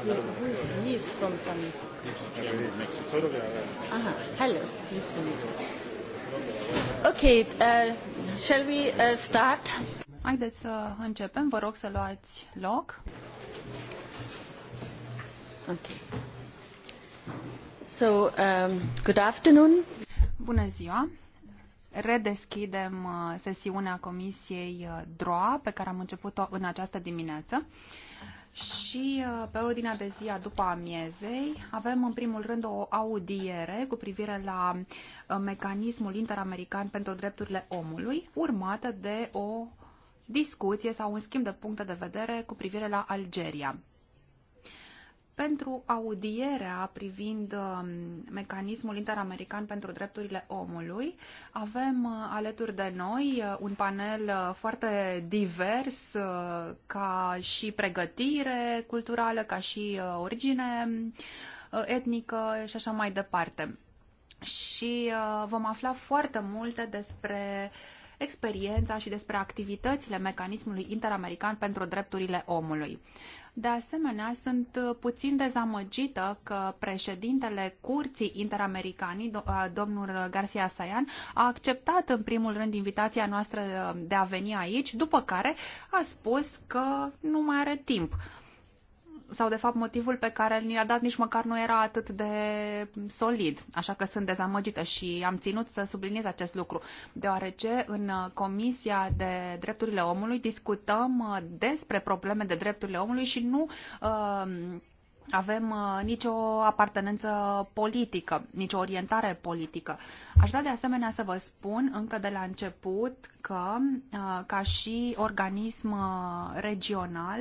Who is he is Aha, hello, nice to meet you. Okay, uh, shall we uh, start? Haideți să începem, vă rog să luați loc. Okay. So, um, good afternoon. Bună ziua. Redeschidem uh, sesiunea Comisiei uh, DROA pe care am început-o în această dimineață. Uh, și uh, pe ordinea de zi a după amiezei avem în primul rând o audiere cu privire la uh, mecanismul interamerican pentru drepturile omului, urmată de o discuție sau un schimb de puncte de vedere cu privire la Algeria pentru audierea privind um, mecanismul interamerican pentru drepturile omului. Avem uh, alături de noi uh, un panel uh, foarte divers ca și pregătire culturală, ca și origine etnică și așa mai departe. Și vom afla foarte multe despre experiența și despre activitățile mecanismului interamerican pentru drepturile omului. De asemenea, sunt uh, puțin dezamăgită că președintele Curții Interamericanii, uh, domnul Garcia Sayan, a acceptat în primul rând invitația noastră uh, de a veni aici, după care a spus că nu mai are timp sau de fapt motivul pe care ni l-a dat nici măcar nu era atât de solid, așa că sunt dezamăgită și am ținut să subliniez acest lucru, deoarece în uh, Comisia de Drepturile Omului discutăm uh, despre probleme de drepturile omului și nu uh, avem uh, nicio apartenență politică, nicio orientare politică. Aș vrea de asemenea să vă spun încă de la început că, ca și organism regional,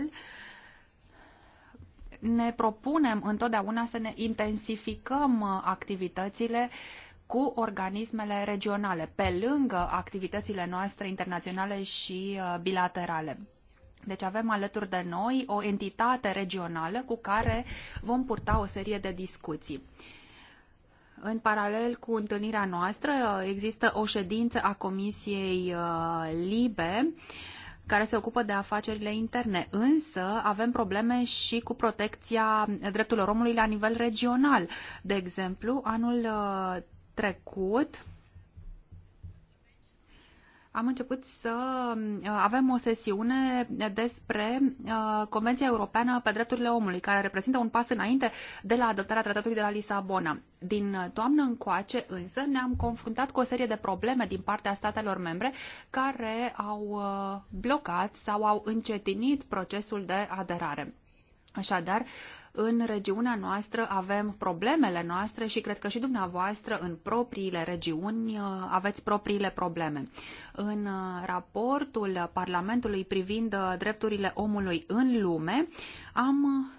ne propunem întotdeauna să ne intensificăm uh, activitățile cu organismele regionale, pe lângă activitățile noastre internaționale și uh, bilaterale. Deci avem alături de noi o entitate regională cu care vom purta o serie de discuții. În paralel cu întâlnirea noastră uh, există o ședință a Comisiei LIBE care se ocupă de afacerile interne, însă avem probleme și cu protecția drepturilor omului la nivel regional. De exemplu, anul uh, trecut am început să uh, avem o sesiune despre uh, Convenția Europeană pe Drepturile Omului, care reprezintă un pas înainte de la adoptarea Tratatului de la Lisabona. Din toamnă încoace, însă, ne-am confruntat cu o serie de probleme din partea statelor membre care au uh, blocat sau au încetinit procesul de aderare. Așadar, în regiunea noastră avem problemele noastre și cred că și dumneavoastră în propriile regiuni uh, aveți propriile probleme. În uh, raportul Parlamentului privind uh, drepturile omului în lume am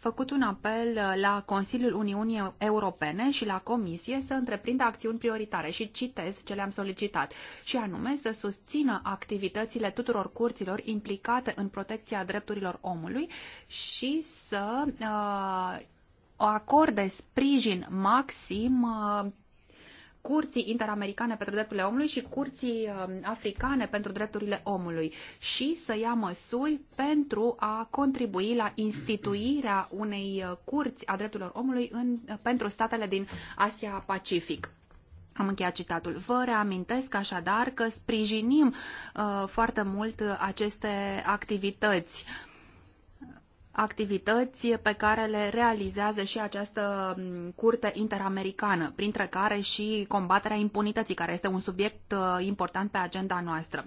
făcut un apel uh, la Consiliul Uniunii Europene și la Comisie să întreprindă acțiuni prioritare și citez ce le-am solicitat, și anume să susțină activitățile tuturor curților implicate în protecția drepturilor omului și să uh, acorde sprijin maxim uh, Curții Interamericane pentru Drepturile Omului și Curții um, Africane pentru Drepturile Omului și să ia măsuri pentru a contribui la instituirea unei uh, curți a drepturilor omului în, uh, pentru statele din Asia-Pacific. Am încheiat citatul. Vă reamintesc așadar că sprijinim uh, foarte mult uh, aceste activități. Uh, activități pe care le realizează și această curte interamericană, printre care și combaterea impunității, care este un subiect uh, important pe agenda noastră.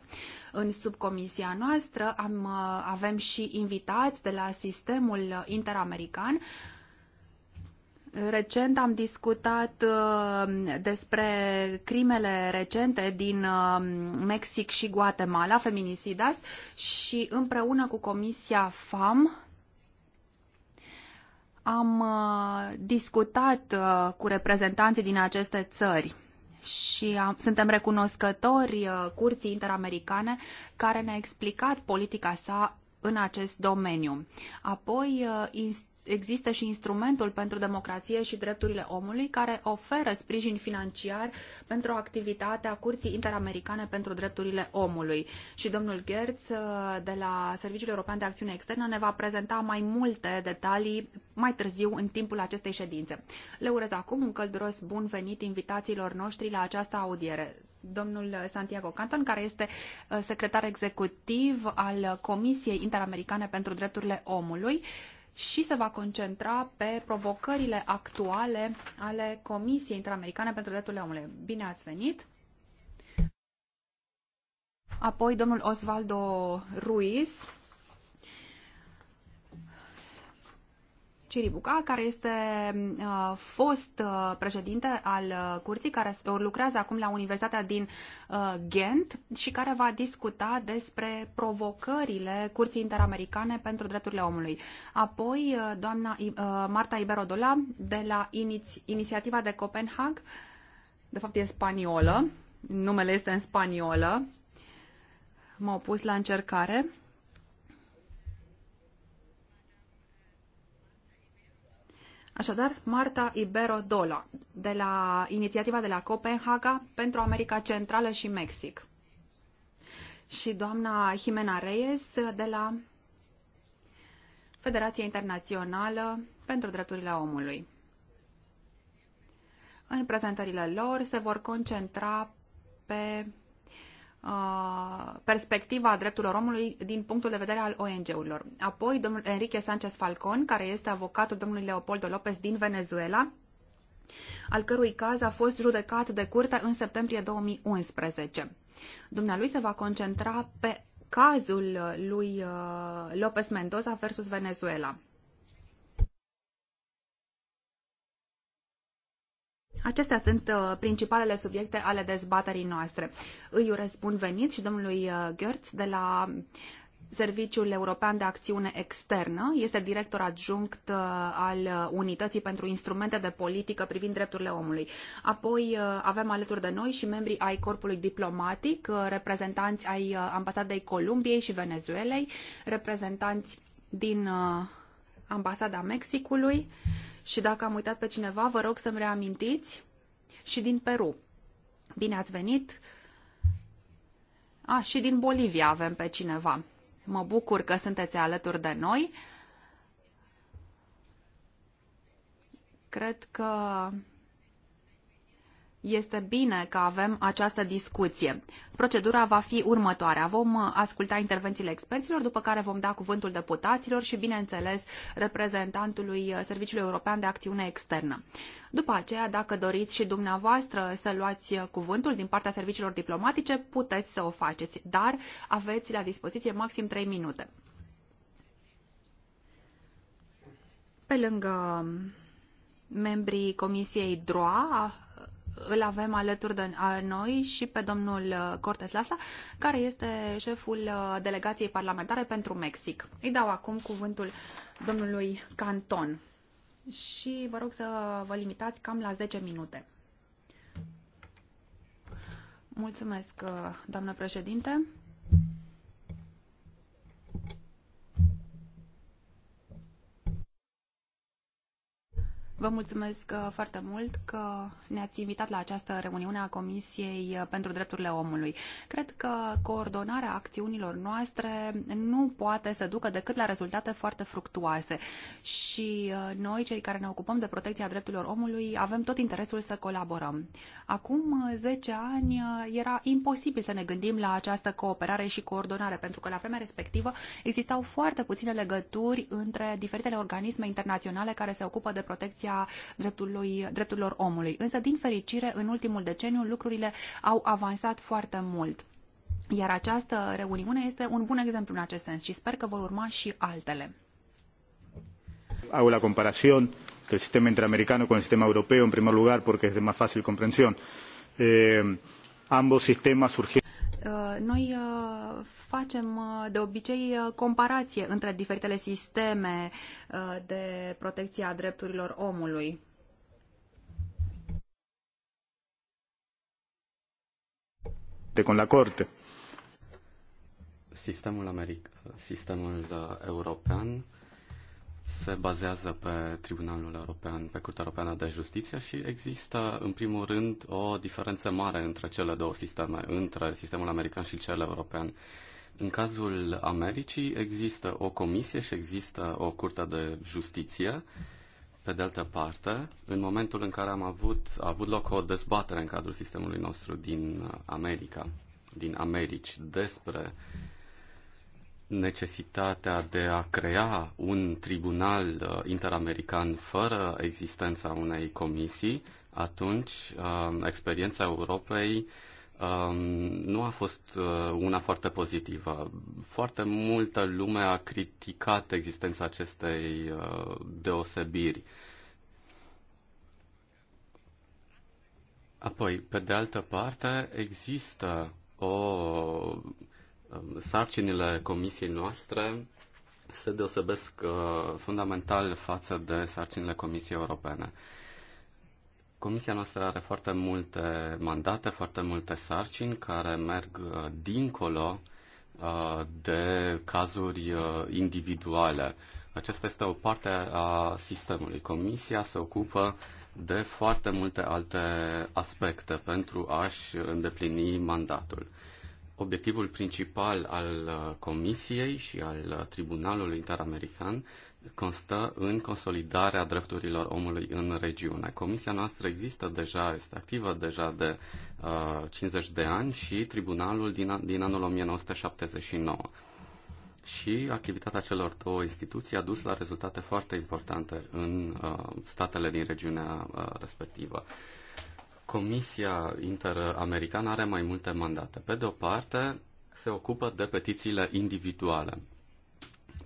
În subcomisia noastră am, uh, avem și invitați de la sistemul interamerican Recent am discutat uh, despre crimele recente din Mexic și Guatemala, feminicidas, și împreună cu Comisia FAM am uh, discutat uh, cu reprezentanții din aceste țări și am, suntem recunoscători uh, Curții Interamericane care ne-a explicat politica sa în acest domeniu. Apoi, există și instrumentul pentru democrație și drepturile omului care oferă sprijin financiar pentru activitatea Curții Interamericane pentru Drepturile Omului. Și domnul Gerț uh, de la Serviciul European de Acțiune Externă ne va prezenta mai multe detalii mai târziu în timpul acestei ședințe. Le urez acum un călduros bun venit invitațiilor noștri la această audiere domnul Santiago Canton, care este uh, secretar executiv al Comisiei Interamericane pentru Drepturile Omului și se va concentra pe provocările actuale ale Comisiei Interamericane pentru Drepturile Omului. Bine ați venit! Apoi domnul Osvaldo Ruiz, Ciribuca, care este uh, fost uh, președinte al uh, curții, care lucrează acum la Universitatea din uh, Ghent și care va discuta despre provocările Curții Interamericane pentru Drepturile Omului. Apoi, uh, doamna uh, Marta Iberodola, de la Iniți- Inițiativa de Copenhag, de fapt e spaniolă, numele este în spaniolă, m-au pus la încercare Așadar, Marta Ibero-Dola, de la inițiativa de la Copenhaga pentru America Centrală și Mexic. Și doamna Jimena Reyes, de la Federația Internațională pentru Drepturile Omului. În prezentările lor se vor concentra pe Uh, perspectiva drepturilor omului din punctul de vedere al ONG-urilor. Apoi, domnul Enrique Sanchez Falcon, care este avocatul domnului Leopoldo López din Venezuela, al cărui caz a fost judecat de curte în septembrie 2011. Dumnealui se va concentra pe cazul lui uh, López Mendoza versus Venezuela. Acestea sunt uh, principalele subiecte ale dezbaterii noastre. Îi urez bun venit și domnului uh, Gertz de la Serviciul European de Acțiune Externă. Este director adjunct uh, al Unității pentru Instrumente de Politică privind drepturile omului. Apoi avem alături de noi și membrii ai Corpului Diplomatic, reprezentanți ai Ambasadei Columbiei și Venezuelei, reprezentanți din ambasada Mexicului și dacă am uitat pe cineva, vă rog să-mi reamintiți, și din Peru. Bine ați venit! A, și din Bolivia avem pe cineva. Mă bucur că sunteți alături de noi. Cred că este bine că avem această discuție. Procedura va fi următoarea. Vom uh, asculta intervențiile experților, după care vom da cuvântul deputaților și, bineînțeles, reprezentantului uh, Serviciului European de Acțiune Externă. După aceea, dacă doriți și dumneavoastră să luați uh, cuvântul din partea serviciilor diplomatice, puteți să o faceți, dar aveți la dispoziție maxim 3 minute. Pe lângă um, membrii Comisiei DROA, îl avem alături de noi și pe domnul uh, Cortes Lasa, care este șeful uh, delegației parlamentare pentru Mexic. Îi dau acum cuvântul domnului Canton și vă rog să vă limitați cam la 10 minute. Mulțumesc, uh, doamnă președinte. Vă mulțumesc uh, foarte mult că ne-ați invitat la această reuniune a Comisiei uh, pentru Drepturile Omului. Cred că coordonarea acțiunilor noastre nu poate să ducă decât la rezultate foarte fructuoase și uh, noi, cei care ne ocupăm de protecția drepturilor omului, avem tot interesul să colaborăm. Acum 10 ani era imposibil să ne gândim la această cooperare și coordonare, pentru că la vremea respectivă existau foarte puține legături între diferitele organisme internaționale care se ocupă de protecția a drepturilor omului. Însă, din fericire, în ultimul deceniu lucrurile au avansat foarte mult. Iar această reuniune este un bun exemplu în acest sens și sper că vor urma și altele. Hago la comparación del sistema interamericano con el sistema europeo, en primer lugar, porque es de más fácil comprensión. Eh, ambos sistemas surgieron. Uh, noi uh, facem uh, de obicei comparație între diferitele sisteme de protecție a drepturilor omului. De con la corte. Sistemul, americ- sistemul european se bazează pe Tribunalul European, pe Curtea Europeană de Justiție și există, în primul rând, o diferență mare între cele două sisteme, între sistemul american și cel european. În cazul Americii există o comisie și există o curte de justiție. Pe de altă parte, în momentul în care am avut, a avut loc o dezbatere în cadrul sistemului nostru din America, din Americi, despre uh, necesitatea de a crea un tribunal uh, interamerican fără existența unei comisii, atunci um, experiența Europei um, nu a fost uh, una foarte pozitivă. Foarte multă lume a criticat existența acestei uh, deosebiri. Apoi, pe de altă parte, există o sarcinile comisiei noastre se deosebesc uh, fundamental față de sarcinile Comisiei Europene. Comisia noastră are foarte multe mandate, foarte multe sarcini care merg uh, dincolo uh, de cazuri individuale. Aceasta este o parte a sistemului. Comisia se ocupă de foarte multe alte aspecte pentru a-și îndeplini mandatul obiectivul principal al uh, Comisiei și al uh, Tribunalului Interamerican constă în consolidarea drepturilor omului în regiune. Comisia noastră există deja, este activă deja de uh, 50 de ani și tribunalul din, din anul 1979. Și activitatea celor două instituții a dus la rezultate foarte importante în uh, statele din regiunea uh, respectivă. Uh, Comisia Interamericană are mai multe mandate. Pe de o parte, se ocupă de petițiile individuale.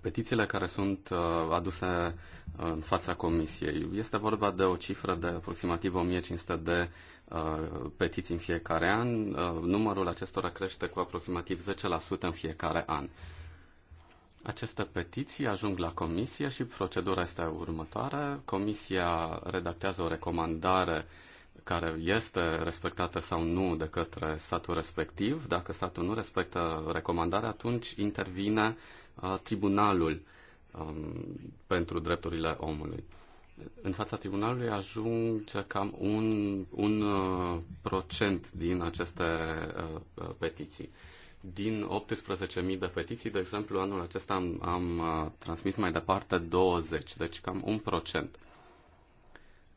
Petițiile care sunt uh, aduse în fața Comisiei. Este vorba de o cifră de aproximativ 1500 de uh, petiții în fiecare an. Uh, numărul acestora crește cu aproximativ 10% în fiecare an. Aceste petiții ajung la comisie și procedura este următoare. Comisia redactează o recomandare uh, care este respectată sau nu de către statul respectiv. Dacă statul nu respectă recomandarea, atunci intervine uh, tribunalul um, pentru drepturile omului. În fața tribunalului ajunge cam un, un uh, procent din aceste uh, petiții. Din 18.000 de petiții, de exemplu, anul acesta am, am transmis mai departe 20, deci cam un procent.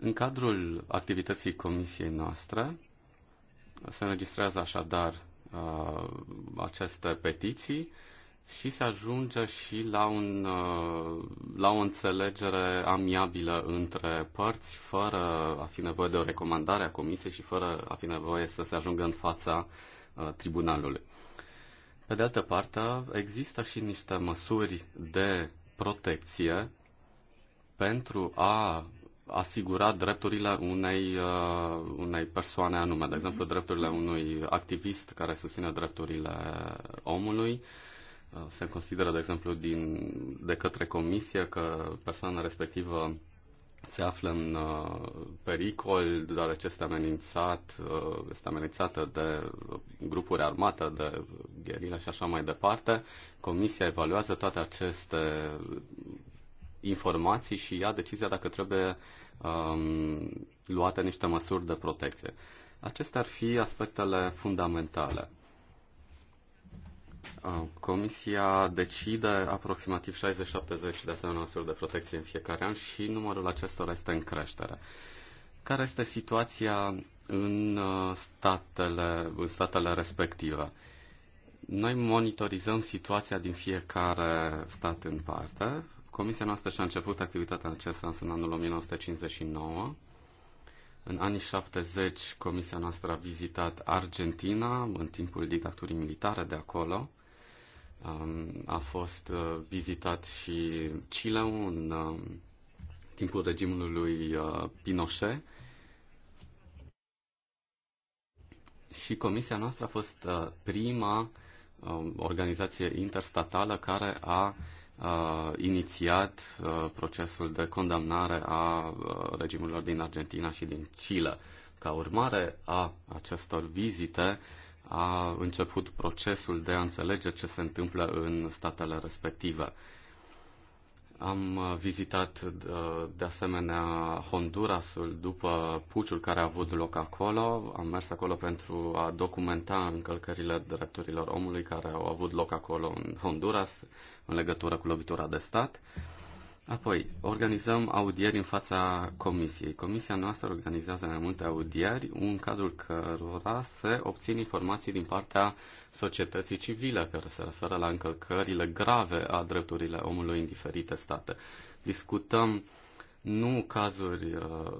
În cadrul activității comisiei noastre se înregistrează așadar uh, aceste petiții și se ajunge și la, un, uh, la o înțelegere amiabilă între părți, fără a fi nevoie de o recomandare a comisiei și fără a fi nevoie să se ajungă în fața uh, tribunalului. Pe de altă parte, există și niște măsuri de protecție pentru a asigura drepturile unei, uh, unei persoane anume, de exemplu mhm. drepturile unui activist care susține drepturile omului. Uh, se consideră, de exemplu, din, de către comisie că persoana respectivă se află în uh, pericol, deoarece este, amenințat, uh, este amenințată de grupuri armate, de gherile și așa mai departe. Comisia evaluează toate aceste informații și ia decizia dacă trebuie um, luate niște măsuri de protecție. Acestea ar fi aspectele fundamentale. Uh, comisia decide aproximativ 60-70 de asemenea măsuri de protecție în fiecare an și numărul acestora este în creștere. Care este situația în uh, statele, în statele respective? Noi monitorizăm situația din fiecare stat în parte Comisia noastră și-a început activitatea în acest sens în anul 1959. În anii 70, comisia noastră a vizitat Argentina în timpul dictaturii militare de acolo. A fost uh, vizitat și Chile în uh, timpul regimului uh, Pinochet. Și comisia noastră a fost prima organizație interstatală care a uh, uh, inițiat uh, procesul de condamnare a uh, regimurilor din Argentina și din Chile. Ca urmare a acestor vizite a început procesul de a înțelege ce se întâmplă în statele respective. Uh, am uh, vizitat uh, de asemenea Hondurasul după puciul care a avut loc acolo. Am mers acolo pentru a documenta încălcările drepturilor omului care au avut loc acolo în Honduras în legătură cu lovitura de stat. Apoi, organizăm audieri în fața comisiei. Comisia noastră organizează mai multe audieri, în cadrul cărora se obțin informații din partea societății civile care se referă la încălcările grave a drepturilor omului în diferite state. Discutăm nu cazuri uh,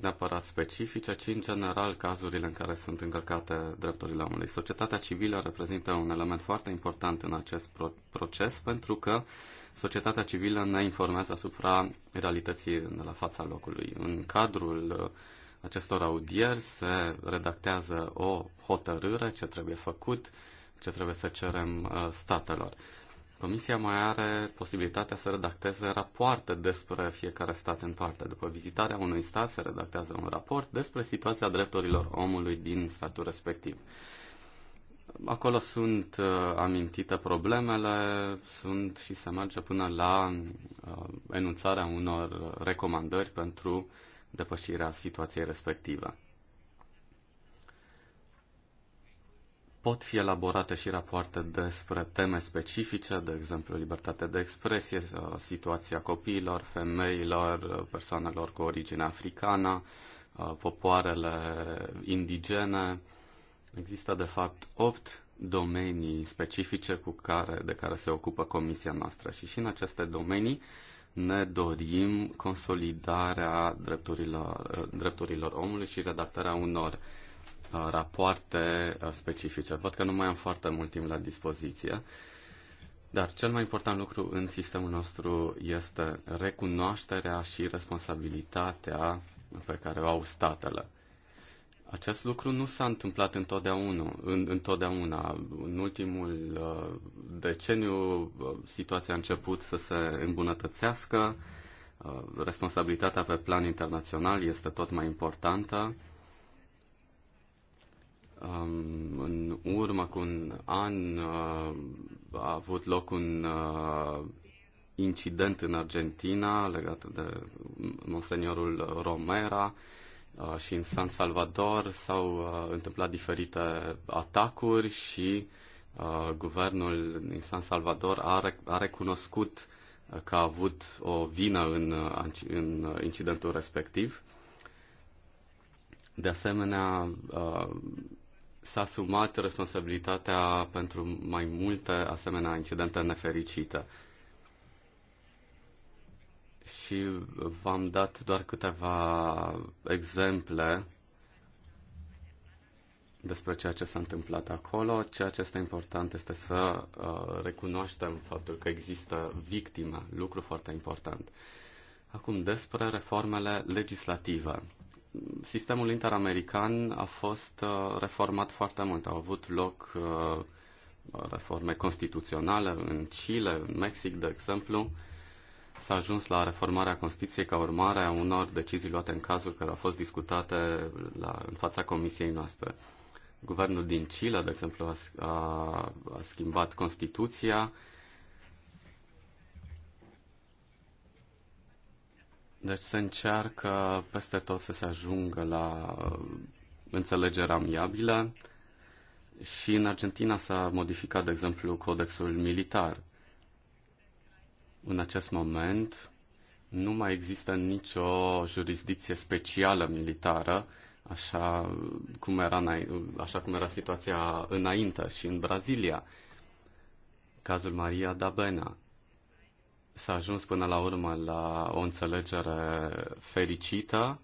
neapărat specifice, ci în general cazurile în care sunt încălcate drepturile omului. Societatea civilă reprezintă un element foarte important în acest proces pentru că societatea civilă ne informează asupra realității de la fața locului. În cadrul uh, acestor audieri se redactează o hotărâre ce trebuie făcut, ce trebuie să cerem uh, statelor. Comisia mai are posibilitatea să redacteze rapoarte despre fiecare stat în parte. După vizitarea unui stat se redactează un raport despre situația drepturilor omului din statul respectiv. Acolo sunt uh, amintite problemele, sunt și se merge până la uh, enunțarea unor recomandări pentru depășirea situației respective. Pot fi elaborate și rapoarte despre teme specifice, de exemplu libertate de expresie, uh, situația copiilor, femeilor, uh, persoanelor cu origine africană, uh, popoarele indigene, Există, de fapt, opt domenii specifice cu care, de care se ocupă comisia noastră și și în aceste domenii ne dorim consolidarea drepturilor, drepturilor omului și redactarea unor uh, rapoarte uh, specifice. Văd că nu mai am foarte mult timp la dispoziție, dar cel mai important lucru în sistemul nostru este recunoașterea și responsabilitatea pe care o au statele. Acest lucru nu s-a întâmplat întotdeauna. În, întotdeauna. în ultimul uh, deceniu uh, situația a început să se îmbunătățească, uh, responsabilitatea pe plan internațional este tot mai importantă. Um, în urmă cu un an a avut loc un incident în Argentina legat de monseniorul Romera, Uh, și în San Salvador s-au uh, întâmplat diferite atacuri și uh, guvernul din San Salvador a, a recunoscut că a avut o vină în, în incidentul respectiv. De asemenea, s-a asumat responsabilitatea pentru mai multe asemenea incidente nefericite și v-am dat doar câteva exemple despre ceea ce s-a întâmplat acolo. Ceea ce este important este să uh, recunoaștem faptul că există victime, lucru foarte important. Acum despre reformele legislative. Sistemul interamerican a fost uh, reformat foarte mult. Au avut loc uh, reforme constituționale în Chile, în Mexic, de exemplu S-a ajuns la reformarea Constituției ca urmare a unor decizii luate în cazul care au fost discutate la, în fața comisiei noastre. Guvernul din Chile, de exemplu, a, a, a schimbat Constituția. Deci se încearcă peste tot să se ajungă la uh, înțelegere amiabilă și în Argentina s-a modificat, de exemplu, codexul militar în acest moment nu mai există nicio jurisdicție specială militară, așa cum era, așa cum era situația înainte și în Brazilia. Cazul Maria Dabena, s-a ajuns până la urmă la o înțelegere fericită.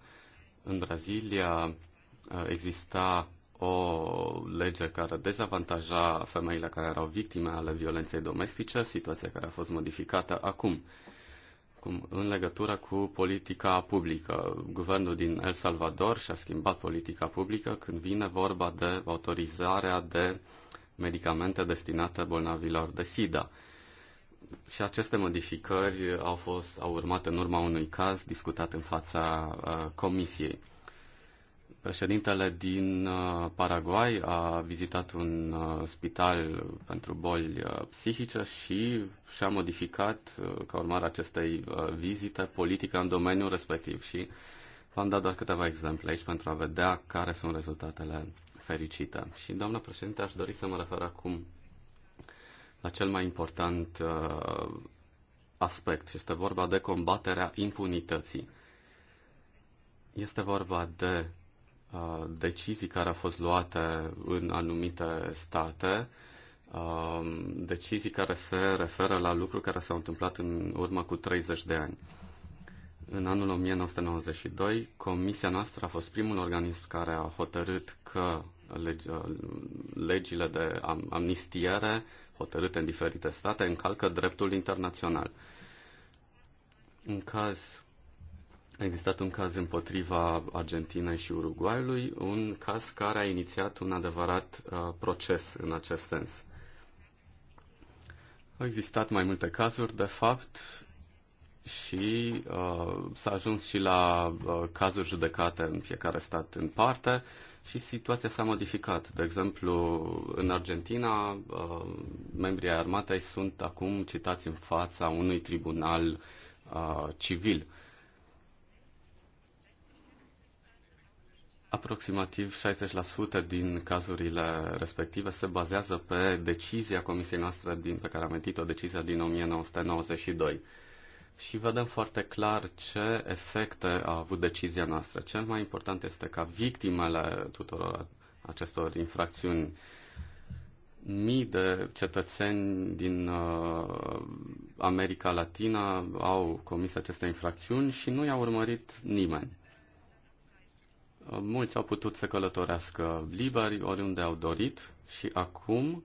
În Brazilia uh, exista o lege care dezavantaja femeile care erau victime ale violenței domestice, situația care a fost modificată acum. Cum, în legătură cu politica publică, guvernul din El Salvador și-a schimbat politica publică când vine vorba de autorizarea de medicamente destinate bolnavilor de SIDA. Și aceste modificări au, fost, au urmat în urma unui caz discutat în fața uh, comisiei. Președintele din uh, Paraguay a vizitat un uh, spital pentru boli uh, psihice și și-a modificat, ca urmare acestei vizite, politica în domeniul respectiv. Și v-am dat doar câteva exemple aici pentru a vedea care sunt rezultatele fericite. Și, doamna președinte, aș dori să mă refer acum la cel mai important aspect. Este vorba de combaterea impunității. Este vorba de Uh, decizii care au fost luate în anumite state, um, decizii care se referă la lucruri care s-au întâmplat în urmă cu 30 de ani. În anul 1992, comisia noastră a fost primul organism care a hotărât că uh, legile de amnistiere hotărâte în diferite state încalcă dreptul internațional. În caz a existat un caz împotriva Argentinei și Uruguayului, un caz care a inițiat un adevărat uh, proces în acest sens. Au existat mai multe cazuri, de fapt, și uh, s-a ajuns și la uh, cazuri judecate în fiecare stat în parte și situația s-a modificat. De exemplu, în Argentina, uh, membrii armatei sunt acum citați în fața unui tribunal uh, civil. Aproximativ 60% din cazurile respective se bazează pe decizia comisiei noastre din, pe care am amintit-o, decizia din 1992. Și vedem foarte clar ce efecte a avut decizia noastră. Cel mai important este ca victimele tuturor acestor infracțiuni, mii de cetățeni din uh, America Latina au comis aceste infracțiuni și nu i-a urmărit nimeni Mulți au putut să călătorească liberi oriunde au dorit și acum,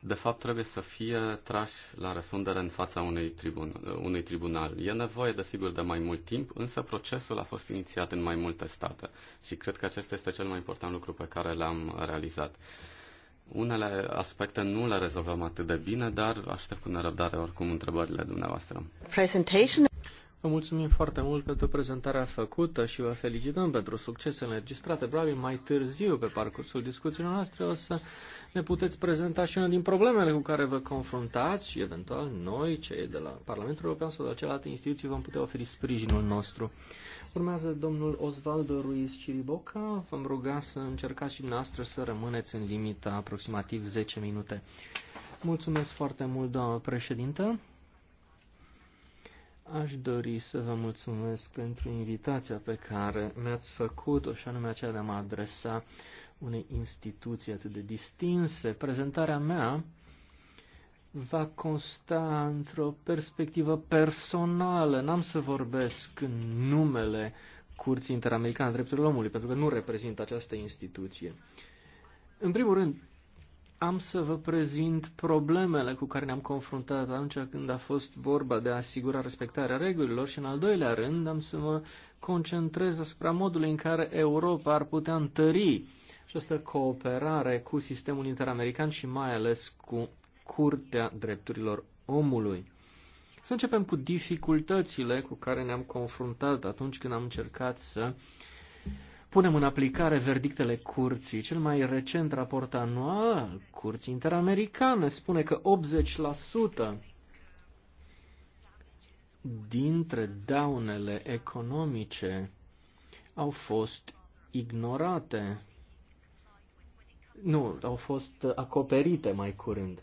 de fapt, trebuie să fie trași la răspundere în fața unui, tribun, unui tribunal. E nevoie, desigur, de mai mult timp, însă procesul a fost inițiat în mai multe state și cred că acesta este cel mai important lucru pe care l-am realizat. Unele aspecte nu le rezolvăm atât de bine, dar aștept cu nerăbdare oricum întrebările dumneavoastră. Presentation Vă mulțumim foarte mult pentru prezentarea făcută și vă felicităm pentru succesele înregistrate. Probabil mai târziu, pe parcursul discuțiilor noastre, o să ne puteți prezenta și una din problemele cu care vă confruntați și, eventual, noi, cei de la Parlamentul European sau de la celelalte instituții, vom putea oferi sprijinul nostru. Urmează domnul Osvaldo Ruiz Chiriboca. Vă ruga să încercați și dumneavoastră să rămâneți în limita aproximativ 10 minute. Mulțumesc foarte mult, doamnă președintă. Aș dori să vă mulțumesc pentru invitația pe care mi-ați făcut-o, și anume aceea de a mă adresa unei instituții atât de distinse. Prezentarea mea va consta într-o perspectivă personală. N-am să vorbesc în numele Curții Interamericane a Drepturilor Omului, pentru că nu reprezintă această instituție. În primul rând, am să vă prezint problemele cu care ne-am confruntat atunci când a fost vorba de a asigura respectarea regulilor și, în al doilea rând, am să mă concentrez asupra modului în care Europa ar putea întări această cooperare cu sistemul interamerican și mai ales cu Curtea Drepturilor Omului. Să începem cu dificultățile cu care ne-am confruntat atunci când am încercat să uh, punem în aplicare verdictele curții. Cel mai recent raport anual Curții Interamericane spune că 80% dintre daunele economice au fost ignorate. Nu, au fost acoperite mai curând.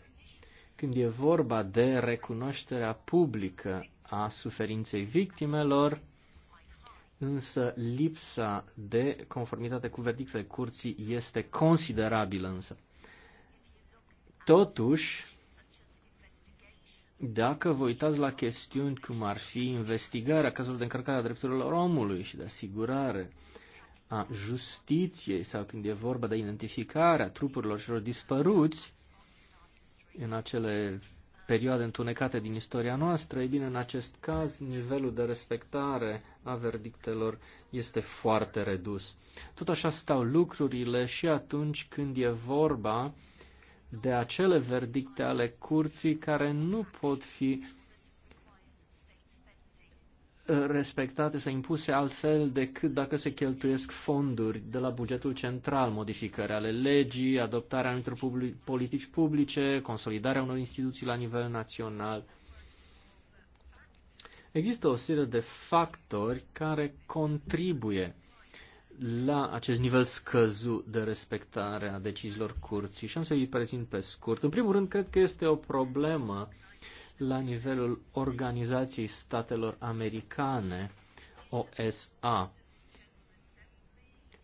Când e vorba de recunoașterea publică a suferinței victimelor, însă lipsa de conformitate cu verdictele curții este considerabilă însă. Totuși, dacă vă uitați la chestiuni cum ar fi investigarea cazurilor de încărcare a drepturilor omului și de asigurare a justiției sau când e vorba de identificarea trupurilor celor dispăruți în acele perioade întunecate din istoria noastră, ei bine, în acest caz, nivelul de respectare a verdictelor este foarte redus. Tot așa stau lucrurile și atunci când e vorba de acele verdicte ale curții care nu pot fi respectate sau impuse altfel decât dacă se cheltuiesc fonduri de la bugetul central, modificări ale legii, adoptarea anumitor public, politici publice, consolidarea unor instituții la nivel național. Există o serie de factori care contribuie la acest nivel scăzut de respectare a deciziilor curții și am să îi prezint pe scurt. În primul rând, cred că este o problemă uh, la nivelul Organizației Statelor Americane, OSA.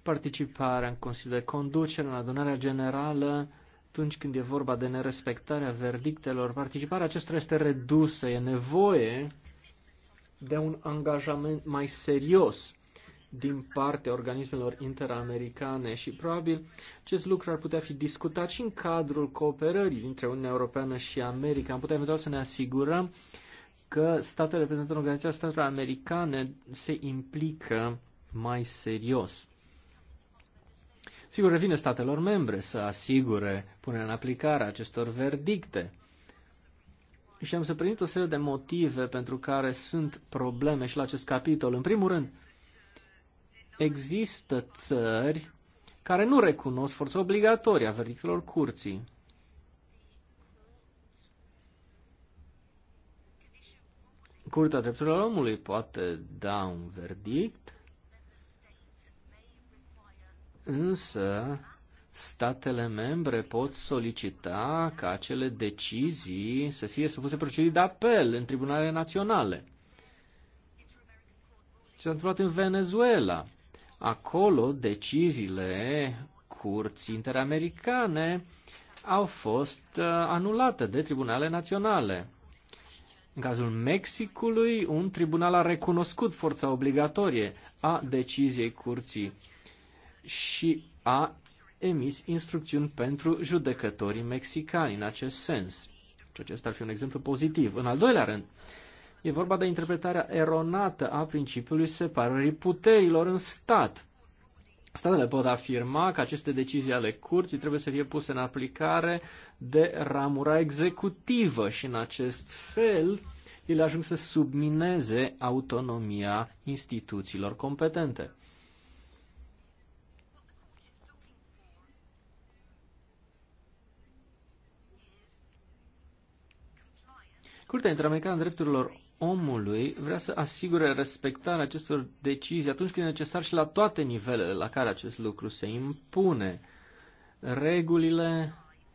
Participarea în Consiliul de Conducere, în adunarea generală, atunci când e vorba de nerespectarea verdictelor, participarea acestora este redusă, e nevoie de un angajament mai serios din partea organismelor interamericane și probabil acest lucru ar putea fi discutat și în cadrul cooperării dintre Uniunea Europeană și America. Am putea eventual să ne asigurăm că statele reprezentate în Organizația Statelor Americane se implică mai serios. Sigur, revine statelor membre să asigure punerea în aplicare acestor verdicte. Și am să primit o serie de motive pentru care sunt probleme și la acest capitol. În primul rând, Există țări care nu recunosc forța obligatorie a verdictelor curții. Curtea Drepturilor Omului poate da un verdict, însă statele membre pot solicita ca acele decizii să fie supuse procedurii de apel în tribunale naționale. Ce s-a întâmplat în Venezuela? Acolo deciziile curții interamericane au fost uh, anulate de tribunale naționale. În cazul Mexicului, un tribunal a recunoscut forța obligatorie a deciziei curții și a emis instrucțiuni pentru judecătorii mexicani în acest sens. Și acesta ar fi un exemplu pozitiv. În al doilea rând, E vorba de interpretarea eronată a principiului separării puterilor în stat. Statele pot afirma că aceste decizii ale curții trebuie să fie puse în aplicare de ramura executivă și în acest fel ele ajung să submineze autonomia instituțiilor competente. Curtea Interamericană a Drepturilor omului vrea să asigure respectarea acestor decizii atunci când e necesar și la toate nivelele la care acest lucru se impune. Regulile,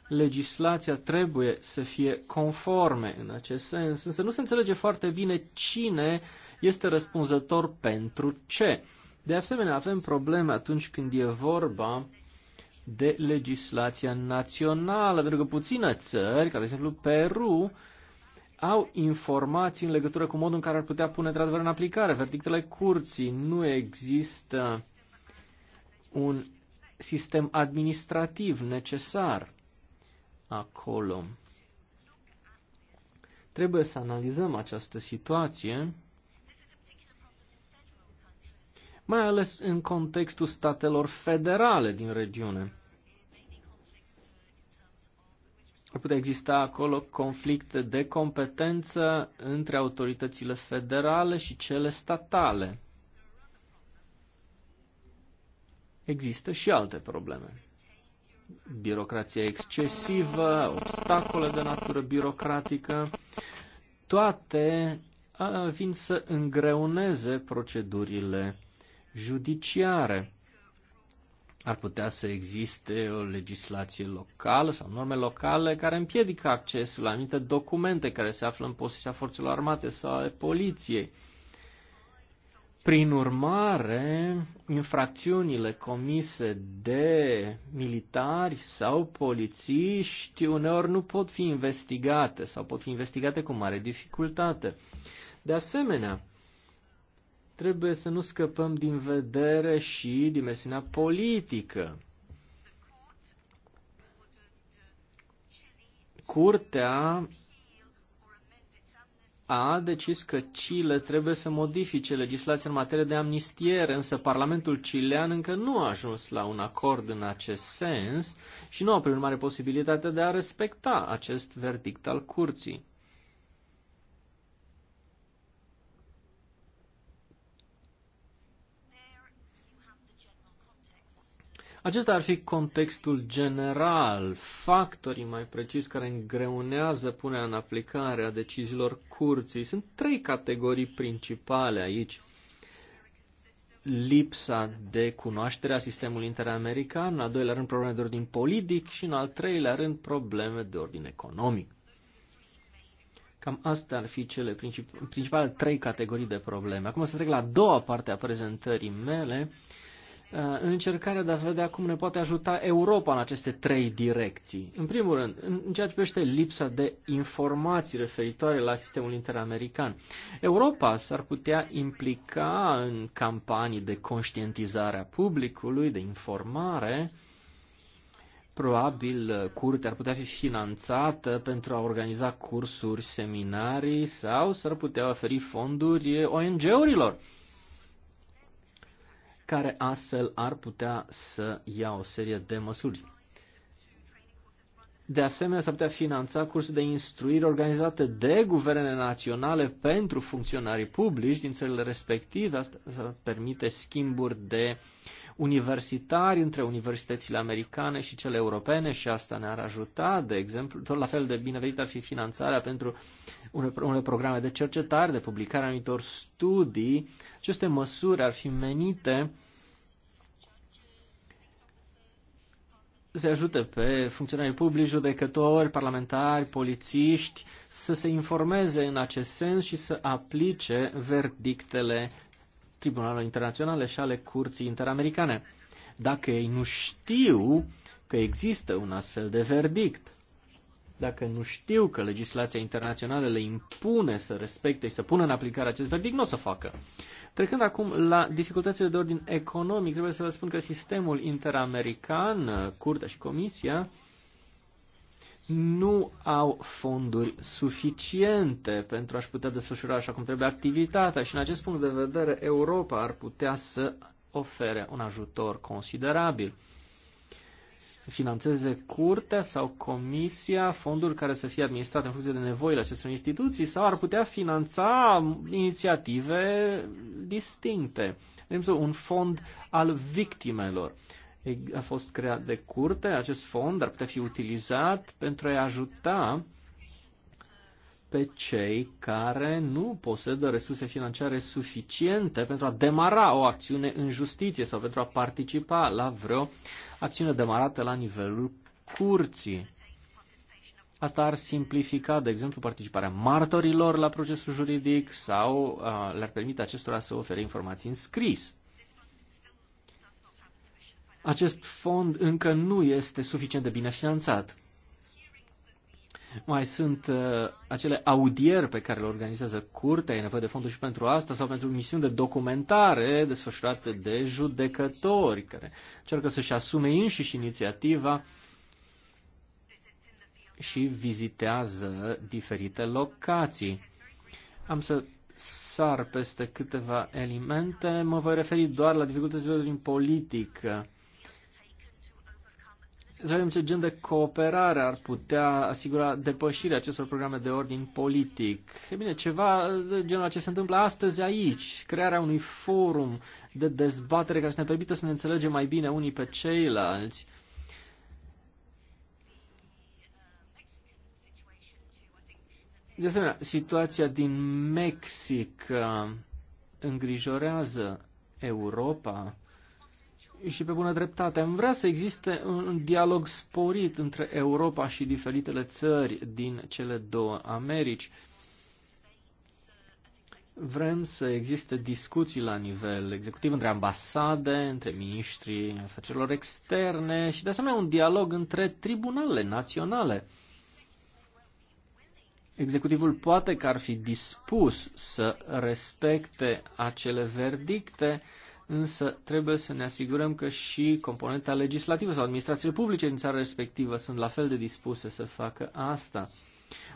legislația trebuie să fie conforme în acest sens, însă nu se înțelege foarte bine cine este răspunzător pentru ce. De asemenea, avem probleme atunci când e vorba de legislația națională, pentru că puține țări, ca de exemplu Peru, au informații în legătură cu modul în care ar putea pune într-adevăr în aplicare verdictele curții. Nu există un sistem administrativ necesar acolo. Trebuie să analizăm această situație, mai ales în contextul statelor federale din regiune. ar putea exista acolo conflicte de competență între autoritățile federale și cele statale. Există și alte probleme. Birocrația excesivă, obstacole de natură birocratică, toate vin să îngreuneze procedurile judiciare. Ar putea să existe o legislație locală sau norme locale care împiedică accesul la anumite documente care se află în posesia forțelor armate sau ale poliției. Prin urmare, infracțiunile comise de militari sau polițiști uneori nu pot fi investigate sau pot fi investigate cu mare dificultate. De asemenea, trebuie să nu scăpăm din vedere și dimensiunea politică. Curtea a decis că Chile trebuie să modifice legislația în materie de amnistiere, însă Parlamentul chilean încă nu a ajuns la un acord în acest sens și nu a primit mare posibilitatea de a respecta acest verdict al curții. Acesta ar fi contextul general, factorii mai precis care îngreunează punerea în aplicare a deciziilor curții. Sunt trei categorii principale aici. Lipsa de cunoaștere a sistemului interamerican, în al doilea rând probleme de ordin politic și în al treilea rând probleme de ordin economic. Cam astea ar fi cele princip- principale trei categorii de probleme. Acum să trec la a doua parte a prezentării mele, uh, Uh, în încercarea de a vedea cum ne poate ajuta Europa în aceste trei direcții. În primul rând, în ceea ce privește lipsa de informații referitoare la sistemul interamerican. Europa s-ar putea implica în campanii de conștientizare a publicului, de informare, Probabil uh, curtea ar putea fi finanțată pentru a organiza cursuri, seminarii sau s-ar putea oferi fonduri uh, ONG-urilor care astfel ar putea să ia o serie de măsuri. De asemenea, s-ar putea finanța cursuri de instruire organizate de guvernele naționale pentru funcționarii publici din țările respective. Asta permite schimburi de universitari între universitățile americane și cele europene și asta ne-ar ajuta, de exemplu, tot la fel de binevenit ar fi finanțarea pentru unele programe de cercetare, de publicare a anumitor studii. Aceste măsuri ar fi menite să ajute pe funcționarii publici, judecători, parlamentari, polițiști să se informeze în acest sens și să aplice verdictele tribunalului internaționale și ale curții interamericane. Dacă ei nu știu că există un astfel de verdict, dacă nu știu că legislația internațională le impune să respecte și să pună în aplicare acest verdict, nu o să facă. Trecând acum la dificultățile de ordin economic, trebuie să vă spun că sistemul interamerican, Curtea și Comisia, nu au fonduri suficiente pentru a-și putea desfășura așa cum trebuie activitatea și în acest punct de vedere Europa ar putea să ofere un ajutor considerabil să financeze curtea sau comisia fonduri care să fie administrate în funcție de nevoile acestor instituții sau ar putea finanța inițiative distincte. De exemplu, un fond al victimelor a fost creat de curte, acest fond ar putea fi utilizat pentru a-i ajuta pe cei care nu posedă resurse financiare suficiente pentru a demara o acțiune în justiție sau pentru a participa la vreo acțiune demarată la nivelul curții. Asta ar simplifica, de exemplu, participarea martorilor la procesul juridic sau uh, le-ar permite acestora să ofere informații în scris. Acest fond încă nu este suficient de bine finanțat. Mai sunt uh, acele audieri pe care le organizează curtea, e nevoie de fonduri și pentru asta, sau pentru misiuni de documentare desfășurate de judecători care încearcă să-și asume înșiși inițiativa și vizitează diferite locații. Am să sar peste câteva elemente, mă voi referi doar la dificultățile din politică să vedem ce gen de cooperare ar putea asigura depășirea acestor programe de ordin politic. E bine, ceva de genul ce se întâmplă astăzi aici, crearea unui forum de dezbatere care să ne permită să ne înțelegem mai bine unii pe ceilalți. De asemenea, situația din Mexic uh, îngrijorează Europa și pe bună dreptate, am vrea să existe un dialog sporit între Europa și diferitele țări din cele două Americi. Vrem să existe discuții la nivel executiv între ambasade, între ministrii afacerilor externe și de asemenea un dialog între tribunale naționale. Executivul poate că ar fi dispus să respecte acele verdicte, însă trebuie să ne asigurăm că și componenta legislativă sau administrațiile publice din țara respectivă sunt la fel de dispuse să facă asta.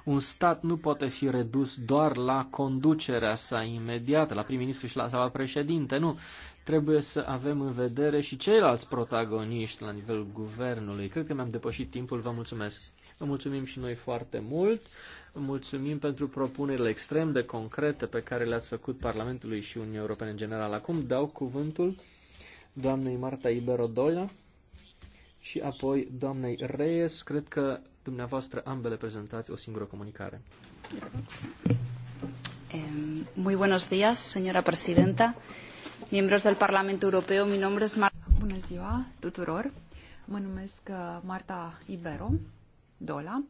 Un stat nu poate fi redus doar la conducerea sa imediată, la prim-ministru și la, sau la președinte, nu. Trebuie să avem în vedere și ceilalți protagoniști la nivelul guvernului. Cred că mi-am depășit timpul, vă mulțumesc. Vă mulțumim și noi foarte mult. Mulțumim pentru propunerile extrem de concrete pe care le-ați făcut Parlamentului și Uniunii Europene în general. Acum dau cuvântul doamnei Marta Iberodoia și apoi doamnei Reyes. Cred că dumneavoastră ambele prezentați o singură comunicare. Muy buenos días, señora presidenta, miembros del Parlamento Europeo. Mi nombre es Marta. Bună ziua tuturor. Mă numesc uh, Marta Ibero Dola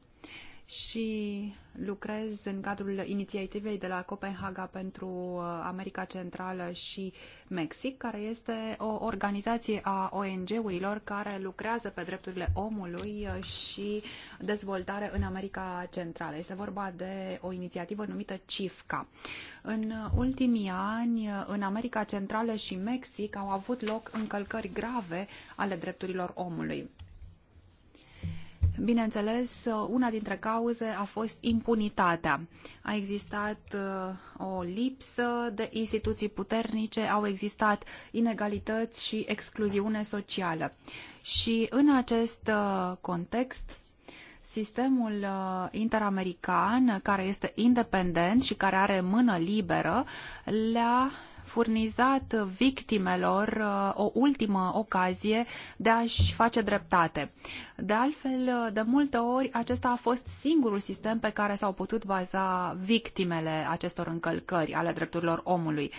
și lucrez în cadrul inițiativei de la Copenhaga pentru uh, America Centrală și Mexic, care este o organizație a ONG-urilor care lucrează pe drepturile omului uh, și dezvoltare în America Centrală. Este vorba de o inițiativă numită CIFCA. În ultimii ani, uh, în America Centrală și Mexic au avut loc încălcări grave ale drepturilor omului. Bineînțeles, una dintre cauze a fost impunitatea. A existat uh, o lipsă de instituții puternice, au existat inegalități și excluziune socială. Și în acest uh, context, sistemul uh, interamerican, care este independent și care are mână liberă, le-a furnizat victimelor uh, o ultimă ocazie de a-și face dreptate. De altfel, uh, de multe ori, acesta a fost singurul sistem pe care s-au putut baza victimele acestor încălcări ale drepturilor omului.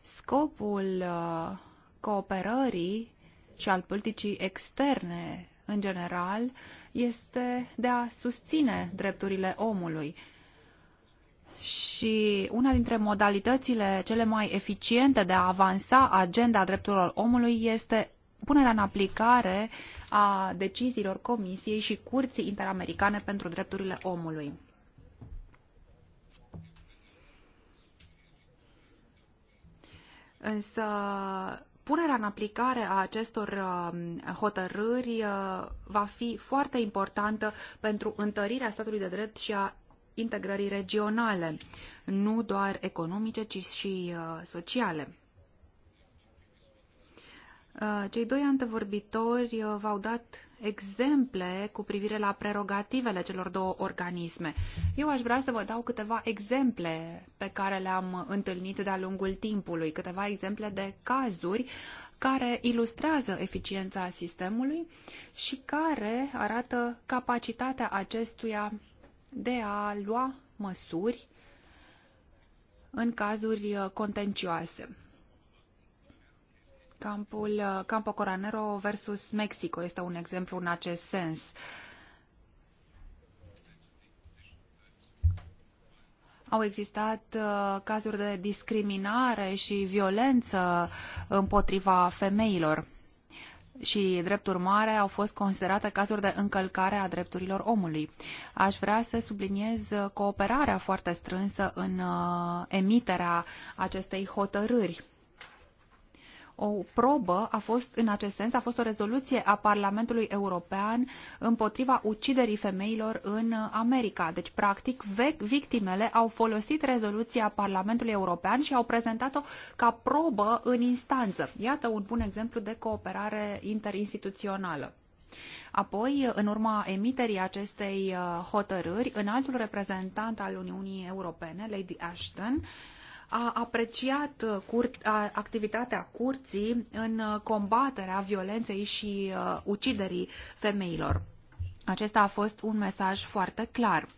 Scopul uh, cooperării și al politicii externe în general este de a susține drepturile omului și una dintre modalitățile cele mai eficiente de a avansa agenda drepturilor omului este punerea în aplicare a deciziilor Comisiei și Curții Interamericane pentru Drepturile Omului. Însă, punerea în aplicare a acestor um, hotărâri uh, va fi foarte importantă pentru întărirea statului de drept și a integrării regionale, nu doar economice, ci și uh, sociale. Uh, cei doi antevorbitori uh, v-au dat exemple cu privire la prerogativele celor două organisme. Eu aș vrea să vă dau câteva exemple pe care le-am întâlnit de-a lungul timpului, câteva exemple de cazuri care ilustrează eficiența sistemului și care arată capacitatea acestuia de a lua măsuri în cazuri uh, contencioase. Campul uh, Campo Coranero versus Mexico este un exemplu în acest sens. Au existat uh, cazuri de discriminare și violență împotriva femeilor și, drept urmare, au fost considerate cazuri de încălcare a drepturilor omului. Aș vrea să subliniez cooperarea foarte strânsă în uh, emiterea acestei hotărâri o probă a fost în acest sens, a fost o rezoluție a Parlamentului European împotriva uciderii femeilor în America. Deci, practic, victimele au folosit rezoluția Parlamentului European și au prezentat-o ca probă în instanță. Iată un bun exemplu de cooperare interinstituțională. Apoi, în urma emiterii acestei uh, hotărâri, înaltul reprezentant al Uniunii Europene, Lady Ashton, uh, a apreciat uh, a, activitatea curții în uh, combaterea violenței și uh, uciderii femeilor. Acesta a fost un mesaj foarte clar.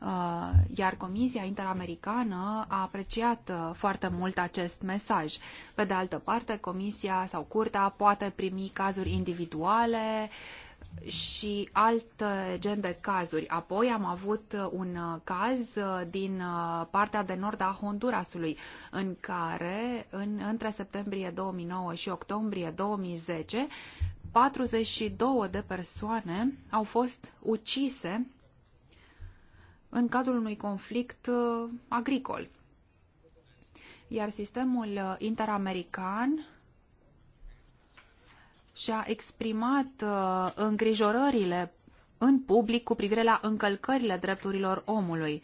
Uh, iar Comisia Interamericană a apreciat foarte mult acest mesaj. Pe de altă parte, Comisia sau Curtea poate primi cazuri individuale uh, și alt uh, gen de cazuri. Apoi am avut uh, un uh, caz din partea de nord a Hondurasului, în care în, între septembrie 2009 și octombrie 2010, 42 de persoane au fost ucise în cadrul unui conflict agricol. Iar sistemul interamerican și-a exprimat uh, îngrijorările în public cu privire la încălcările drepturilor omului.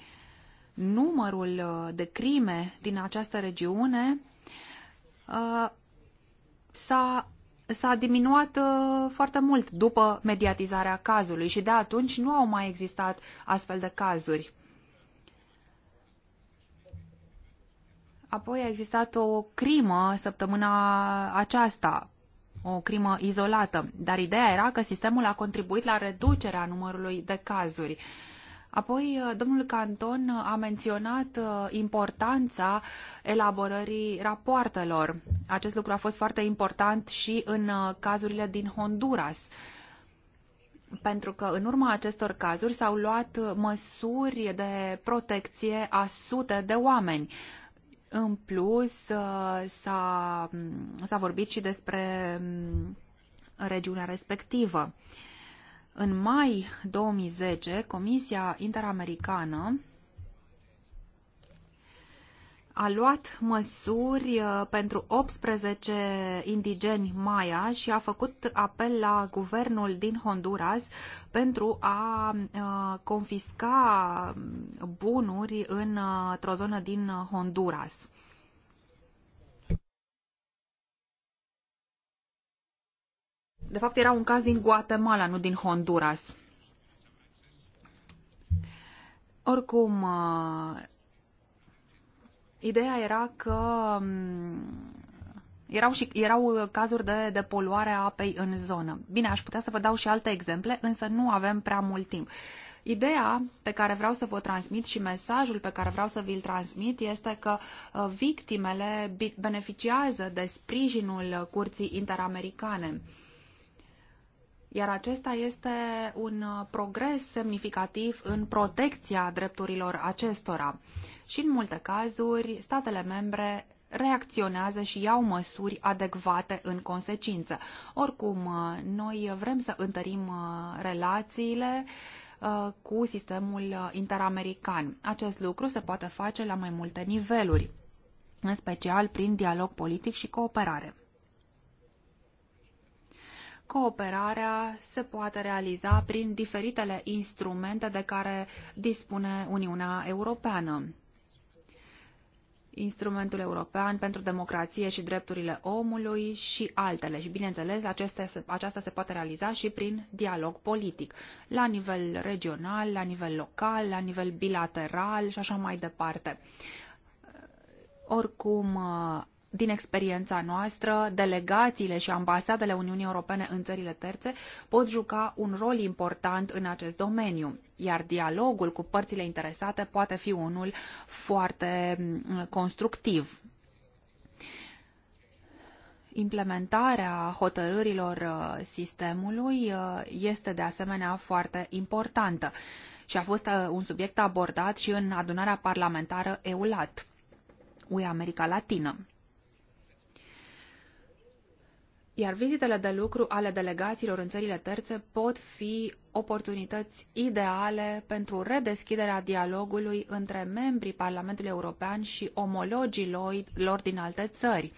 Numărul uh, de crime din această regiune uh, s-a s-a diminuat uh, foarte mult după mediatizarea cazului și de atunci nu au mai existat astfel de cazuri. Apoi a existat o crimă săptămâna aceasta o crimă izolată, dar ideea era că sistemul a contribuit la reducerea numărului de cazuri. Apoi, uh, domnul Canton a menționat uh, importanța elaborării rapoartelor. Acest lucru a fost foarte important și în uh, cazurile din Honduras pentru că în urma acestor cazuri s-au luat măsuri de protecție a sute de oameni. În plus, uh, s-a, mm, s-a vorbit și despre mm, regiunea respectivă. În mai 2010, Comisia Interamericană a luat măsuri uh, pentru 18 indigeni Maya și a făcut apel la guvernul din Honduras pentru a uh, confisca bunuri uh, într-o zonă din Honduras. De fapt, era un caz din Guatemala, nu din Honduras. Oricum, Ideea era că mm, erau, și, erau cazuri de, de poluare a apei în zonă. Bine, aș putea să vă dau și alte exemple, însă nu avem prea mult timp. Ideea pe care vreau să vă transmit și mesajul pe care vreau să vi-l transmit este că uh, victimele beneficiază de sprijinul Curții Interamericane iar acesta este un uh, progres semnificativ în protecția drepturilor acestora. Și în multe cazuri, statele membre reacționează și iau măsuri adecvate în consecință. Oricum, uh, noi vrem să întărim uh, relațiile cu sistemul interamerican. Acest lucru se poate face la mai multe niveluri, în special prin dialog politic și cooperare cooperarea se poate realiza prin diferitele instrumente de care dispune Uniunea Europeană. Instrumentul European pentru Democrație și Drepturile Omului și altele. Și, bineînțeles, aceste, aceasta se poate realiza și prin dialog politic, la nivel regional, la nivel local, la nivel bilateral și așa mai departe. Oricum, din experiența noastră, delegațiile și ambasadele Uniunii Europene în țările terțe pot juca un rol important în acest domeniu, iar dialogul cu părțile interesate poate fi unul foarte mm, constructiv. Implementarea hotărârilor uh, sistemului uh, este de asemenea foarte importantă și a fost uh, un subiect abordat și în adunarea parlamentară EULAT, UE America Latină. Iar vizitele de lucru ale delegațiilor în țările terțe pot fi oportunități ideale pentru redeschiderea dialogului între membrii Parlamentului European și omologii lor din alte țări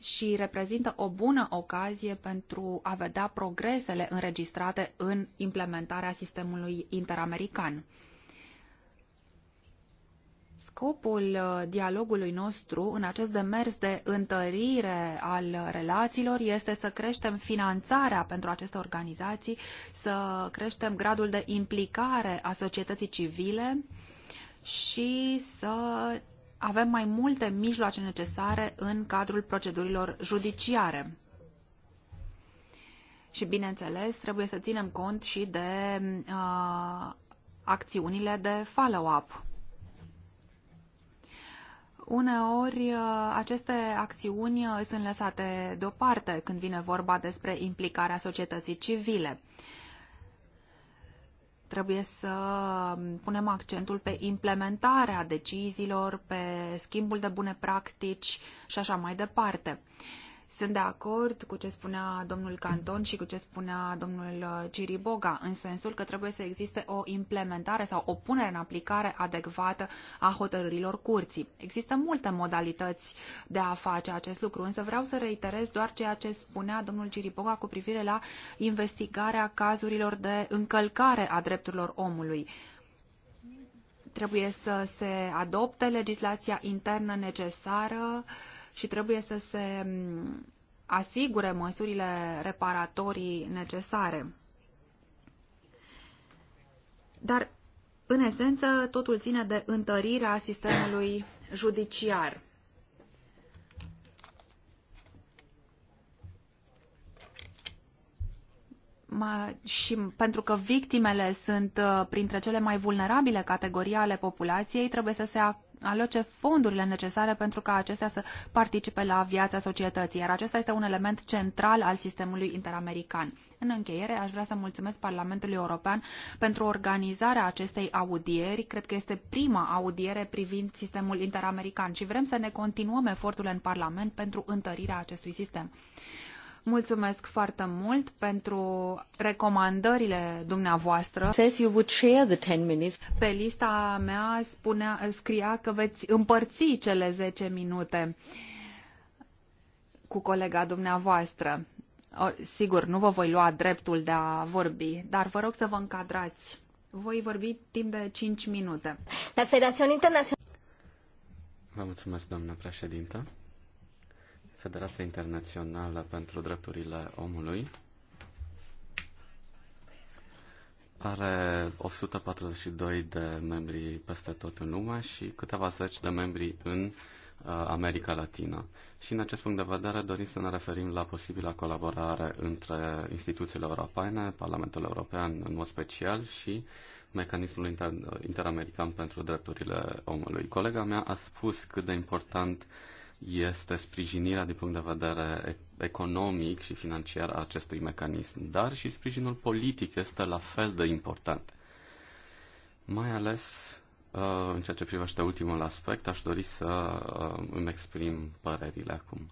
și reprezintă o bună ocazie pentru a vedea progresele înregistrate în implementarea sistemului interamerican. Scopul uh, dialogului nostru în acest demers de întărire al relațiilor este să creștem finanțarea pentru aceste organizații, să creștem gradul de implicare a societății civile și să avem mai multe mijloace necesare în cadrul procedurilor judiciare. Și, bineînțeles, trebuie să ținem cont și de uh, acțiunile de follow-up uneori uh, aceste acțiuni uh, sunt lăsate deoparte când vine vorba despre implicarea societății civile. Trebuie să um, punem accentul pe implementarea deciziilor, pe schimbul de bune practici și așa mai departe. Uh, sunt de acord cu ce spunea domnul Canton și cu ce spunea domnul uh, Ciriboga, în sensul că trebuie să existe o implementare sau o punere în aplicare adecvată a hotărârilor curții. Există multe modalități de a face acest lucru, însă vreau să reiterez doar ceea ce spunea domnul Ciriboga cu privire la investigarea cazurilor de încălcare a drepturilor omului trebuie să se adopte legislația internă necesară uh, și trebuie să se mm, asigure măsurile reparatorii necesare. Dar, în esență, totul ține de întărirea sistemului judiciar. și pentru că victimele sunt uh, printre cele mai vulnerabile categorii ale populației, trebuie să se aloce fondurile necesare pentru ca acestea să participe la viața societății, iar acesta este un element central al sistemului interamerican. În încheiere, aș vrea să mulțumesc Parlamentului European pentru organizarea acestei audieri. Cred că este prima audiere privind sistemul interamerican și vrem să ne continuăm eforturile în Parlament pentru întărirea acestui sistem. Mulțumesc foarte mult pentru recomandările dumneavoastră. Says you would share the 10 minutes. Pe lista mea spunea, scria că veți împărți cele 10 minute cu colega dumneavoastră. O, sigur, nu vă voi lua dreptul de a vorbi, dar vă rog să vă încadrați. Voi vorbi timp de 5 minute. La Federația Internațională. Vă mulțumesc, doamnă președintă. Federația Internațională pentru Drepturile Omului are 142 de membri peste tot în lume și câteva zeci de membri în uh, America Latină. Și în acest punct de vedere dorim să ne referim la posibila colaborare între instituțiile europene, Parlamentul European în mod special și mecanismul inter- uh, interamerican pentru drepturile omului. Colega mea a spus cât de important uh, este sprijinirea din punct de vedere economic și financiar a acestui mecanism, dar și sprijinul politic este la fel de important. Mai ales uh, în ceea ce privește ultimul aspect, aș dori să uh, îmi exprim părerile acum.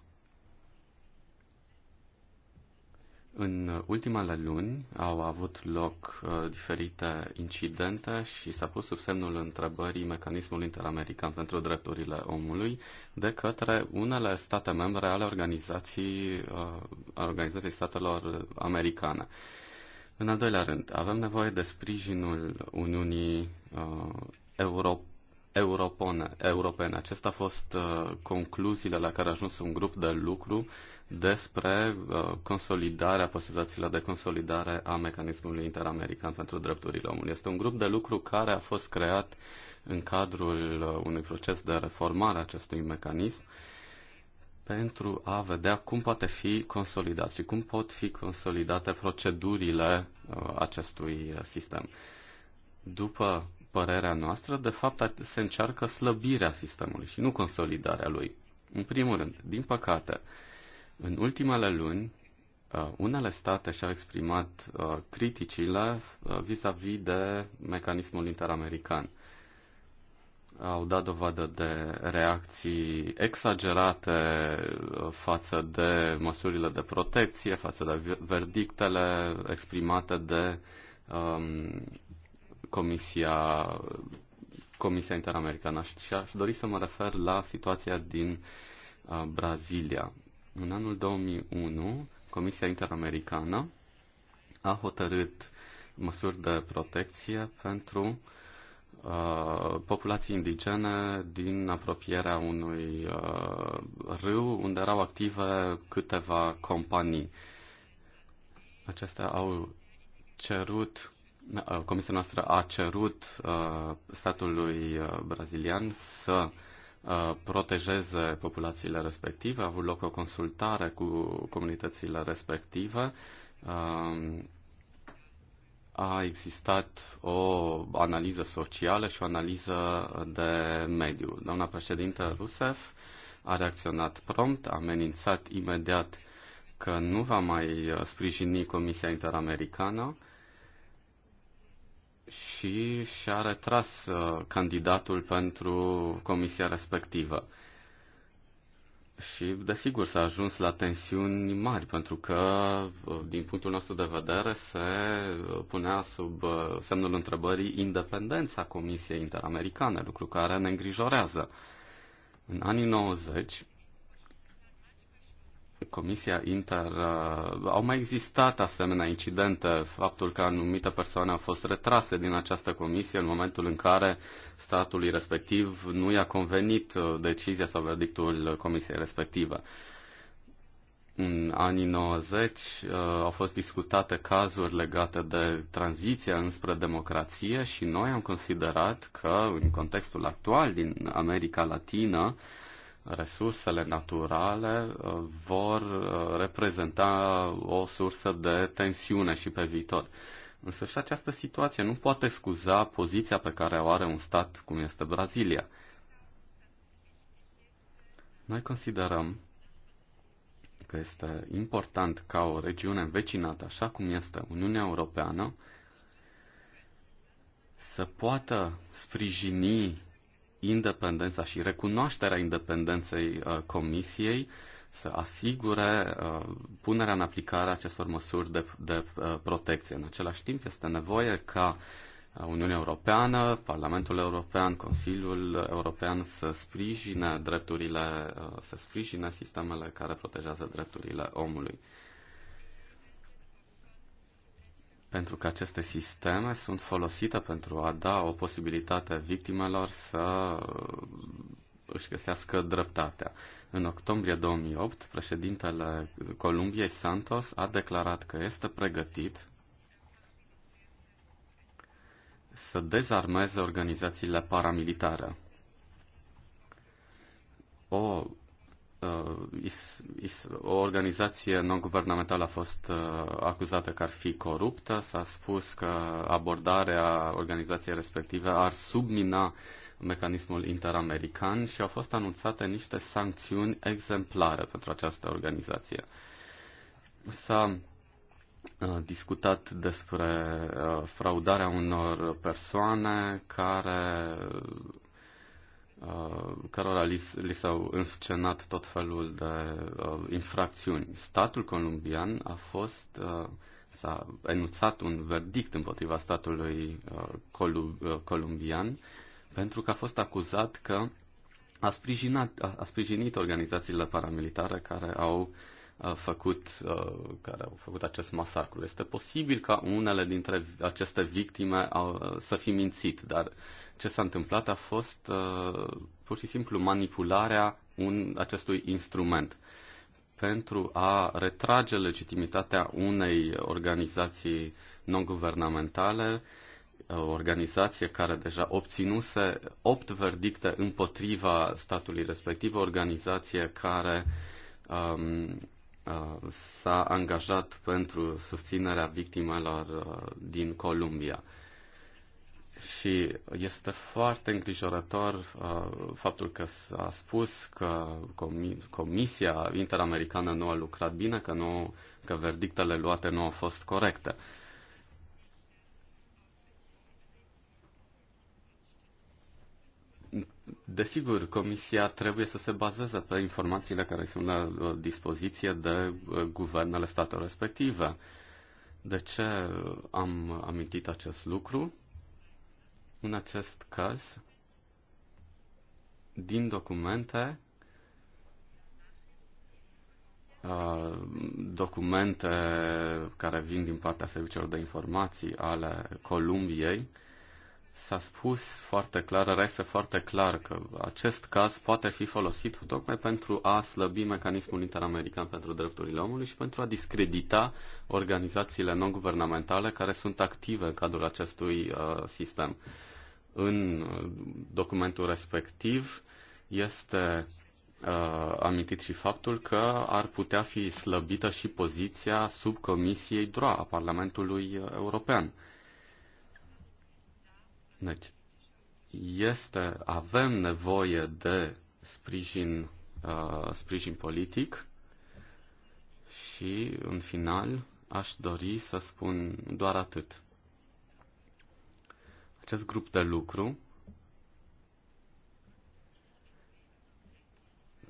În ultimele luni au avut loc uh, diferite incidente și s-a pus sub semnul întrebării mecanismul interamerican pentru drepturile omului de către unele state membre ale organizației, uh, organizației statelor americane. În al doilea rând, avem nevoie de sprijinul Uniunii uh, Europene europene. europene. Acestea au fost uh, concluziile la care a ajuns un grup de lucru despre uh, consolidarea, posibilitățile de consolidare a mecanismului interamerican pentru drepturile omului. Este un grup de lucru care a fost creat în cadrul uh, unui proces de reformare a acestui mecanism pentru a vedea cum poate fi consolidat și cum pot fi consolidate procedurile acestui sistem. După părerea noastră, de fapt se încearcă slăbirea sistemului și nu consolidarea lui. În primul rând, din păcate, în ultimele luni, uh, unele state și-au exprimat uh, criticile uh, vis-a-vis -vis de mecanismul interamerican. Au dat dovadă de reacții exagerate față de măsurile de protecție, față de verdictele exprimate de um, Comisia, Comisia Interamericană și aș dori să mă refer la situația din uh, Brazilia. În anul 2001, Comisia Interamericană a hotărât măsuri de protecție pentru uh, populații indigene din apropierea unui uh, râu unde erau active câteva companii. Acestea au cerut Uh, comisia noastră a cerut uh, statului uh, brazilian să protejeze populațiile respective. A avut loc o consultare cu comunitățile respective. Um, a existat o analiză socială și o analiză de mediu. Doamna președintă Rusev a reacționat prompt, a amenințat imediat că nu va mai sprijini Comisia Interamericană și și-a retras uh, candidatul pentru comisia respectivă. Și, desigur, s-a ajuns la tensiuni mari, pentru că, uh, din punctul nostru de vedere, se uh, punea sub semnul întrebării independența Comisiei Interamericane, lucru care ne îngrijorează. În anii 90, Comisia Inter uh, au mai existat asemenea incidente, faptul că anumite persoane au fost retrase din această comisie în momentul în care statului respectiv nu i-a convenit uh, decizia sau verdictul comisiei respective. În anii 90 uh, au fost discutate cazuri legate de tranziția înspre democrație și noi am considerat că în contextul actual din America Latină resursele naturale uh, vor uh, reprezenta o sursă de tensiune și pe viitor. Însă și această situație nu poate scuza poziția pe care o are un stat cum este Brazilia. Noi considerăm că este important ca o regiune învecinată, așa cum este Uniunea Europeană, să poată sprijini independența și recunoașterea independenței uh, Comisiei să asigure uh, punerea în aplicare acestor măsuri de, de uh, protecție. În același timp, este nevoie ca Uniunea Europeană, Parlamentul European, Consiliul European să sprijine drepturile, să sprijine sistemele care protejează drepturile omului. pentru că aceste sisteme sunt folosite pentru a da o posibilitate victimelor să uh, își găsească dreptatea. În octombrie 2008, președintele Columbiei Santos a declarat că este pregătit să dezarmeze organizațiile paramilitare. O Uh, o organizație non-guvernamentală a fost uh, acuzată că ar fi coruptă. S-a spus că abordarea organizației respective ar submina mecanismul interamerican și au fost anunțate niște sancțiuni exemplare pentru această organizație. S-a uh, discutat despre fraudarea unor persoane care Uh, cărora li, li s-au înscenat tot felul de uh, infracțiuni. Statul colombian a fost, uh, s-a enunțat un verdict împotriva statului uh, colu- uh, colombian pentru că a fost acuzat că a, sprijinat, a, a sprijinit organizațiile paramilitare care au uh, făcut, uh, care au făcut acest masacru. Este posibil ca unele dintre aceste victime au, să fi mințit, dar uh, ce s-a întâmplat a fost uh, pur și simplu manipularea un, acestui instrument pentru a retrage legitimitatea unei organizații non-guvernamentale, o organizație care deja obținuse opt verdicte împotriva statului respectiv, o organizație care um, uh, s-a angajat pentru susținerea victimelor uh, din Columbia și este foarte îngrijorător uh, faptul că s-a spus că comis- Comisia Interamericană nu a lucrat bine, că, nu, că verdictele luate nu au fost corecte. Desigur, Comisia trebuie să se bazeze pe informațiile care sunt la uh, dispoziție de uh, guvernele statelor respective. De ce uh, am amintit acest lucru? În acest caz, din documente, uh, documente care vin din partea serviciilor de informații ale Columbiei, s-a spus foarte clar, rese foarte clar că acest caz poate fi folosit tocmai pentru a slăbi mecanismul interamerican pentru drepturile omului și pentru a discredita organizațiile non-guvernamentale care sunt active în cadrul acestui uh, sistem. În uh, documentul respectiv este uh, amintit și faptul că ar putea fi slăbită și poziția subcomisiei DROA a Parlamentului European deci, este, avem nevoie de sprijin, uh, sprijin politic și, în final, aș dori să spun doar atât. Acest grup de lucru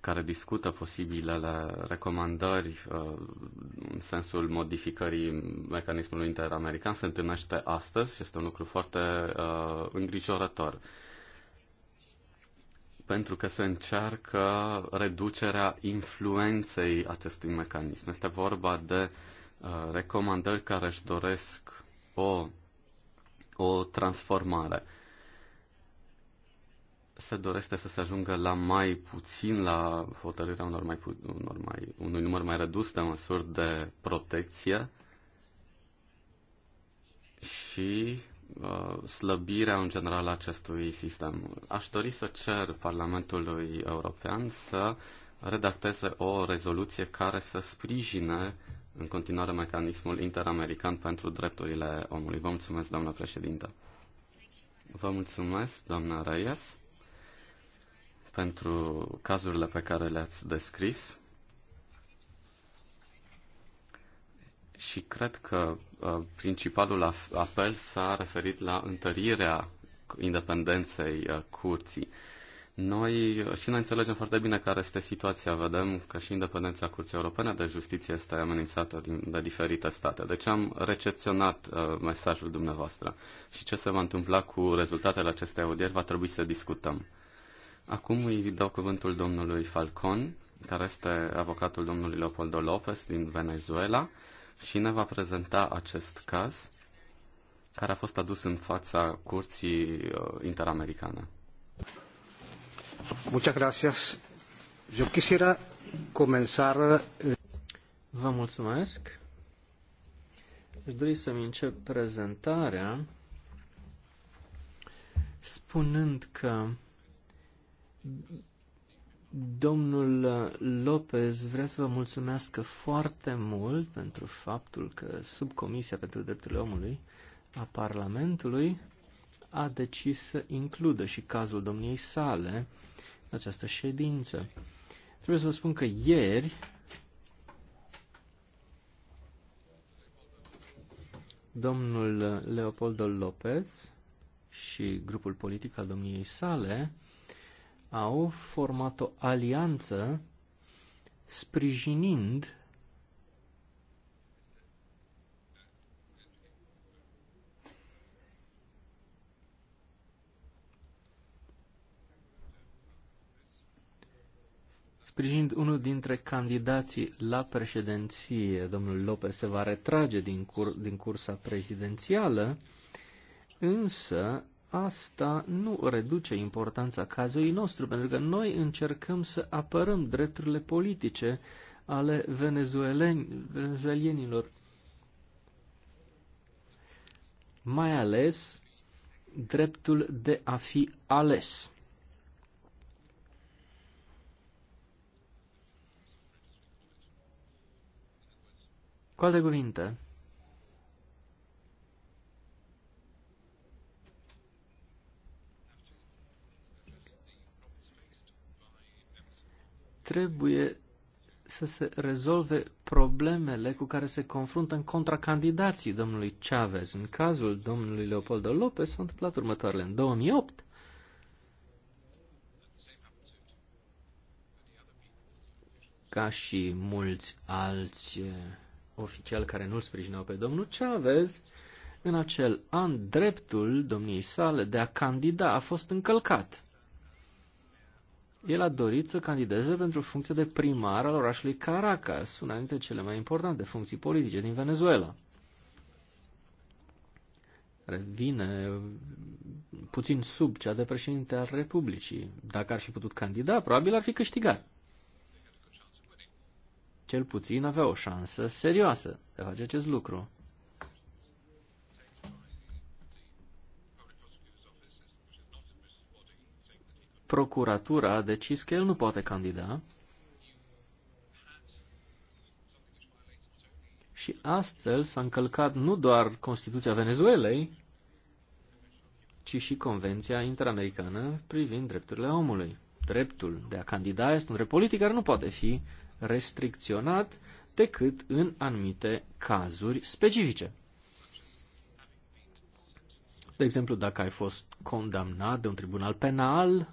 care discută posibilele recomandări uh, în sensul modificării mecanismului interamerican se întâlnește astăzi și este un lucru foarte uh, îngrijorător pentru că se încearcă reducerea influenței acestui mecanism. Este vorba de uh, recomandări care își doresc o, o transformare se dorește să se ajungă la mai puțin, la hotărârea unor mai, unor mai, unui număr mai redus de măsuri de protecție și uh, slăbirea în general a acestui sistem. Aș dori să cer Parlamentului European să redacteze o rezoluție care să sprijine în continuare mecanismul interamerican pentru drepturile omului. Vă mulțumesc, doamnă președintă. Vă mulțumesc, doamna Reyes pentru cazurile pe care le-ați descris. Și cred că uh, principalul apel s-a referit la întărirea independenței uh, curții. Noi uh, și noi înțelegem foarte bine care este situația. Vedem că și independența Curții Europene de Justiție este amenințată de diferite state. Deci am recepționat uh, mesajul dumneavoastră. Și ce se va întâmpla cu rezultatele acestei audieri va trebui să discutăm. Acum îi dau cuvântul domnului Falcon, care este avocatul domnului Leopoldo Lopez din Venezuela și ne va prezenta acest caz care a fost adus în fața curții uh, interamericane. Muchas gracias. Eu quisiera comenzar... Eh, Vă mulțumesc. Aș dori să-mi încep prezentarea spunând că Domnul Lopez vrea să vă mulțumească foarte mult pentru faptul că Subcomisia pentru Drepturile Omului a Parlamentului a decis să includă și cazul domniei sale în această ședință. Trebuie să vă spun că ieri domnul Leopoldo Lopez și grupul politic al domniei sale au format o alianță sprijinind sprijinind unul dintre candidații la președinție. Domnul Lopez se va retrage din, cur, din cursa prezidențială, însă asta nu reduce importanța cazului nostru, pentru că noi încercăm să apărăm drepturile politice ale venezuelienilor. Mai ales dreptul de a fi ales. Cu alte cuvinte, trebuie să se rezolve problemele cu care se confruntă în contracandidații domnului Chavez. În cazul domnului Leopoldo Lopez s-a întâmplat următoarele. În 2008, ca și mulți alți eh, oficiali care nu-l sprijinau pe domnul Chavez, în acel an dreptul domniei sale de a candida a fost încălcat el a dorit să candideze pentru funcția de primar al orașului Caracas, una dintre cele mai importante funcții politice din Venezuela. Revine puțin sub cea de președinte al Republicii. Dacă ar fi putut candida, probabil ar fi câștigat. Cel puțin avea o șansă serioasă de a face acest lucru. procuratura a decis că el nu poate candida și astfel s-a încălcat nu doar Constituția Venezuelei, ci și Convenția Interamericană privind drepturile omului. Dreptul de a candida este un drept politic care nu poate fi restricționat decât în anumite cazuri specifice. De exemplu, dacă ai fost condamnat de un tribunal penal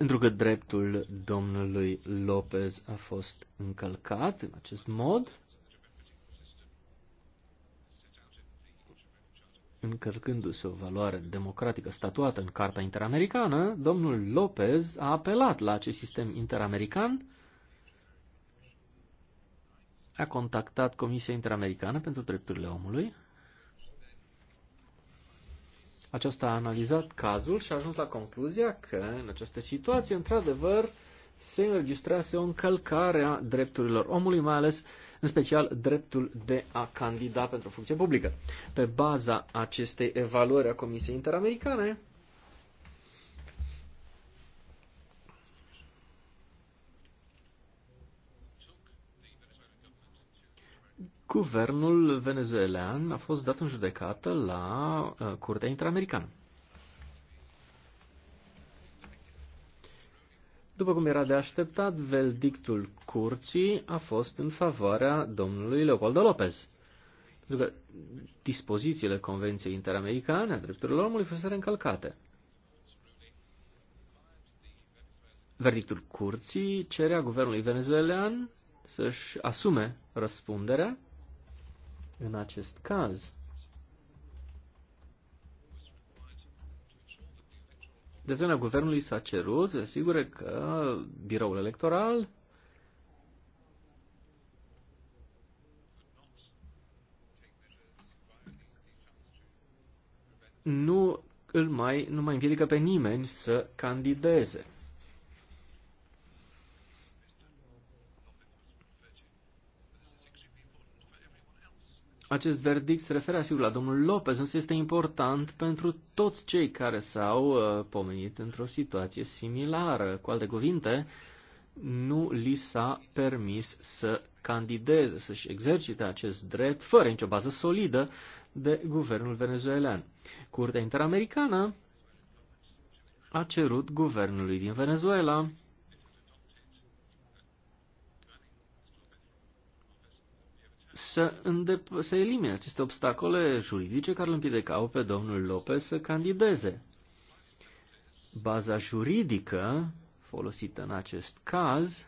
pentru că dreptul domnului Lopez a fost încălcat în acest mod, încălcându-se o valoare democratică statuată în Carta Interamericană, domnul Lopez a apelat la acest sistem interamerican, a contactat Comisia Interamericană pentru Drepturile Omului, aceasta a analizat cazul și a ajuns la concluzia că în această situație, într-adevăr, se înregistrase o încălcare a drepturilor omului, mai ales în special dreptul de a candida pentru funcție publică. Pe baza acestei evaluări a Comisiei Interamericane, Guvernul venezuelan a fost dat în judecată la uh, Curtea Interamericană. După cum era de așteptat, verdictul curții a fost în favoarea domnului Leopoldo Lopez. Pentru că dispozițiile Convenției Interamericane a drepturilor omului fuseseră încălcate. Verdictul curții cerea guvernului venezuelan să-și asume răspunderea în acest caz. De asemenea, guvernului s-a cerut să asigure că biroul electoral nu îl mai, nu mai împiedică pe nimeni să candideze. Acest verdict se referă sigur la domnul Lopez, însă este important pentru toți cei care s-au uh, pomenit într-o situație similară. Cu alte cuvinte, nu li s-a permis să candideze, să-și exercite acest drept, fără nicio bază solidă, de guvernul venezuelan. Curtea Interamericană a cerut guvernului din Venezuela să, îndep- să elimine aceste obstacole juridice care îl împiedicau pe domnul Lopez să candideze. Baza juridică folosită în acest caz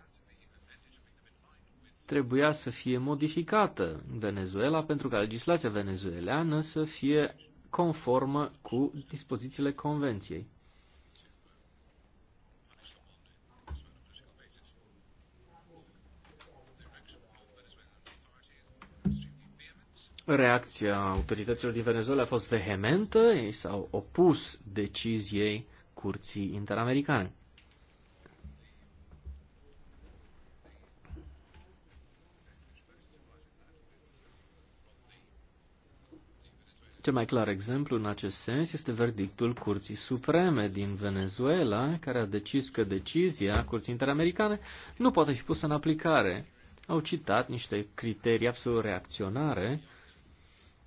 trebuia să fie modificată în Venezuela pentru ca legislația venezueleană să fie conformă cu dispozițiile convenției. Reacția autorităților din Venezuela a fost vehementă, ei s-au opus deciziei curții interamericane. Cel mai clar exemplu în acest sens este verdictul Curții Supreme din Venezuela, care a decis că decizia Curții Interamericane nu poate fi pusă în aplicare. Au citat niște criterii absolut reacționare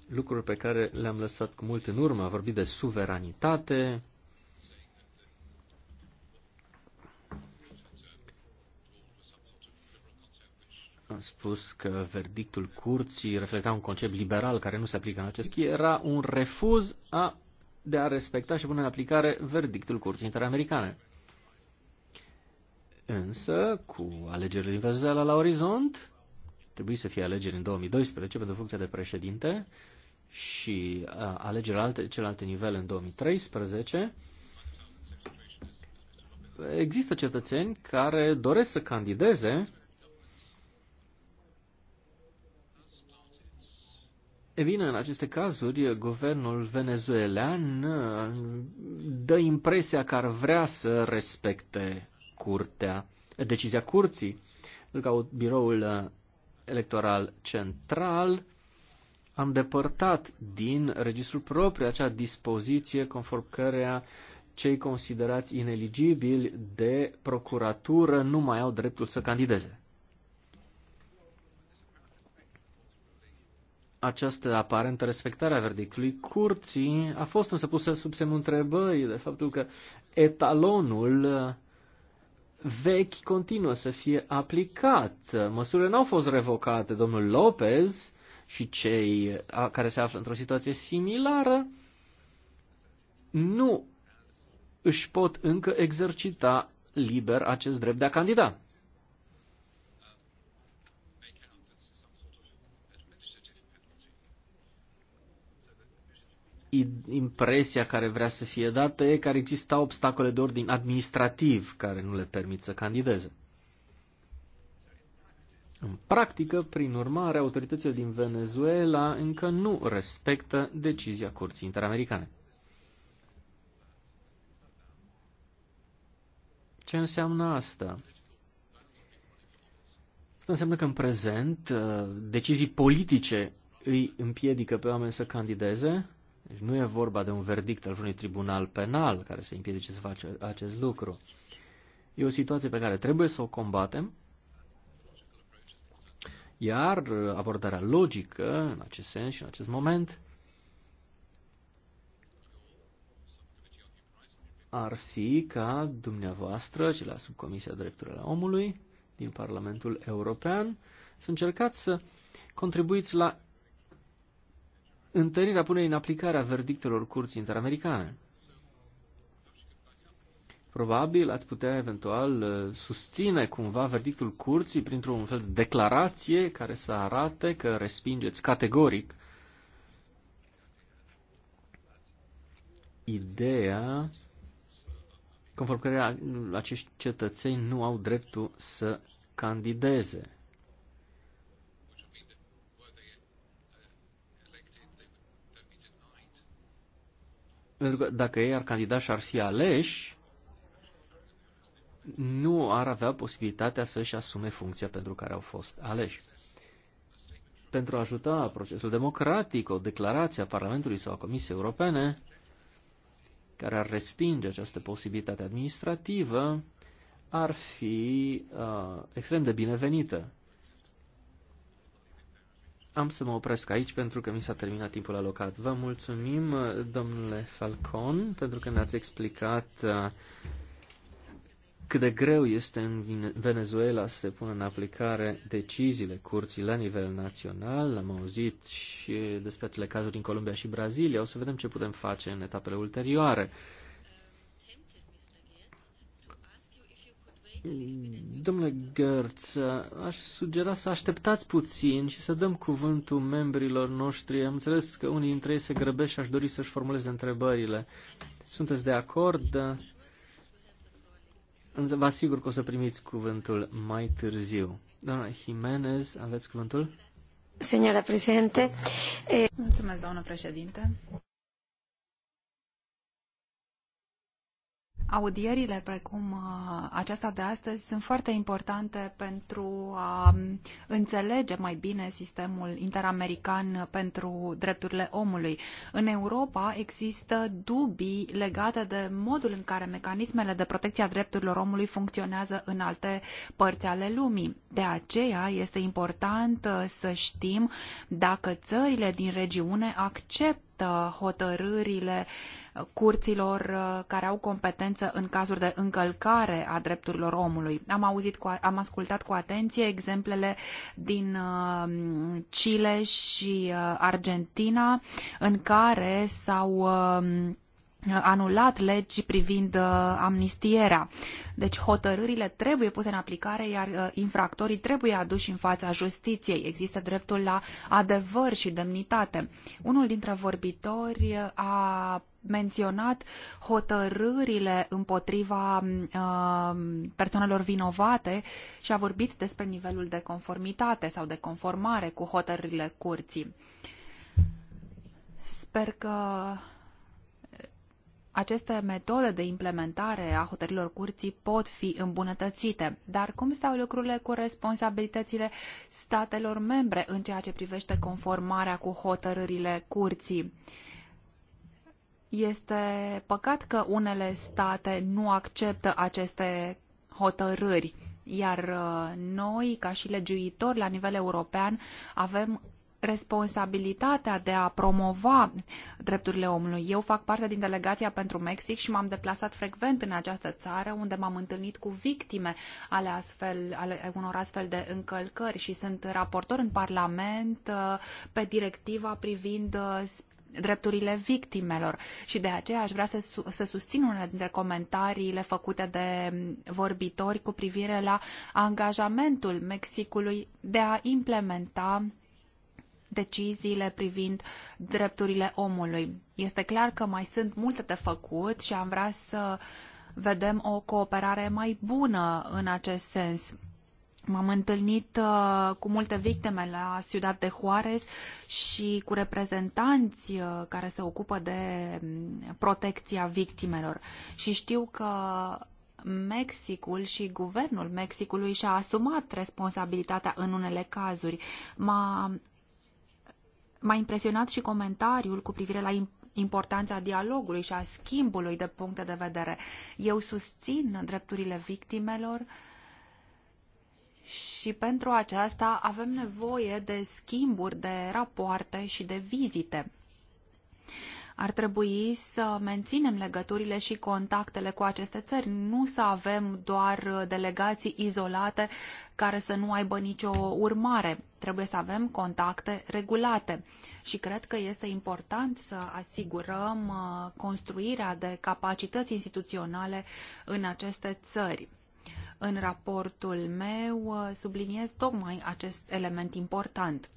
lucruri pe care le-am lăsat cu mult în urmă. A vorbit de suveranitate. Am spus că verdictul curții reflecta un concept liberal care nu se aplică în acest Era un refuz a, de a respecta și pune în aplicare verdictul curții interamericane. Însă, cu alegerile din Venezuela la orizont, trebuie să fie alegeri în 2012 pentru funcția de președinte, și alegerile alte, celelalte nivele în 2013, există cetățeni care doresc să candideze. E bine, în aceste cazuri, guvernul venezuelan dă impresia că ar vrea să respecte curtea, decizia curții, pentru că biroul electoral central am depărtat din registrul propriu acea dispoziție conform căreia cei considerați ineligibili de procuratură nu mai au dreptul să candideze. Această aparentă respectare a verdictului curții a fost însă pusă sub semnul întrebării de faptul că etalonul vechi continuă să fie aplicat. Măsurile n-au fost revocate. Domnul Lopez și cei care se află într-o situație similară nu își pot încă exercita liber acest drept de a candida. impresia care vrea să fie dată e că există obstacole de ordin administrativ care nu le permit să candideze. În practică, prin urmare, autoritățile din Venezuela încă nu respectă decizia Curții Interamericane. Ce înseamnă asta? Asta înseamnă că în prezent uh, decizii politice îi împiedică pe oameni să candideze. Deci nu e vorba de un verdict al unui tribunal penal care să împiedice să facă acest lucru. E o situație pe care trebuie să o combatem iar uh, abordarea logică, în acest sens și în acest moment, ar fi ca dumneavoastră și la Subcomisia Drepturile Omului din Parlamentul European să încercați să contribuiți la întărirea punerii în aplicare a verdictelor curții interamericane. Probabil ați putea eventual uh, susține cumva verdictul curții printr-un fel de declarație care să arate că respingeți categoric ideea conform care acești cetățeni nu au dreptul să candideze. Pentru că dacă ei ar candida și ar fi aleși, nu ar avea posibilitatea să-și asume funcția pentru care au fost aleși. Pentru a ajuta procesul democratic, o declarație a Parlamentului sau a Comisiei Europene care ar respinge această posibilitate administrativă ar fi uh, extrem de binevenită. Am să mă opresc aici pentru că mi s-a terminat timpul alocat. Vă mulțumim, domnule Falcon, pentru că ne-ați explicat uh, cât de greu este în Venezuela să se pună în aplicare deciziile curții la nivel național. Am auzit și despre acele cazuri din Columbia și Brazilia. O să vedem ce putem face în etapele ulterioare. Domnule Gertz, aș sugera să așteptați puțin și să dăm cuvântul membrilor noștri. Am înțeles că unii dintre ei se grăbesc și aș dori să-și formuleze întrebările. Sunteți de acord? Însă vă asigur că o să primiți cuvântul mai târziu. Doamna Jimenez, aveți cuvântul? Senora președinte. Eh, Mulțumesc, doamnă președinte. Audierile precum uh, aceasta de astăzi sunt foarte importante pentru a um, înțelege mai bine sistemul interamerican pentru drepturile omului. În Europa există dubii legate de modul în care mecanismele de protecție a drepturilor omului funcționează în alte părți ale lumii. De aceea este important uh, să știm dacă țările din regiune acceptă hotărârile uh, curților uh, care au competență în cazuri de încălcare a drepturilor omului. Am, auzit cu, am ascultat cu atenție exemplele din uh, Chile și uh, Argentina în care s-au um, anulat legi privind amnistierea. Deci hotărârile trebuie puse în aplicare, iar infractorii trebuie aduși în fața justiției. Există dreptul la adevăr și demnitate. Unul dintre vorbitori a menționat hotărârile împotriva uh, persoanelor vinovate și a vorbit despre nivelul de conformitate sau de conformare cu hotărârile curții. Sper că aceste metode de implementare a hotărârilor curții pot fi îmbunătățite. Dar cum stau lucrurile cu responsabilitățile statelor membre în ceea ce privește conformarea cu hotărârile curții? Uh, este păcat că unele state nu acceptă aceste hotărâri, iar uh, noi, ca și legiuitori la nivel european, avem responsabilitatea de a promova drepturile omului. Eu fac parte din delegația pentru Mexic și m-am deplasat frecvent în această țară unde m-am întâlnit cu victime ale, astfel, ale unor astfel de încălcări și sunt raportor în Parlament uh, pe directiva privind uh, drepturile victimelor și de aceea aș vrea să, să susțin unele dintre comentariile făcute de vorbitori cu privire la angajamentul Mexicului de a implementa deciziile privind drepturile omului. Este clar că mai sunt multe de făcut și am vrea să vedem o cooperare mai bună în acest sens. M-am întâlnit uh, cu multe victime la Ciudad de Juarez și cu reprezentanți uh, care se ocupă de mm, protecția victimelor. Și știu că Mexicul și guvernul Mexicului și-a asumat responsabilitatea în unele cazuri. M-a, m-a impresionat și comentariul cu privire la importanța dialogului și a schimbului de puncte de vedere. Eu susțin drepturile victimelor uh, și pentru aceasta avem nevoie de schimburi de rapoarte și de vizite. Ar trebui să menținem legăturile și contactele cu aceste țări, nu să avem doar delegații izolate care să nu aibă nicio urmare. Trebuie să avem contacte regulate și cred că este important să asigurăm uh, construirea de capacități instituționale în aceste țări în raportul meu uh, subliniez tocmai acest element important.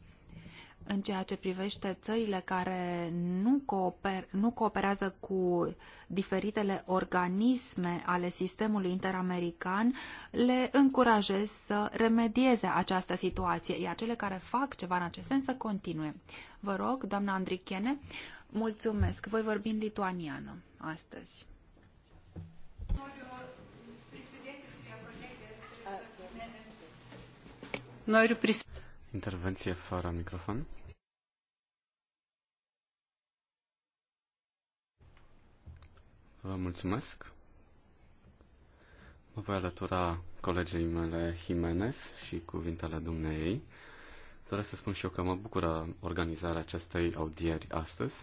În ceea ce privește țările care nu, cooper, nu cooperează cu diferitele organisme ale sistemului interamerican, le încurajez să remedieze această situație, iar cele care fac ceva în acest sens să continue. Vă rog, doamna Andrichene, mulțumesc. Voi vorbi în lituaniană astăzi. pris... Intervenție fără microfon. Vă mulțumesc. Mă voi alătura colegei mele Jimenez și cuvintele dumneei. Doresc să spun și eu că mă bucură organizarea acestei audieri astăzi.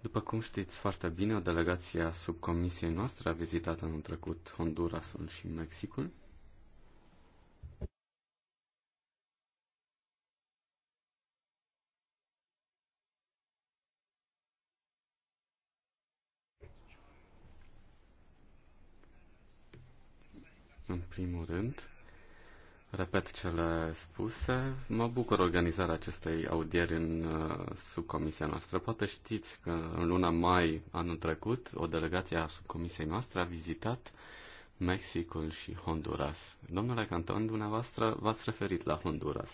După cum știți foarte bine, o delegație a subcomisiei noastre a vizitat anul trecut Honduras și Mexicul. în primul rând. Repet cele spuse. Mă bucur organizarea acestei audieri în uh, subcomisia noastră. Poate știți că în luna mai anul trecut o delegație a subcomisiei noastre a vizitat Mexicul și Honduras. Domnule Canton, dumneavoastră v-ați referit la Honduras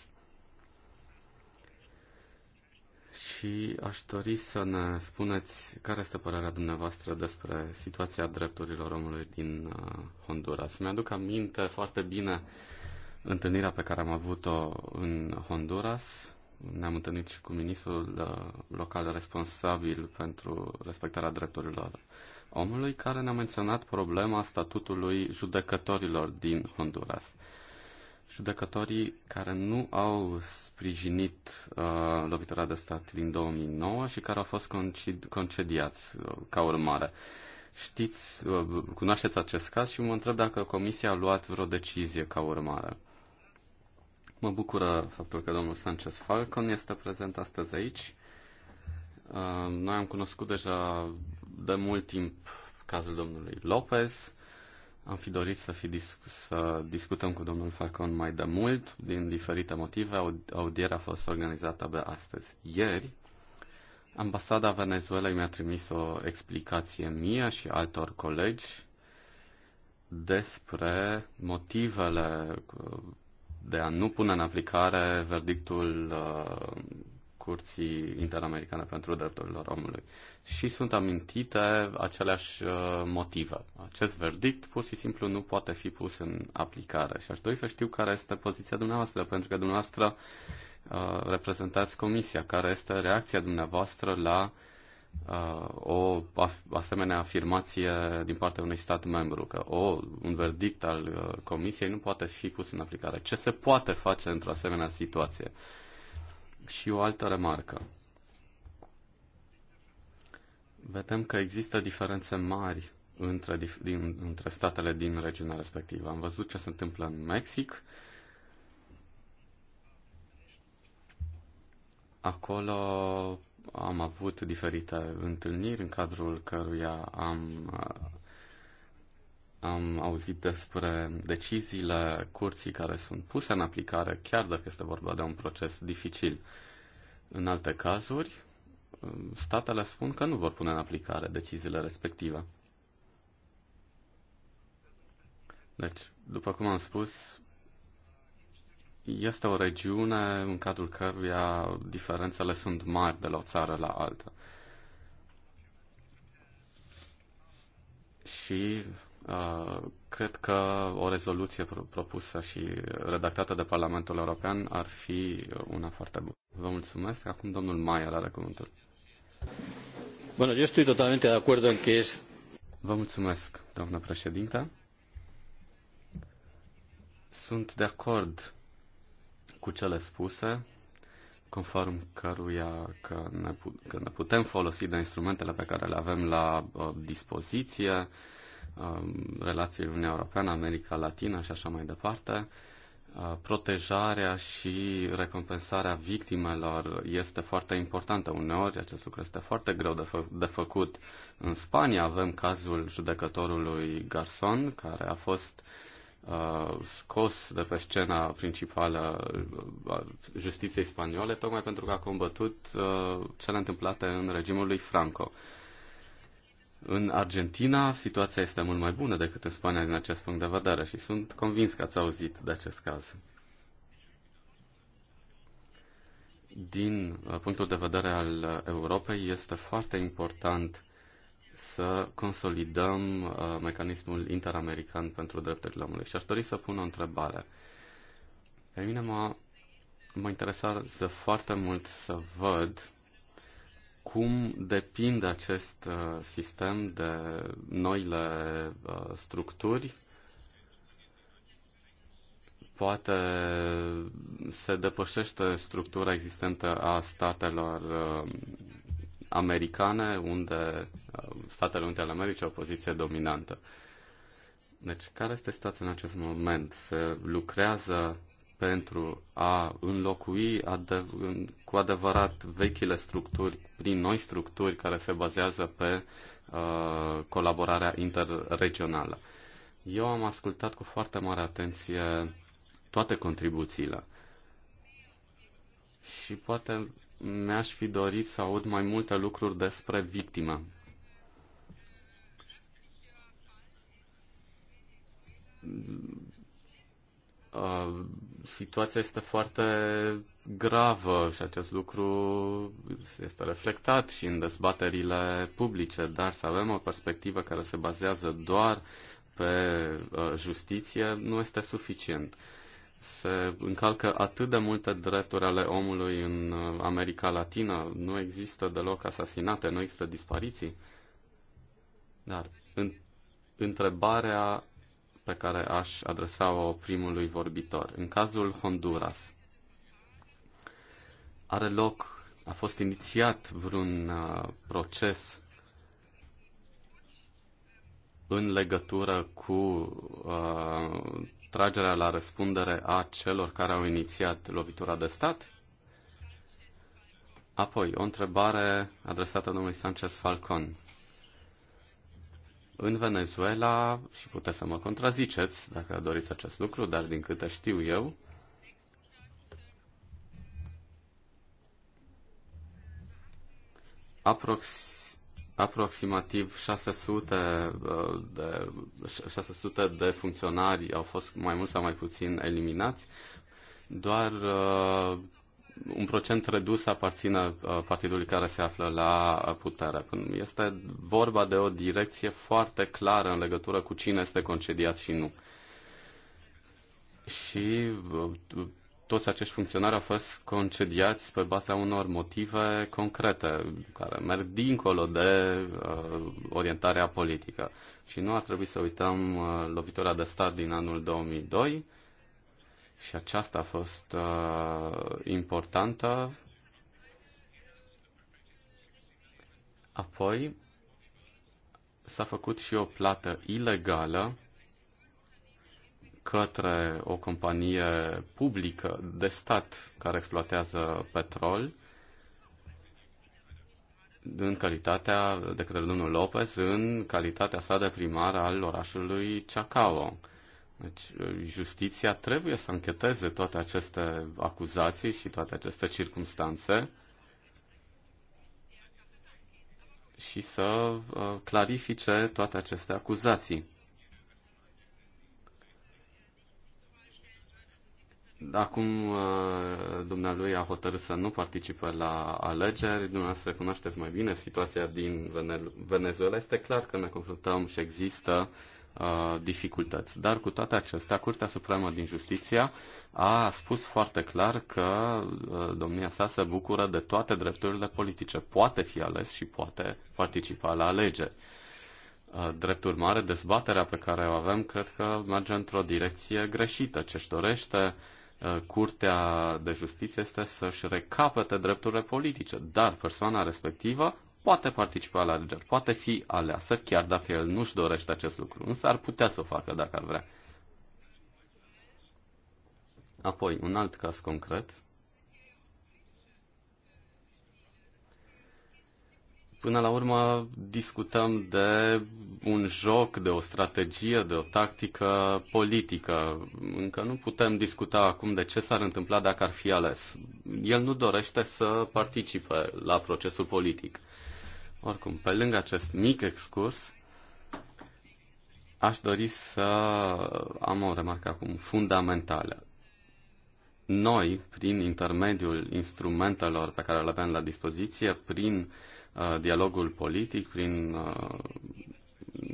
și aș dori să ne spuneți care este părerea dumneavoastră despre situația drepturilor omului din uh, Honduras. Mi-aduc aminte foarte bine întâlnirea pe care am avut-o în Honduras. Ne-am întâlnit și cu ministrul uh, local responsabil pentru respectarea drepturilor omului, care ne-a menționat problema statutului judecătorilor din Honduras judecătorii care nu au sprijinit uh, lovitura de stat din 2009 și care au fost concid, concediați uh, ca urmare. Știți, uh, cunoașteți acest caz și mă întreb dacă Comisia a luat vreo decizie ca urmare. Mă bucură faptul că domnul Sanchez Falcon este prezent astăzi aici. Uh, noi am cunoscut deja de mult timp cazul domnului Lopez am fi dorit să, fi disc- să discutăm cu domnul Falcon mai de mult, din diferite motive. Audierea a fost organizată abia astăzi. Ieri, ambasada Venezuelei mi-a trimis o explicație mie și altor colegi despre motivele de a nu pune în aplicare verdictul uh, Curții Interamericane pentru Drepturile Omului. Și sunt amintite aceleași uh, motive. Acest verdict pur și simplu nu poate fi pus în aplicare și aș dori să știu care este poziția dumneavoastră, pentru că dumneavoastră uh, reprezentați comisia, care este reacția dumneavoastră la uh, o asemenea afirmație din partea unui stat membru, că o, un verdict al comisiei nu poate fi pus în aplicare. Ce se poate face într-o asemenea situație? Și o altă remarcă. Vedem că există diferențe mari între, din, între statele din regiunea respectivă. Am văzut ce se întâmplă în Mexic. Acolo am avut diferite întâlniri în cadrul căruia am am auzit despre deciziile curții care sunt puse în aplicare, chiar dacă este vorba de un proces dificil. În alte cazuri, um, statele spun că nu vor pune în aplicare deciziile respective. Deci, după cum am spus, este o regiune în cadrul căruia diferențele sunt mari de la o țară la alta. Și Uh, cred că o rezoluție propusă și redactată de Parlamentul European ar fi una foarte bună. Vă mulțumesc. Acum domnul Maier are cuvântul. Bueno, yo estoy totalmente de acuerdo en que es... Vă mulțumesc, doamnă președinte. Sunt de acord cu cele spuse, conform căruia că ne, că ne putem folosi de instrumentele pe care le avem la uh, dispoziție, uh, Um, relațiile Uniunea Europeană, America Latină și așa mai departe. Uh, protejarea și recompensarea victimelor este foarte importantă. Uneori acest lucru este foarte greu de, fă- de făcut. În Spania avem cazul judecătorului Garson, care a fost uh, scos de pe scena principală uh, a justiției spaniole, tocmai pentru că a combătut uh, cele întâmplate în regimul lui Franco. Uh, în Argentina situația este mult mai bună decât în Spania din acest punct de vedere și sunt convins că ați auzit de acest caz. Din uh, punctul de vedere al Europei este foarte important să consolidăm uh, mecanismul interamerican pentru drepturile omului. Și aș dori să pun o întrebare. Pe mine mă, mă interesează foarte mult să văd cum depinde acest uh, sistem de noile uh, structuri poate se depășește structura existentă a statelor uh, americane, unde Statele Unite ale Americii au o poziție dominantă. Deci, care este situația în acest moment? Se lucrează pentru a înlocui adev- cu adevărat vechile structuri prin noi structuri care se bazează pe uh, colaborarea interregională. Eu am ascultat cu foarte mare atenție toate contribuțiile și poate mi-aș fi dorit să aud mai multe lucruri despre victimă. Uh, situația este foarte gravă și acest lucru este reflectat și în dezbaterile publice, dar să avem o perspectivă care se bazează doar pe uh, justiție nu este suficient. Se încalcă atât de multe drepturi ale omului în uh, America Latină, nu există deloc asasinate, nu există dispariții. Dar întrebarea pe care aș adresa-o primului vorbitor. În cazul Honduras, are loc, a fost inițiat vreun uh, proces în legătură cu uh, tragerea la răspundere a celor care au inițiat lovitura de stat? Apoi, o întrebare adresată domnului Sanchez Falcon. În Venezuela, și puteți să mă contraziceți dacă doriți acest lucru, dar din câte știu eu, aprox aproximativ 600 uh, de, 600 de funcționari au fost mai mult sau mai puțin eliminați, doar uh, un procent redus aparține uh, partidului care se află la putere. Este vorba de o direcție foarte clară în legătură cu cine este concediat și nu. Și uh, toți acești funcționari au fost concediați pe baza unor motive concrete, care merg dincolo de uh, orientarea politică. Și nu ar trebui să uităm uh, lovitura de stat din anul 2002, și aceasta a fost uh, importantă. Apoi s-a făcut și o plată ilegală către o companie publică de stat care exploatează petrol în calitatea, de către domnul Lopez, în calitatea sa de primar al orașului Chacao. Deci, uh, justiția trebuie să încheteze toate aceste acuzații și toate aceste circunstanțe și să uh, clarifice toate aceste acuzații. Acum uh, dumnealui a hotărât să nu participe la alegeri, dumneavoastră cunoașteți mai bine situația din Venezuela. Este clar că ne confruntăm și există uh, Uh, dificultăți. Dar cu toate acestea, Curtea Supremă din Justiția a spus foarte clar că uh, domnia sa se bucură de toate drepturile politice. Poate fi ales și poate participa la alegeri. Uh, drept urmare, dezbaterea pe care o avem cred că merge într-o direcție greșită. Ce-și dorește Curtea de Justiție este să-și recapete drepturile politice, dar persoana respectivă poate participa la alegeri, poate fi aleasă, chiar dacă el nu-și dorește acest lucru, însă ar putea să o facă dacă ar vrea. Apoi, un alt caz concret. Până la urmă, discutăm de un joc, de o strategie, de o tactică politică. Încă nu putem discuta acum de ce s-ar întâmpla dacă ar fi ales. El nu dorește să participe la procesul politic. Oricum, pe lângă acest mic excurs, aș dori să am o remarcă acum fundamentală. Noi, prin intermediul instrumentelor pe care le avem la dispoziție, prin uh, dialogul politic, prin uh,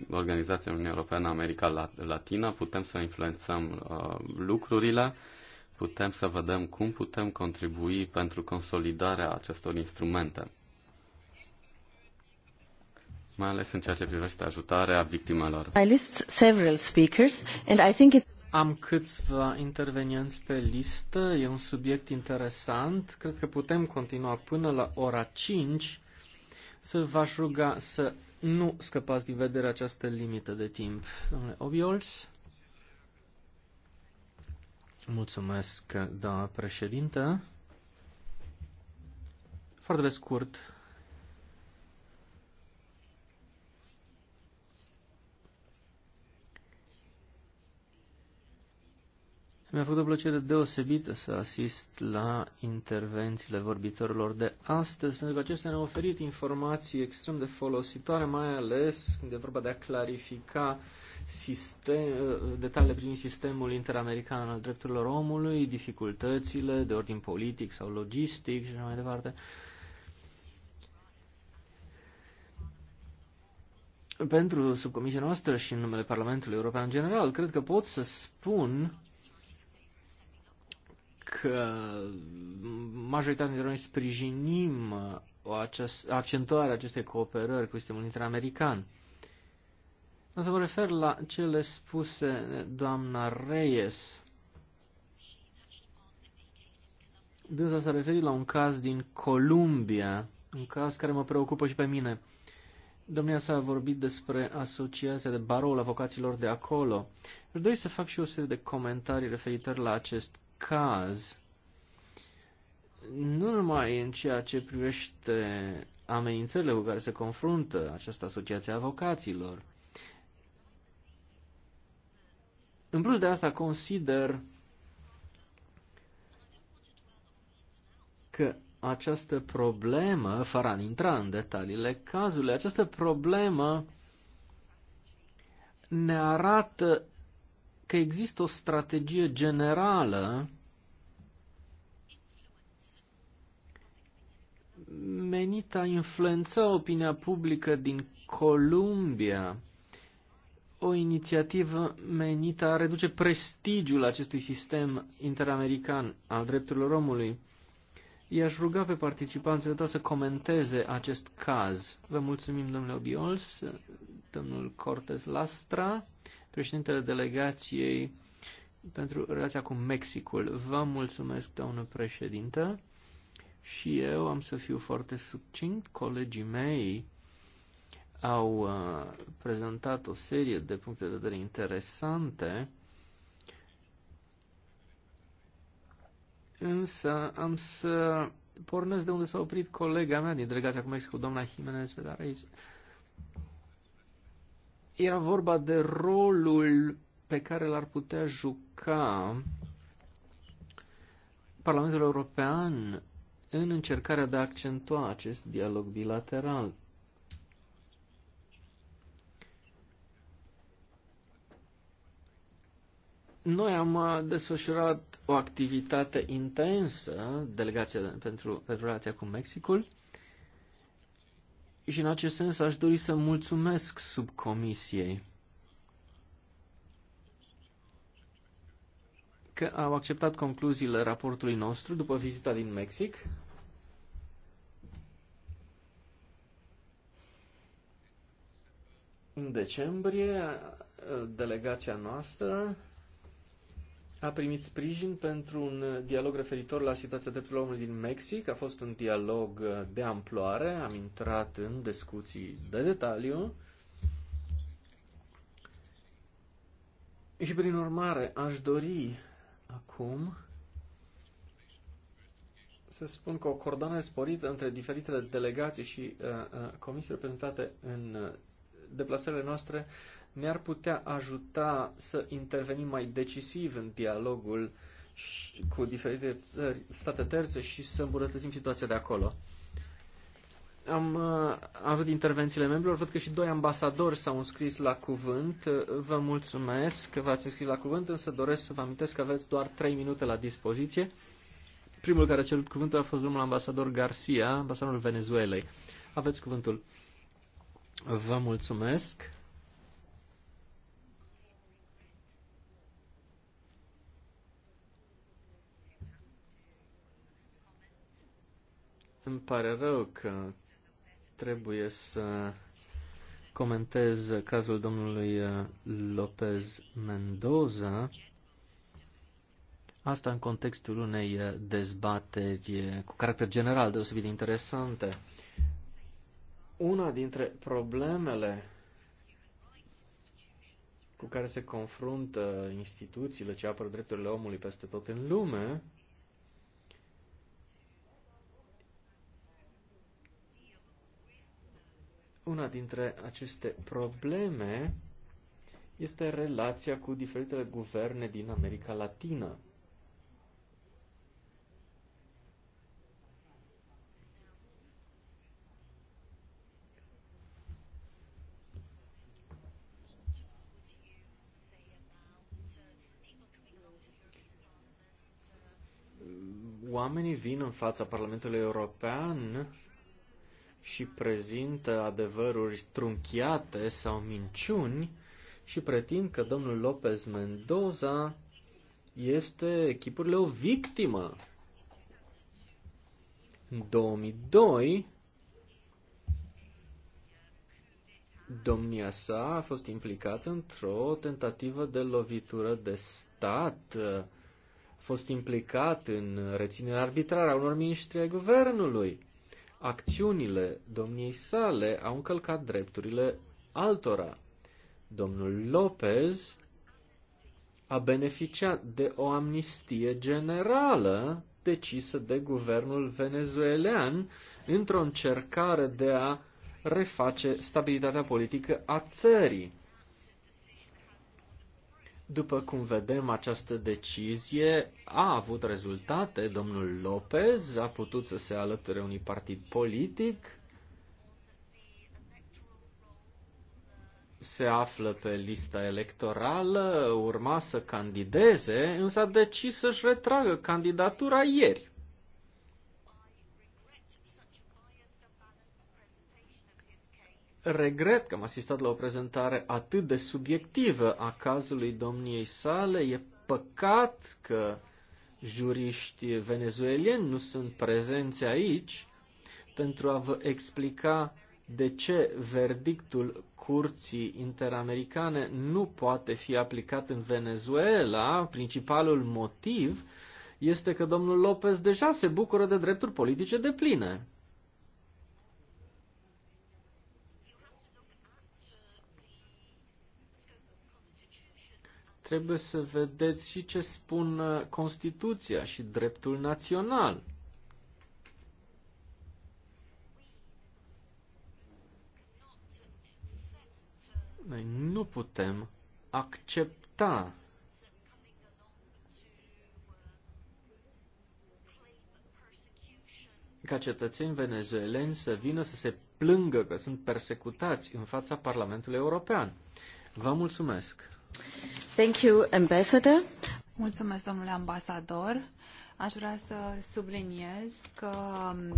Organizația Uniunii Europeană America Latina, putem să influențăm uh, lucrurile, putem să vedem cum putem contribui pentru consolidarea acestor instrumente mai ales în ceea ce privește ajutarea victimelor. I list several speakers and I think it... Am câțiva intervenienți pe listă, e un subiect interesant. Cred că putem continua până la ora 5. Să v-aș ruga să nu scăpați din vedere această limită de timp. Domnule Obiols? Mulțumesc, doamna președintă. Foarte pe scurt, Mi-a făcut o plăcere deosebită să asist la intervențiile vorbitorilor de astăzi, pentru că acestea ne-au oferit informații extrem de folositoare, mai ales când e vorba de a clarifica sistem, detaliile prin sistemul interamerican al drepturilor omului, dificultățile de ordin politic sau logistic și așa mai departe. Pentru subcomisia noastră și în numele Parlamentului European în general, cred că pot să spun că majoritatea dintre noi sprijinim uh, o acest, accentuarea acestei cooperări cu sistemul interamerican. Am să mă refer la cele spuse doamna Reyes. Dânsa s-a referit la un caz din Columbia, un caz care mă preocupă și pe mine. Domnia s-a vorbit despre asociația de barou la avocaților de acolo. Aș dori să fac și o serie de comentarii referitor la acest caz, nu numai în ceea ce privește amenințările cu care se confruntă această asociație a avocaților. În plus de asta, consider că această problemă, fără a intra în detaliile cazului, această problemă ne arată că există o strategie generală menită a influența opinia publică din Columbia, o inițiativă menită a reduce prestigiul acestui sistem interamerican al drepturilor omului. I-aș ruga pe participanții de să comenteze acest caz. Vă mulțumim, domnule Obiols, domnul Cortez Lastra președintele delegației pentru relația cu Mexicul. Vă mulțumesc, doamnă președintă, și eu am să fiu foarte succint. Colegii mei au uh, prezentat o serie de puncte de vedere interesante, însă am să pornesc de unde s-a oprit colega mea din delegația cu Mexicul, doamna Jimenez Vedarez. Era vorba de rolul pe care l-ar putea juca Parlamentul European în încercarea de a accentua acest dialog bilateral. Noi am uh, desfășurat o activitate intensă, delegația pentru relația cu Mexicul, și în acest sens aș dori să mulțumesc subcomisiei că au acceptat concluziile raportului nostru după vizita din Mexic. În decembrie, delegația noastră a primit sprijin pentru un dialog referitor la situația drepturilor omului din Mexic. A fost un dialog de amploare, am intrat în discuții de detaliu. Și prin urmare, aș dori acum să spun că o coordonare sporită între diferitele delegații și uh, uh, comisii reprezentate în uh, deplasările noastre uh, ne-ar putea ajuta să intervenim mai decisiv în dialogul cu diferite țări, state terțe și să îmbunătățim situația de acolo. Am, am uh, avut intervențiile membrilor, văd că și doi ambasadori s-au înscris la cuvânt. Vă mulțumesc că v-ați înscris la cuvânt, însă doresc să vă amintesc că aveți doar trei minute la dispoziție. Primul care a cerut cuvântul a fost domnul ambasador Garcia, ambasadorul Venezuelei. Aveți cuvântul. Vă mulțumesc. Îmi pare rău că trebuie să comentez cazul domnului uh, Lopez Mendoza. Asta în contextul unei uh, dezbateri uh, cu caracter general deosebit de interesante. Una dintre problemele cu care se confruntă instituțiile ce apără drepturile omului peste tot în lume Una dintre aceste probleme este relația cu diferitele guverne din America Latină. Oamenii vin în fața Parlamentului European și prezintă adevăruri trunchiate sau minciuni și pretind că domnul Lopez Mendoza este echipurile o victimă. În 2002, domnia sa a fost implicată într-o tentativă de lovitură de stat, a fost implicat în reținerea arbitrară a unor miniștri ai guvernului acțiunile domniei sale au încălcat drepturile altora. Domnul Lopez a beneficiat de o amnistie generală decisă de guvernul venezuelan într-o încercare de a reface stabilitatea politică a țării. După cum vedem, această decizie a avut rezultate. Domnul Lopez a putut să se alăture unui partid politic, se află pe lista electorală, urma să candideze, însă a decis să-și retragă candidatura ieri. regret că am asistat la o prezentare atât de subiectivă a cazului domniei sale. E păcat că juriști venezuelieni nu sunt prezenți aici pentru a vă explica de ce verdictul curții interamericane nu poate fi aplicat în Venezuela. Principalul motiv este că domnul Lopez deja se bucură de drepturi politice de pline. trebuie să vedeți și ce spun uh, Constituția și dreptul național. Noi nu putem accepta ca cetățeni venezueleni să vină să se plângă că sunt persecutați în fața Parlamentului European. Vă mulțumesc! Thank you, Ambassador. Mulțumesc, domnule ambasador. Aș vrea să subliniez că um,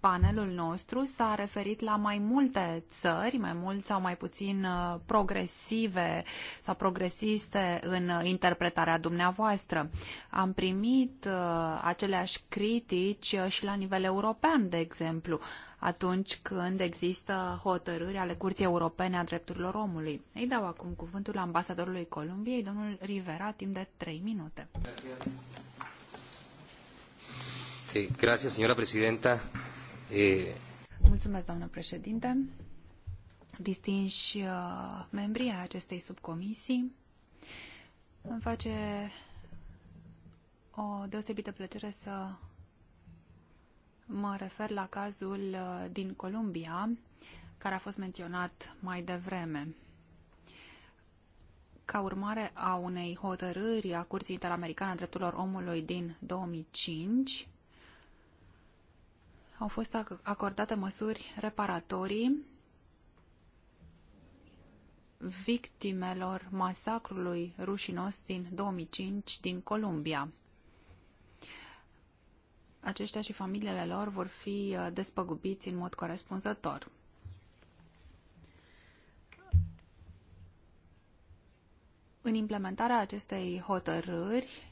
panelul nostru s-a referit la mai multe țări, mai mult sau mai puțin uh, progresive sau progresiste în interpretarea dumneavoastră. Am primit uh, aceleași critici uh, și la nivel european, de exemplu, atunci când există hotărâri ale Curții Europene a Drepturilor Omului. Îi dau acum cuvântul ambasadorului Columbiei, domnul Rivera, timp de 3 minute. Gracias. Gracias, señora presidenta. Mulțumesc, doamnă președinte. Distinși uh, membrii a acestei subcomisii, îmi face o deosebită plăcere să mă refer la cazul uh, din Columbia, care a fost menționat mai devreme. Ca urmare a unei hotărâri a Curții Interamericane a Drepturilor Omului din 2005, au fost acordate măsuri reparatorii victimelor masacrului rușinos din 2005 din Columbia. Aceștia și familiile lor vor fi uh, despăgubiți în mod corespunzător. În implementarea acestei hotărâri,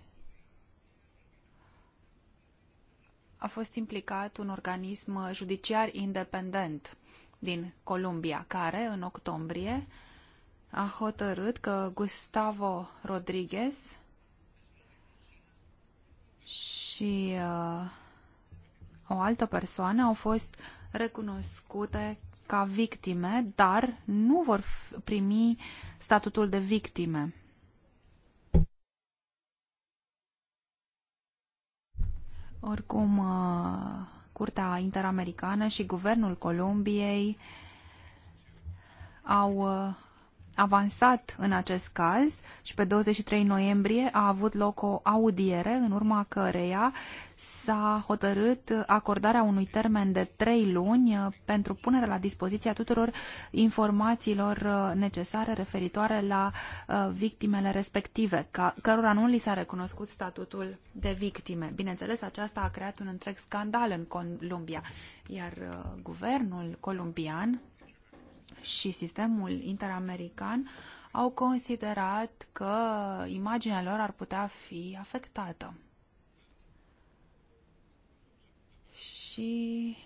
a fost implicat un organism judiciar independent din Columbia, care în octombrie a hotărât că Gustavo Rodriguez și uh, o altă persoană au fost recunoscute ca victime, dar nu vor primi statutul de victime. Oricum, uh, Curtea Interamericană și Guvernul Columbiei au uh, avansat în acest caz și pe 23 noiembrie a avut loc o audiere în urma căreia s-a hotărât acordarea unui termen de trei luni uh, pentru punerea la dispoziția tuturor informațiilor uh, necesare referitoare la uh, victimele respective, cărora nu li s-a recunoscut statutul de victime. Bineînțeles, aceasta a creat un întreg scandal în Columbia, iar guvernul columbian și sistemul interamerican au considerat că imaginea lor ar putea fi afectată. Și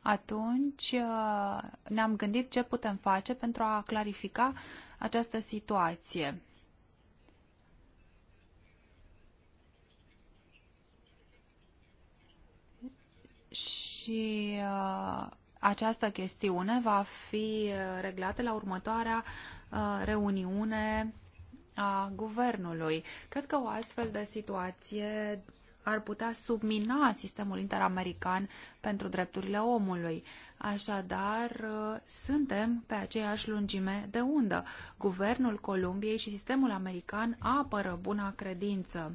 atunci uh, ne-am gândit ce putem face pentru a clarifica această situație. Și uh, această chestiune va fi uh, reglată la următoarea uh, reuniune a guvernului. Cred că o astfel de situație ar putea submina sistemul interamerican pentru drepturile omului. Așadar, uh, suntem pe aceeași lungime de undă. Guvernul Columbiei și sistemul american apără buna credință.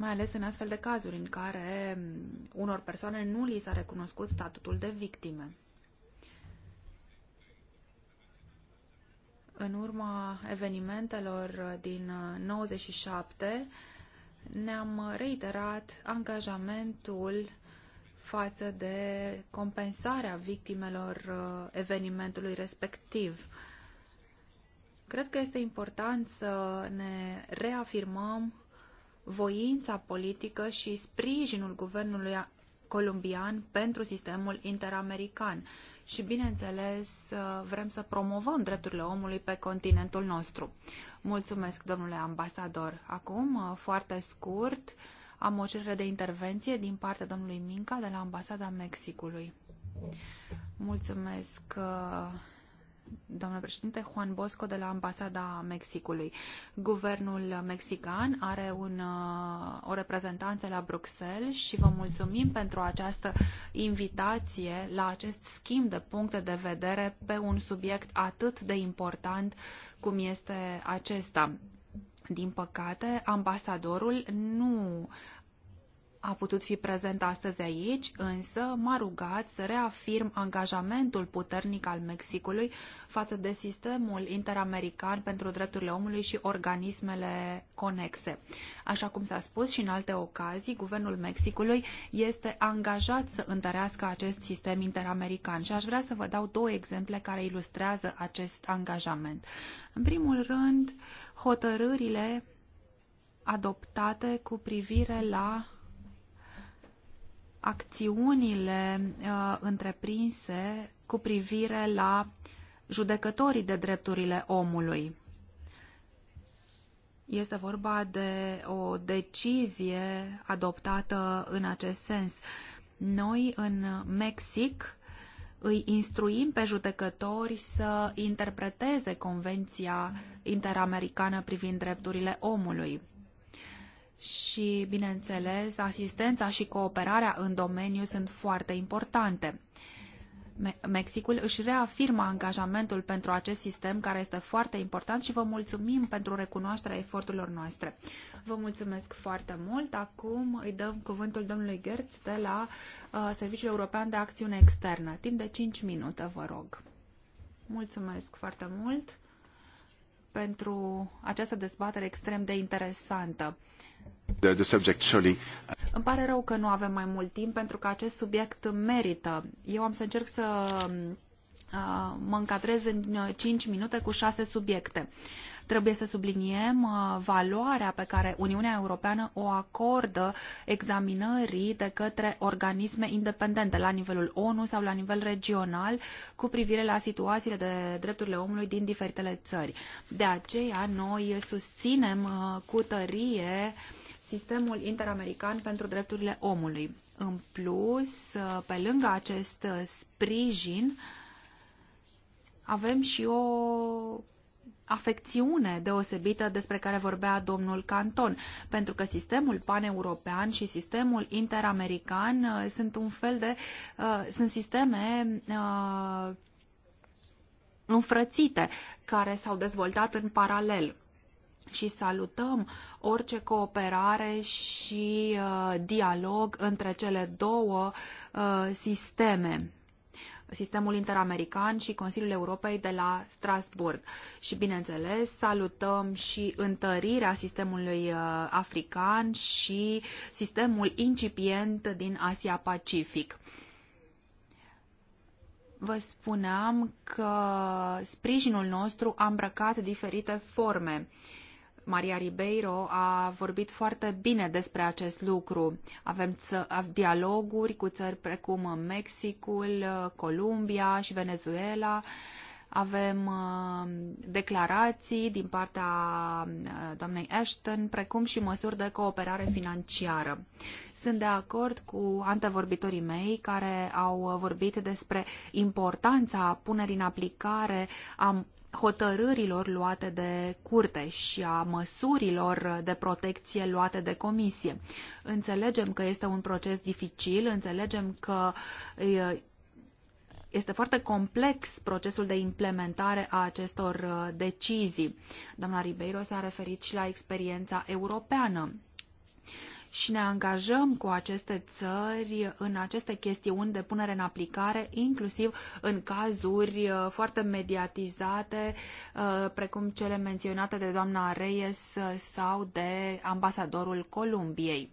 mai ales în astfel de cazuri în care mm, unor persoane nu li s-a recunoscut statutul de victime. În urma evenimentelor din 97, uh, ne-am reiterat angajamentul față de compensarea victimelor uh, evenimentului respectiv. Cred că este important să ne reafirmăm voința politică și sprijinul guvernului columbian pentru sistemul interamerican. Și, bineînțeles, vrem să promovăm drepturile omului pe continentul nostru. Mulțumesc, domnule ambasador. Acum, foarte scurt, am o cerere de intervenție din partea domnului Minca de la Ambasada Mexicului. Mulțumesc, Domnule președinte, Juan Bosco de la Ambasada Mexicului. Guvernul mexican are un, uh, o reprezentanță la Bruxelles și vă mulțumim pentru această invitație la acest schimb de puncte de vedere pe un subiect atât de important cum este acesta. Din păcate, ambasadorul nu a putut fi prezent astăzi aici, însă m-a rugat să reafirm angajamentul puternic al Mexicului față de sistemul interamerican pentru drepturile omului și organismele conexe. Așa cum s-a spus și în alte ocazii, guvernul Mexicului este angajat să întărească acest sistem interamerican și aș vrea să vă dau două exemple care ilustrează acest angajament. În primul rând, hotărârile adoptate cu privire la acțiunile uh, întreprinse cu privire la judecătorii de drepturile omului. Este vorba de o decizie adoptată în acest sens. Noi în Mexic îi instruim pe judecători să interpreteze Convenția Interamericană privind drepturile omului și, bineînțeles, asistența și cooperarea în domeniu sunt foarte importante. Mexicul își reafirmă angajamentul pentru acest sistem care este foarte important și vă mulțumim pentru recunoașterea eforturilor noastre. Vă mulțumesc foarte mult. Acum îi dăm cuvântul domnului Gertz de la uh, Serviciul European de Acțiune Externă. Timp de 5 minute, vă rog. Mulțumesc foarte mult pentru această dezbatere extrem de interesantă. The, the subject, surely. Îmi pare rău că nu avem mai mult timp pentru că acest subiect merită. Eu am să încerc să uh, mă încadrez în 5 uh, minute cu 6 subiecte. Trebuie să subliniem uh, valoarea pe care Uniunea Europeană o acordă examinării de către organisme independente la nivelul ONU sau la nivel regional cu privire la situațiile de drepturile omului din diferitele țări. De aceea noi susținem cu tărie uh, sistemul interamerican pentru drepturile omului. În plus, pe lângă acest sprijin, avem și o afecțiune deosebită despre care vorbea domnul Canton, pentru că sistemul paneuropean și sistemul interamerican uh, sunt un fel de uh, sunt sisteme uh, înfrățite care s-au dezvoltat în paralel și salutăm orice cooperare și uh, dialog între cele două uh, sisteme sistemul interamerican și Consiliul Europei de la Strasbourg Și, bineînțeles, salutăm și întărirea sistemului uh, african și sistemul incipient din Asia-Pacific. Vă spuneam că sprijinul nostru a îmbrăcat diferite forme. Uh, Maria Ribeiro a vorbit foarte bine despre acest lucru. Avem dialoguri cu țări precum Mexicul, uh, Columbia și Venezuela. Avem uh, declarații din partea uh, doamnei Ashton, precum și măsuri de cooperare financiară. Sunt de acord cu antevorbitorii mei care au vorbit despre importanța punerii în aplicare a hotărârilor luate de curte și a măsurilor de protecție luate de comisie. Înțelegem că este un proces dificil, înțelegem că este foarte complex procesul de implementare a acestor uh, decizii. Doamna Ribeiro s-a referit și la experiența europeană și ne angajăm cu aceste țări în aceste chestiuni de punere în aplicare, inclusiv în cazuri uh, foarte mediatizate, uh, precum cele menționate de doamna Reyes uh, sau de ambasadorul Columbiei.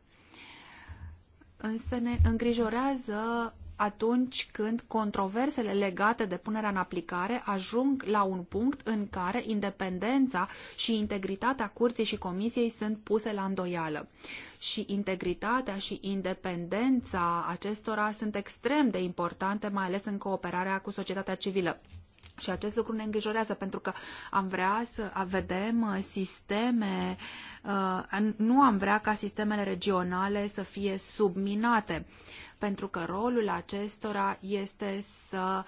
Însă ne îngrijorează atunci când controversele legate de punerea în aplicare ajung la un punct în care independența și integritatea curții și comisiei sunt puse la îndoială. Și integritatea și independența acestora sunt extrem de importante, mai ales în cooperarea cu societatea civilă. Și acest lucru ne îngrijorează pentru că am vrea să vedem uh, sisteme, uh, nu am vrea ca sistemele regionale să fie subminate, pentru că rolul acestora este să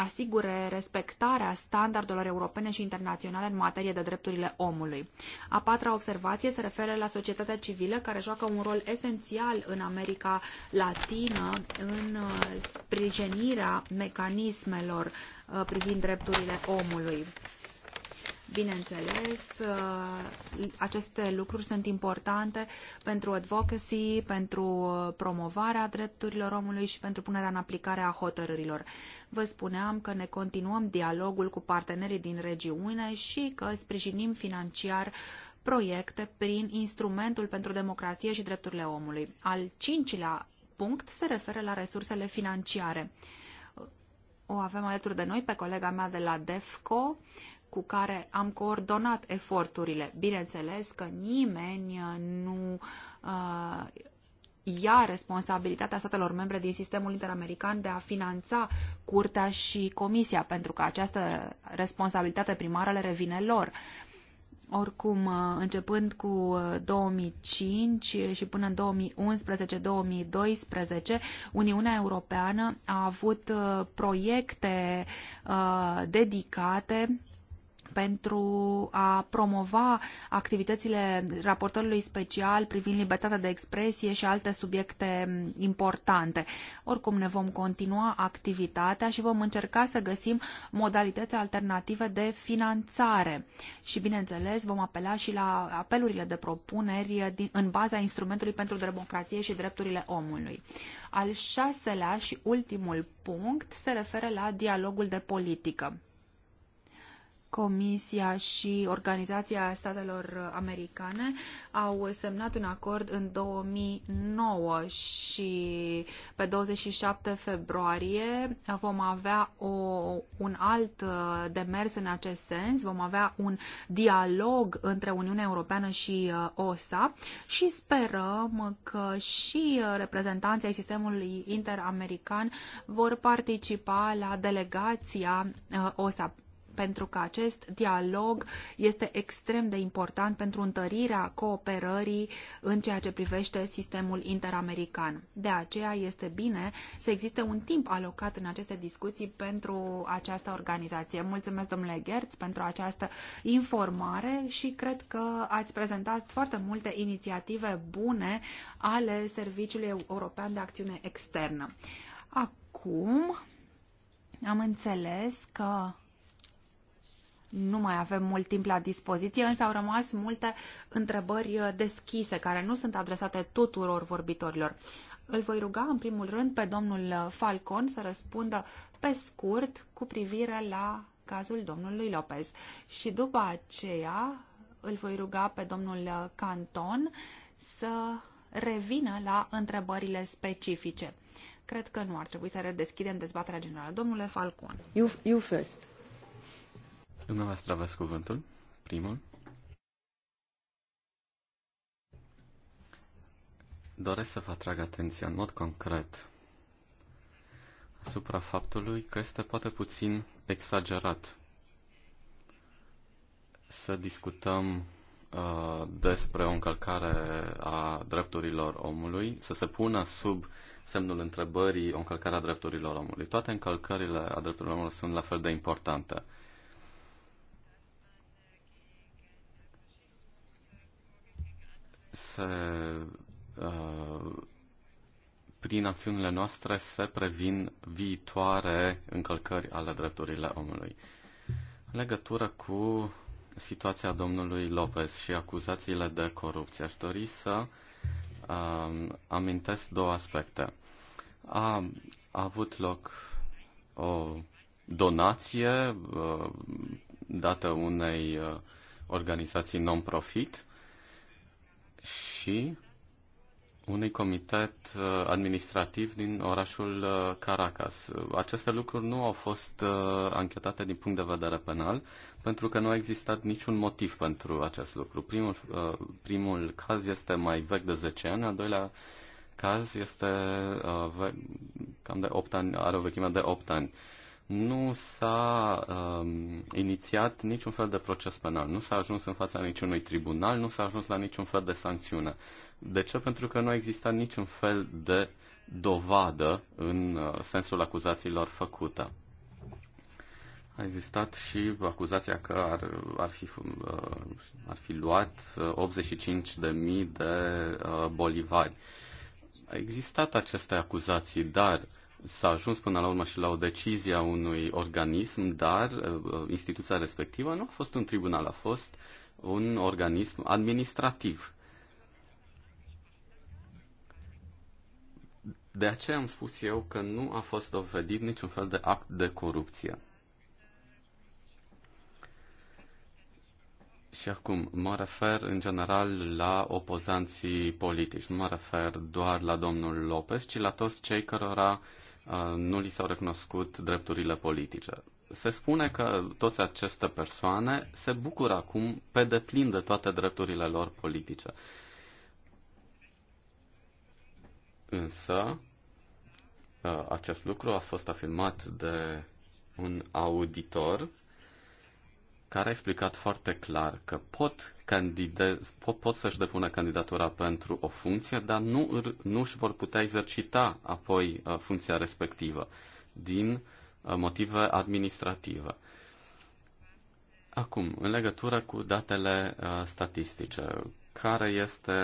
asigure respectarea standardelor europene și internaționale în materie de drepturile omului. A patra observație se referă la societatea civilă care joacă un rol esențial în America Latină în uh, sprijinirea mecanismelor uh, privind drepturile omului. Bineînțeles, uh, aceste lucruri sunt importante pentru advocacy, pentru uh, promovarea drepturilor omului și pentru punerea în aplicare a hotărârilor. Vă spuneam că ne continuăm dialogul cu partenerii din regiune și că sprijinim financiar proiecte prin instrumentul pentru democrație și drepturile omului. Al cincilea punct se referă la resursele financiare. O avem alături de noi pe colega mea de la DEFCO, cu care am coordonat eforturile. Bineînțeles că nimeni uh, nu uh, ia responsabilitatea statelor membre din sistemul interamerican de a finanța curtea și comisia, pentru că această responsabilitate primară le revine lor. Oricum, uh, începând cu 2005 uh, și până în 2011-2012, Uniunea Europeană a avut proiecte uh, dedicate pentru a promova activitățile raportorului special privind libertatea de expresie și alte subiecte importante. Oricum ne vom continua activitatea și vom încerca să găsim modalități alternative de finanțare. Și bineînțeles vom apela și la apelurile de propuneri în baza instrumentului pentru democrație și drepturile omului. Al șaselea și ultimul punct se referă la dialogul de politică Comisia și Organizația Statelor Americane au semnat un acord în 2009 și pe 27 februarie vom avea o, un alt uh, demers în acest sens, vom avea un dialog între Uniunea Europeană și uh, OSA și sperăm că și reprezentanții ai sistemului interamerican vor participa la delegația uh, OSA pentru că acest dialog este extrem de important pentru întărirea cooperării în ceea ce privește sistemul interamerican. De aceea este bine să existe un timp alocat în aceste discuții pentru această organizație. Mulțumesc, domnule Gertz pentru această informare și cred că ați prezentat foarte multe inițiative bune ale Serviciului European de Acțiune Externă. Acum am înțeles că nu mai avem mult timp la dispoziție, însă au rămas multe întrebări uh, deschise care nu sunt adresate tuturor vorbitorilor. Îl voi ruga în primul rând pe domnul uh, Falcon să răspundă pe scurt cu privire la cazul domnului Lopez și după aceea îl voi ruga pe domnul uh, Canton să revină la întrebările specifice. Cred că nu ar trebui să redeschidem dezbaterea generală. Domnule Falcon. You, you first. Dumneavoastră aveți cuvântul, primul. Doresc să vă atrag atenția în mod concret asupra faptului că este poate puțin exagerat să discutăm uh, despre o încălcare a drepturilor omului, să se pună sub semnul întrebării o încălcare a drepturilor omului. Toate încălcările a drepturilor omului sunt la fel de importante. se, uh, prin acțiunile noastre se previn viitoare încălcări ale drepturile omului. În legătură cu situația domnului Lopez și acuzațiile de corupție, aș dori să um, amintesc două aspecte. A, a avut loc o donație uh, dată unei uh, organizații non-profit și unui comitet uh, administrativ din orașul uh, Caracas. Aceste lucruri nu au fost uh, anchetate din punct de vedere penal, pentru că nu a existat niciun motiv pentru acest lucru. Primul, primul caz este mai vechi de 10 ani, al doilea caz este cam de 8 ani, are o vechime de 8 ani nu s-a um, inițiat niciun fel de proces penal, nu s-a ajuns în fața niciunui tribunal, nu s-a ajuns la niciun fel de sancțiune. De ce? Pentru că nu a existat niciun fel de dovadă în uh, sensul acuzațiilor făcute. A existat și acuzația că ar, ar, fi, uh, ar fi luat 85.000 uh, de uh, bolivari. A existat aceste acuzații, dar uh, s-a ajuns până la urmă și la o decizie a unui organism, dar uh, uh, instituția respectivă nu a fost un tribunal, a fost un organism administrativ. De aceea am spus eu că nu a fost dovedit niciun fel de act de corupție. Și acum mă refer în general la opozanții politici. Nu mă refer doar la domnul Lopez, ci la toți cei cărora uh, Uh, nu li s-au recunoscut drepturile politice. Se spune că toți aceste persoane se bucură acum pe deplin de toate drepturile lor politice. Însă, uh, acest lucru a fost afirmat de un auditor care a explicat foarte clar că pot, candide, pot, pot să-și depună candidatura pentru o funcție, dar nu, nu își vor putea exercita apoi uh, funcția respectivă din uh, motive administrative. Acum, în legătură cu datele uh, statistice, care este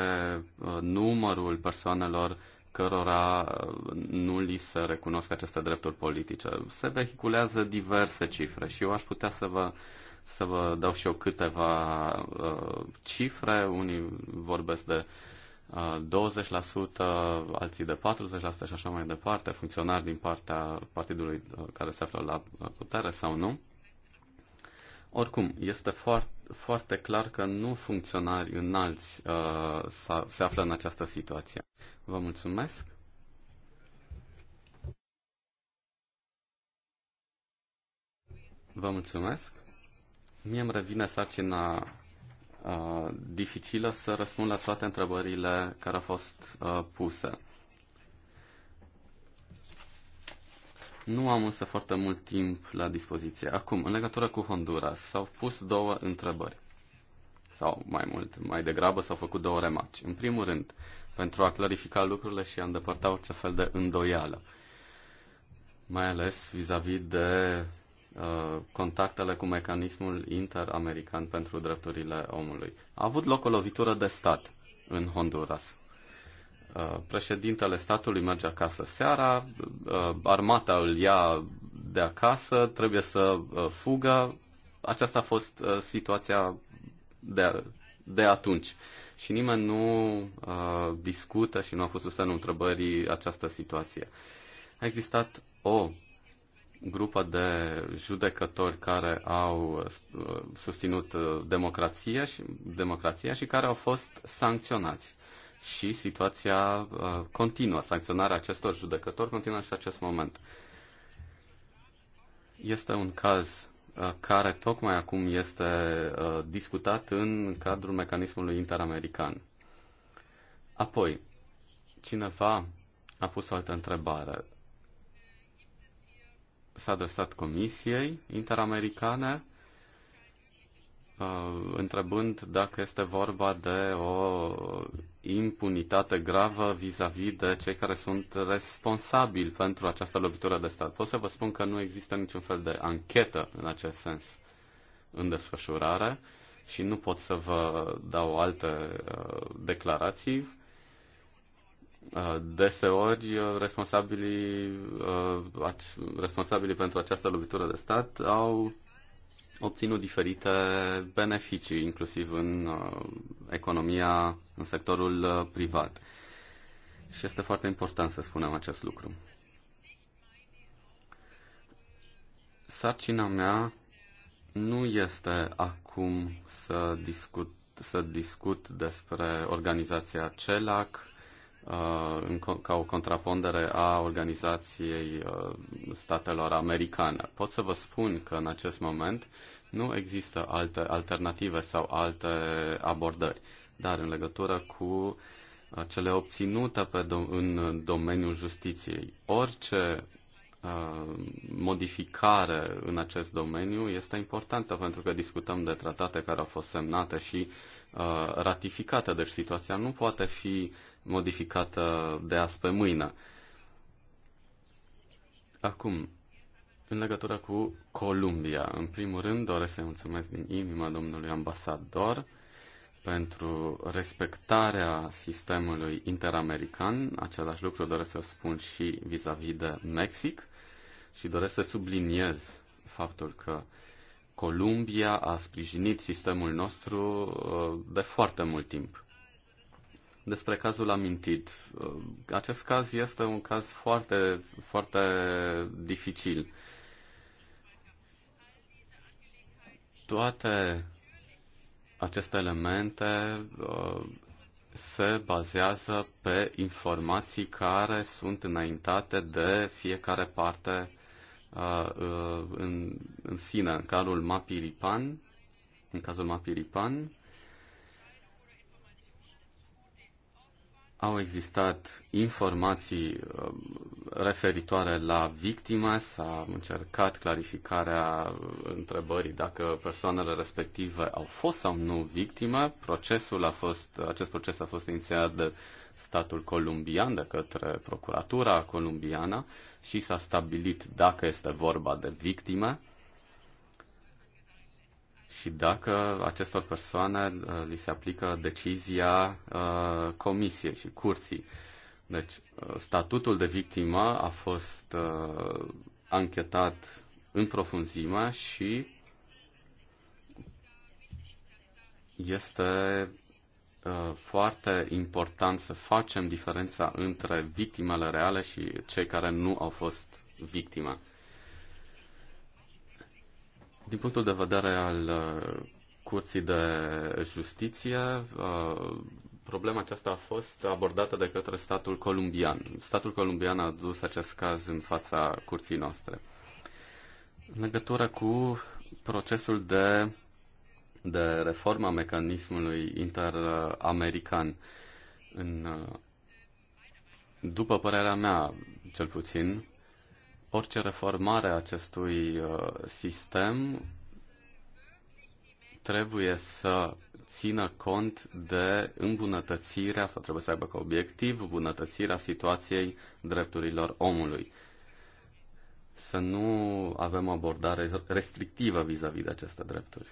numărul persoanelor cărora nu li se recunosc aceste drepturi politice? Se vehiculează diverse cifre și eu aș putea să vă uh, să vă dau și eu câteva uh, cifre. Unii vorbesc de uh, 20%, alții de 40% și așa mai departe, funcționari din partea partidului uh, care se află la uh, putere sau nu. Oricum, este foarte, foarte clar că nu funcționari înalți uh, se află în această situație. Vă mulțumesc! Vă mulțumesc. Mie îmi revine sarcina uh, dificilă să răspund la toate întrebările care au fost uh, puse. Nu am însă foarte mult timp la dispoziție. Acum, în legătură cu Honduras, s-au pus două întrebări. Sau mai mult, mai degrabă s-au făcut două remarci. În primul rând, pentru a clarifica lucrurile și a îndepărta orice fel de îndoială. Mai ales vis-a-vis -vis de Uh, contactele cu mecanismul interamerican pentru drepturile omului. A avut loc o lovitură de stat în Honduras. Uh, președintele statului merge acasă seara, uh, armata îl ia de acasă, trebuie să fugă. Aceasta a fost situația de, de atunci. Și nimeni nu uh, discută și nu a fost susținut întrebării această situație. A existat o grupă de judecători care au uh, susținut uh, democrația și, democrația și care au fost sancționați. Și situația uh, continuă, sancționarea acestor judecători continuă și acest moment. Este un caz care tocmai acum este discutat în cadrul mecanismului interamerican. Apoi, cineva a pus o altă întrebare s-a adresat Comisiei Interamericane uh, întrebând dacă este vorba de o impunitate gravă vis-a-vis -vis de cei care sunt responsabili pentru această lovitură de stat. Pot să vă spun că nu există niciun fel de anchetă în acest sens în desfășurare și nu pot să vă dau alte uh, declarații Uh, deseori uh, responsabilii, uh, responsabilii pentru această lovitură de stat au obținut diferite beneficii, inclusiv în economia, în sectorul privat. Și este foarte important să spunem acest lucru. Sarcina mea nu este acum să discut, să discut despre organizația CELAC, Uh, ca o contrapondere a Organizației uh, Statelor Americane. Pot să vă spun că în acest moment nu există alte alternative sau alte abordări, dar în legătură cu uh, cele obținute pe do- în domeniul justiției, orice modificare în acest domeniu este importantă pentru că discutăm de tratate care au fost semnate și Uh, ratificată, deci situația nu poate fi modificată de azi pe mâine. Acum, în legătură cu Columbia, în primul rând doresc să-i mulțumesc din inima domnului ambasador pentru respectarea sistemului interamerican. Același lucru doresc să spun și vis-a-vis -vis de Mexic și doresc să subliniez faptul că uh, Columbia a sprijinit sistemul nostru uh, de foarte mult timp. Despre cazul amintit. Uh, acest caz este un caz foarte, foarte dificil. Toate aceste elemente uh, se bazează pe informații care sunt înaintate de fiecare parte în, în sine, în cadrul mapii RIPAN, în cazul mapii RIPAN, au existat informații referitoare la victime, s-a încercat clarificarea întrebării dacă persoanele respective au fost sau nu victime. Procesul a fost, acest proces a fost inițiat de statul columbian, de către procuratura columbiană și s-a stabilit dacă este vorba de victime și dacă acestor persoane uh, li se aplică decizia uh, comisiei și curții. Deci, uh, statutul de victimă a fost anchetat în profunzime și este Uh, foarte important să facem diferența între victimele reale și cei care nu au fost victime. Din punctul de vedere al uh, Curții de Justiție, uh, problema aceasta a fost abordată de către statul columbian. Statul columbian a dus acest caz în fața curții noastre. În legătură cu procesul de de reforma mecanismului interamerican. În, după părerea mea, cel puțin, orice reformare a acestui uh, sistem trebuie să țină cont de îmbunătățirea, sau trebuie să aibă ca obiectiv, îmbunătățirea situației drepturilor omului. Să nu avem o abordare restrictivă vis-a-vis -vis de aceste drepturi.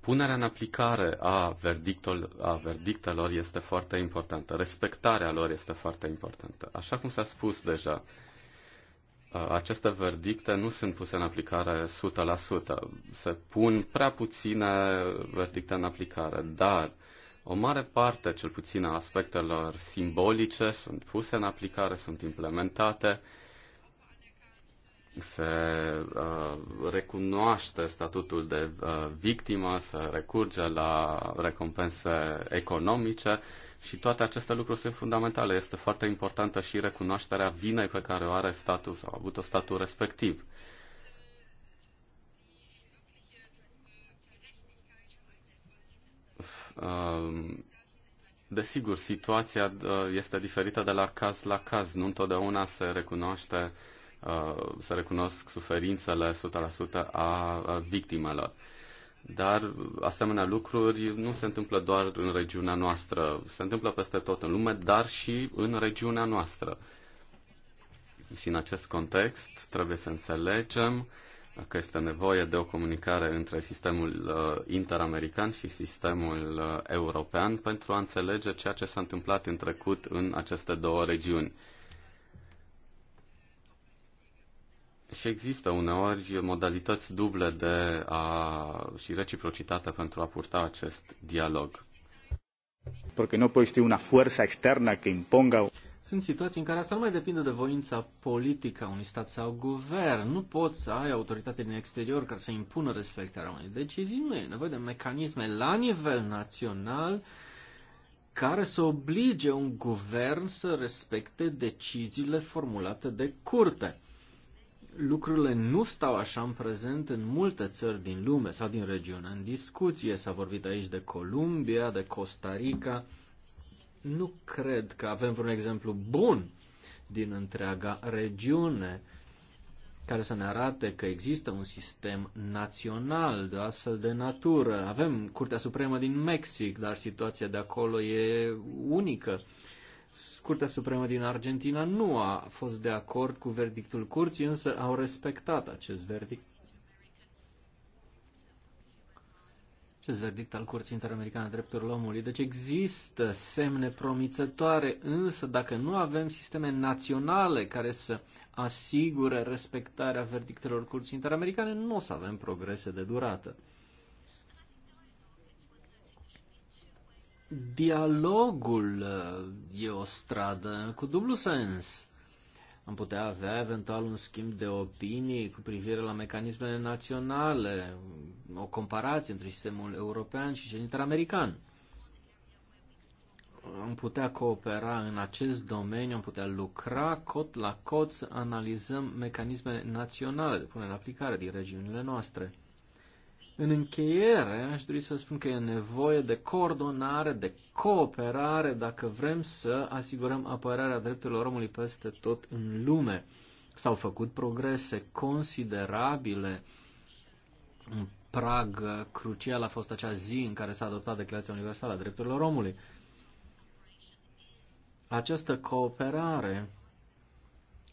Punerea în aplicare a, verdictul, a verdictelor este foarte importantă, respectarea lor este foarte importantă. Așa cum s-a spus deja, uh, aceste verdicte nu sunt puse în aplicare 100%. Se pun prea puține verdicte în aplicare, dar o mare parte, cel puțin, a aspectelor simbolice sunt puse în aplicare, sunt implementate se uh, recunoaște statutul de uh, victimă, se recurge la recompense economice și toate aceste lucruri sunt fundamentale. Este foarte importantă și recunoașterea vinei pe care o are statul sau a avut-o statul respectiv. Um, desigur, situația uh, este diferită de la caz la caz. Nu întotdeauna se recunoaște uh, Uh, să recunosc suferințele 100% a victimelor. Dar asemenea lucruri nu se întâmplă doar în regiunea noastră, se întâmplă peste tot în lume, dar și în regiunea noastră. Și în acest context trebuie să înțelegem că este nevoie de o comunicare între sistemul uh, interamerican și sistemul uh, european pentru a înțelege ceea ce s-a întâmplat în trecut în aceste două regiuni. Și există uneori modalități duble de a, și reciprocitate pentru a purta acest dialog. Porque no puede existir una fuerza externa que imponga sunt situații în care asta nu mai depinde de voința politică a unui stat sau guvern. Nu poți să ai autoritate din exterior care să impună respectarea unei decizii. Nu e nevoie de mecanisme la nivel național care să oblige un guvern să respecte deciziile formulate de curte lucrurile nu stau așa în prezent în multe țări din lume sau din regiune. În discuție s-a vorbit aici de Columbia, de Costa Rica. Nu cred că avem vreun exemplu bun din întreaga regiune care să ne arate că există un sistem național de astfel de natură. Avem Curtea Supremă din Mexic, dar situația de acolo e unică. Uh, Curtea Supremă din Argentina nu a fost de acord cu verdictul curții, însă au respectat acest verdict. Acest verdict al Curții Interamericane a Drepturilor Omului. Deci există semne promițătoare, însă dacă nu avem sisteme naționale care să asigure respectarea verdictelor Curții Interamericane, nu o să avem progrese de durată. dialogul uh, e o stradă cu dublu sens. Am putea avea eventual un schimb de opinii cu privire la mecanismele naționale, o comparație între sistemul european și cel interamerican. Am putea coopera în acest domeniu, am putea lucra cot la cot să analizăm mecanismele naționale de punere în aplicare din regiunile noastre. În încheiere, aș dori să spun că e nevoie de coordonare, de cooperare, dacă vrem să asigurăm apărarea drepturilor omului peste tot în lume. S-au făcut progrese considerabile. Un prag crucial a fost acea zi în care s-a adoptat Declarația Universală a Drepturilor Omului. Această cooperare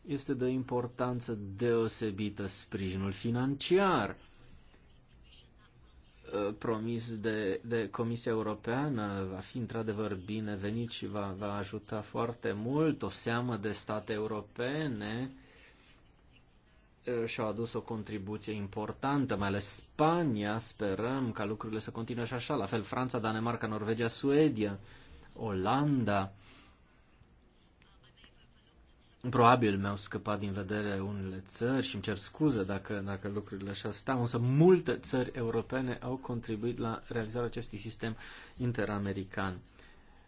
este de importanță deosebită sprijinul financiar – Uh, promis de, de Comisia Europeană va fi într-adevăr binevenit și va, va ajuta foarte mult. O seamă de state europene uh, și-au adus o contribuție importantă, mai ales Spania, sperăm ca lucrurile să continue și așa, la fel Franța, Danemarca, Norvegia, Suedia, Olanda, Probabil mi-au scăpat din vedere unele țări și îmi cer scuze dacă, dacă lucrurile așa stau, însă multe țări europene au contribuit la realizarea acestui sistem interamerican.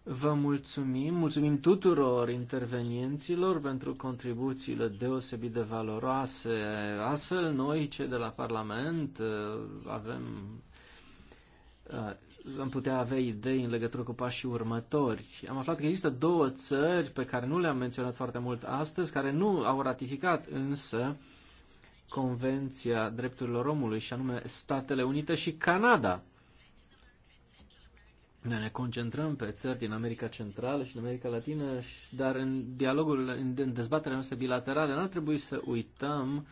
Vă mulțumim, mulțumim tuturor intervenienților pentru contribuțiile deosebit de valoroase. Astfel, noi, cei de la Parlament, avem am putea avea idei în legătură cu pașii următori. Am aflat că există două țări pe care nu le-am menționat foarte mult astăzi, care nu au ratificat însă Convenția Drepturilor Omului, și anume Statele Unite și Canada. Noi ne concentrăm pe țări din America Centrală și din America Latină, dar în dialogul, în dezbaterea noastră bilaterală, nu ar trebui să uităm uh,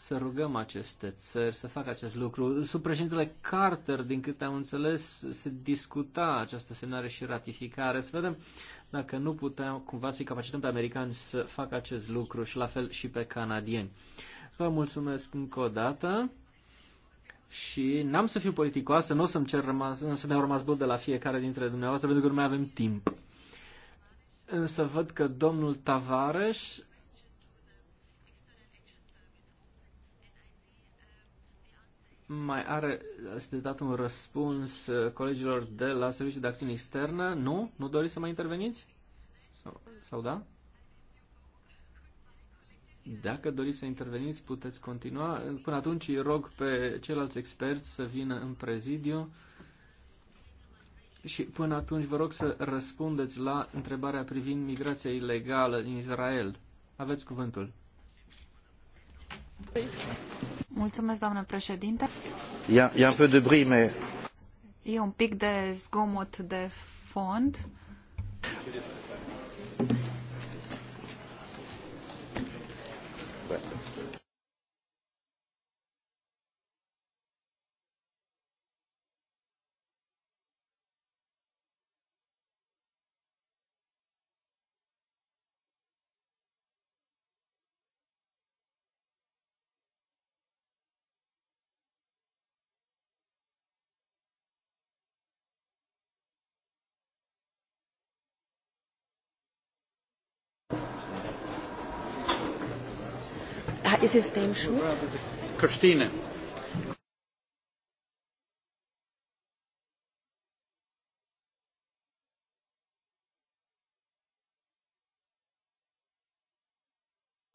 să rugăm aceste țări să facă acest lucru. Sub președintele Carter, din câte am înțeles, se discuta această semnare și ratificare. Să vedem dacă nu putem cumva să-i capacităm pe americani să facă acest lucru și la fel și pe canadieni. Vă mulțumesc încă o dată și n-am să fiu politicoasă, nu o să-mi cer rămas, să mi-au rămas de la fiecare dintre dumneavoastră, pentru că nu mai avem timp. Însă văd că domnul Tavares mai are de dat un răspuns uh, colegilor de la Serviciul de Acțiune Externă? Nu? Nu doriți să mai interveniți? Sau, sau da? Dacă doriți să interveniți, puteți continua. Până atunci îi rog pe ceilalți experți să vină în prezidiu și până atunci vă rog să răspundeți la întrebarea privind migrația ilegală în Israel. Aveți cuvântul. Mulțumesc, doamnă președinte. E, e un pic de zgomot de fond. Bine. Is his name Schmidt? Christine.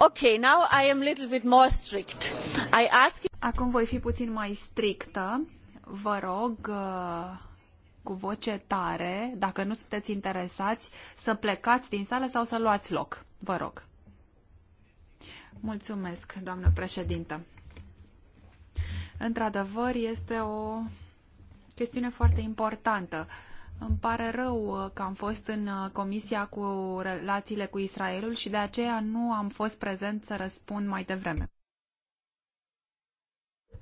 Okay, now I am a little bit more strict. I ask you... Acum voi fi puțin mai strictă. Vă rog uh, cu voce tare, dacă nu sunteți interesați, să plecați din sală sau să luați loc. Vă rog. Mulțumesc, doamnă președintă. Într-adevăr, este o chestiune foarte importantă. Îmi pare rău că am fost în comisia cu relațiile cu Israelul și de aceea nu am fost prezent să răspund mai devreme.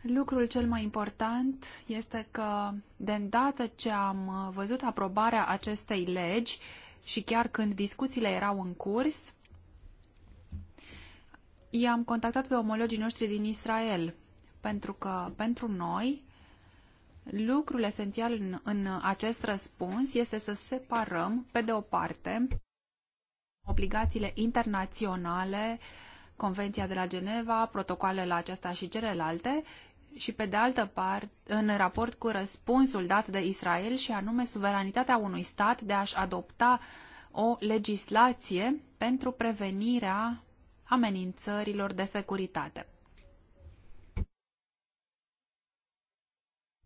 Lucrul cel mai important este că, de îndată ce am văzut aprobarea acestei legi și chiar când discuțiile erau în curs, i-am contactat pe omologii noștri din Israel, pentru că pentru noi lucrul esențial în, în acest răspuns este să separăm, pe de o parte, obligațiile internaționale, Convenția de la Geneva, protocoalele la aceasta și celelalte, și pe de altă parte, în raport cu răspunsul dat de Israel și anume suveranitatea unui stat de a-și adopta o legislație pentru prevenirea amenințărilor de securitate.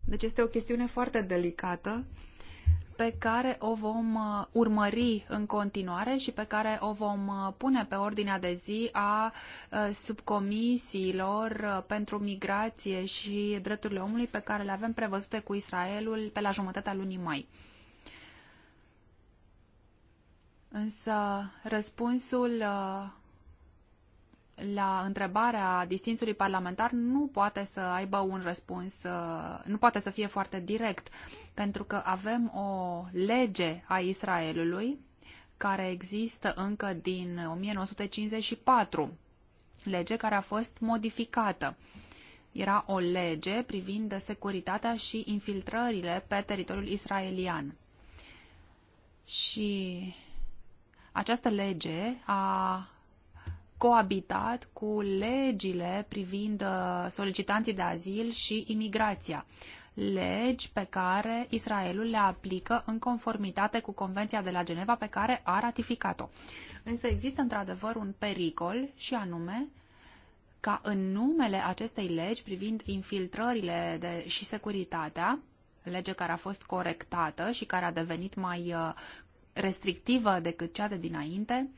Deci este o chestiune foarte delicată pe care o vom uh, urmări în continuare și pe care o vom uh, pune pe ordinea de zi a uh, subcomisiilor pentru migrație și drepturile omului pe care le avem prevăzute cu Israelul pe la jumătatea lunii mai. Însă răspunsul la întrebarea distinsului parlamentar nu poate să aibă un răspuns, uh, nu poate să fie foarte direct, pentru că avem o lege a Israelului care există încă din 1954, lege care a fost modificată. Era o lege privind securitatea și infiltrările pe teritoriul israelian. Și această lege a coabitat cu legile privind uh, solicitanții de azil și imigrația legi pe care Israelul le aplică în conformitate cu Convenția de la Geneva pe care a ratificat-o. Însă există într-adevăr un pericol și anume ca în numele acestei legi privind infiltrările de, și securitatea, lege care a fost corectată și care a devenit mai uh, restrictivă decât cea de dinainte,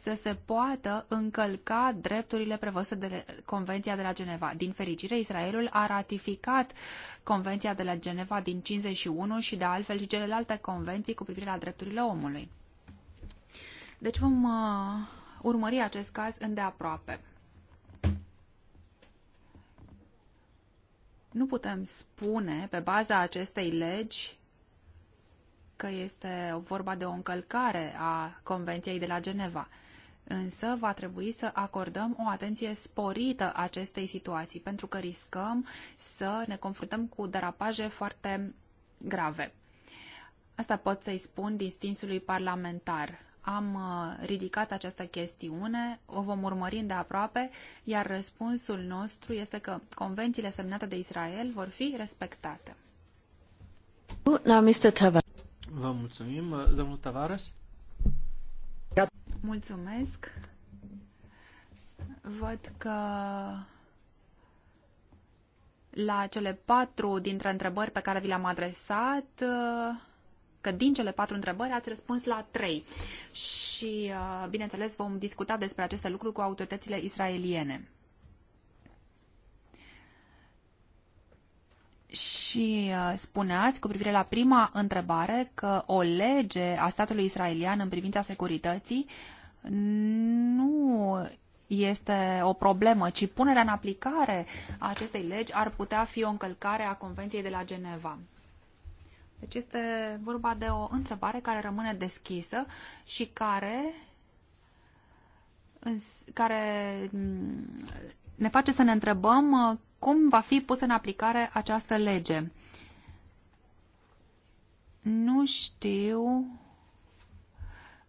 să se poată încălca drepturile prevăzute de Convenția de la Geneva. Din fericire, Israelul a ratificat Convenția de la Geneva din 51 și de altfel și celelalte convenții cu privire la drepturile omului. Deci vom uh, urmări acest caz îndeaproape. Nu putem spune, pe baza acestei legi, că este vorba de o încălcare a Convenției de la Geneva. Însă va trebui să acordăm o atenție sporită acestei situații, pentru că riscăm să ne confruntăm cu derapaje foarte grave. Asta pot să-i spun distinsului parlamentar. Am uh, ridicat această chestiune, o vom urmări de aproape, iar răspunsul nostru este că convențiile semnate de Israel vor fi respectate. Vă mulțumim, uh, domnul Tavares. Mulțumesc. Văd că la cele patru dintre întrebări pe care vi le-am adresat, că din cele patru întrebări ați răspuns la trei. Și, uh, bineînțeles, vom discuta despre aceste lucruri cu autoritățile israeliene. și uh, spuneați cu privire la prima întrebare că o lege a statului israelian în privința securității nu este o problemă, ci punerea în aplicare a acestei legi ar putea fi o încălcare a Convenției de la Geneva. Deci este vorba de o întrebare care rămâne deschisă și care, care ne face să ne întrebăm uh, cum va fi pusă în aplicare această lege. Nu știu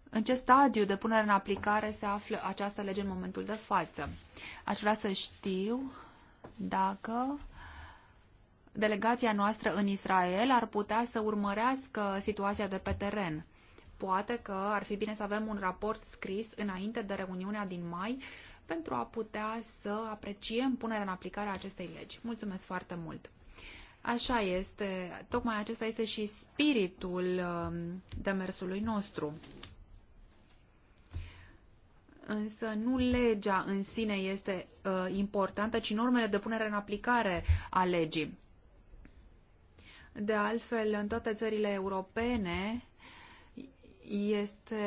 în ce stadiu de punere în aplicare se află această lege în momentul de față. Aș vrea să știu dacă delegația noastră în Israel ar putea să urmărească situația de pe teren. Poate că ar fi bine să avem un raport scris înainte de reuniunea din mai pentru a putea să apreciem punerea în aplicare a acestei legi. Mulțumesc foarte mult! Așa este, tocmai acesta este și spiritul um, demersului nostru. Însă nu legea în sine este uh, importantă, ci normele de punere în aplicare a legii. De altfel, în toate țările europene este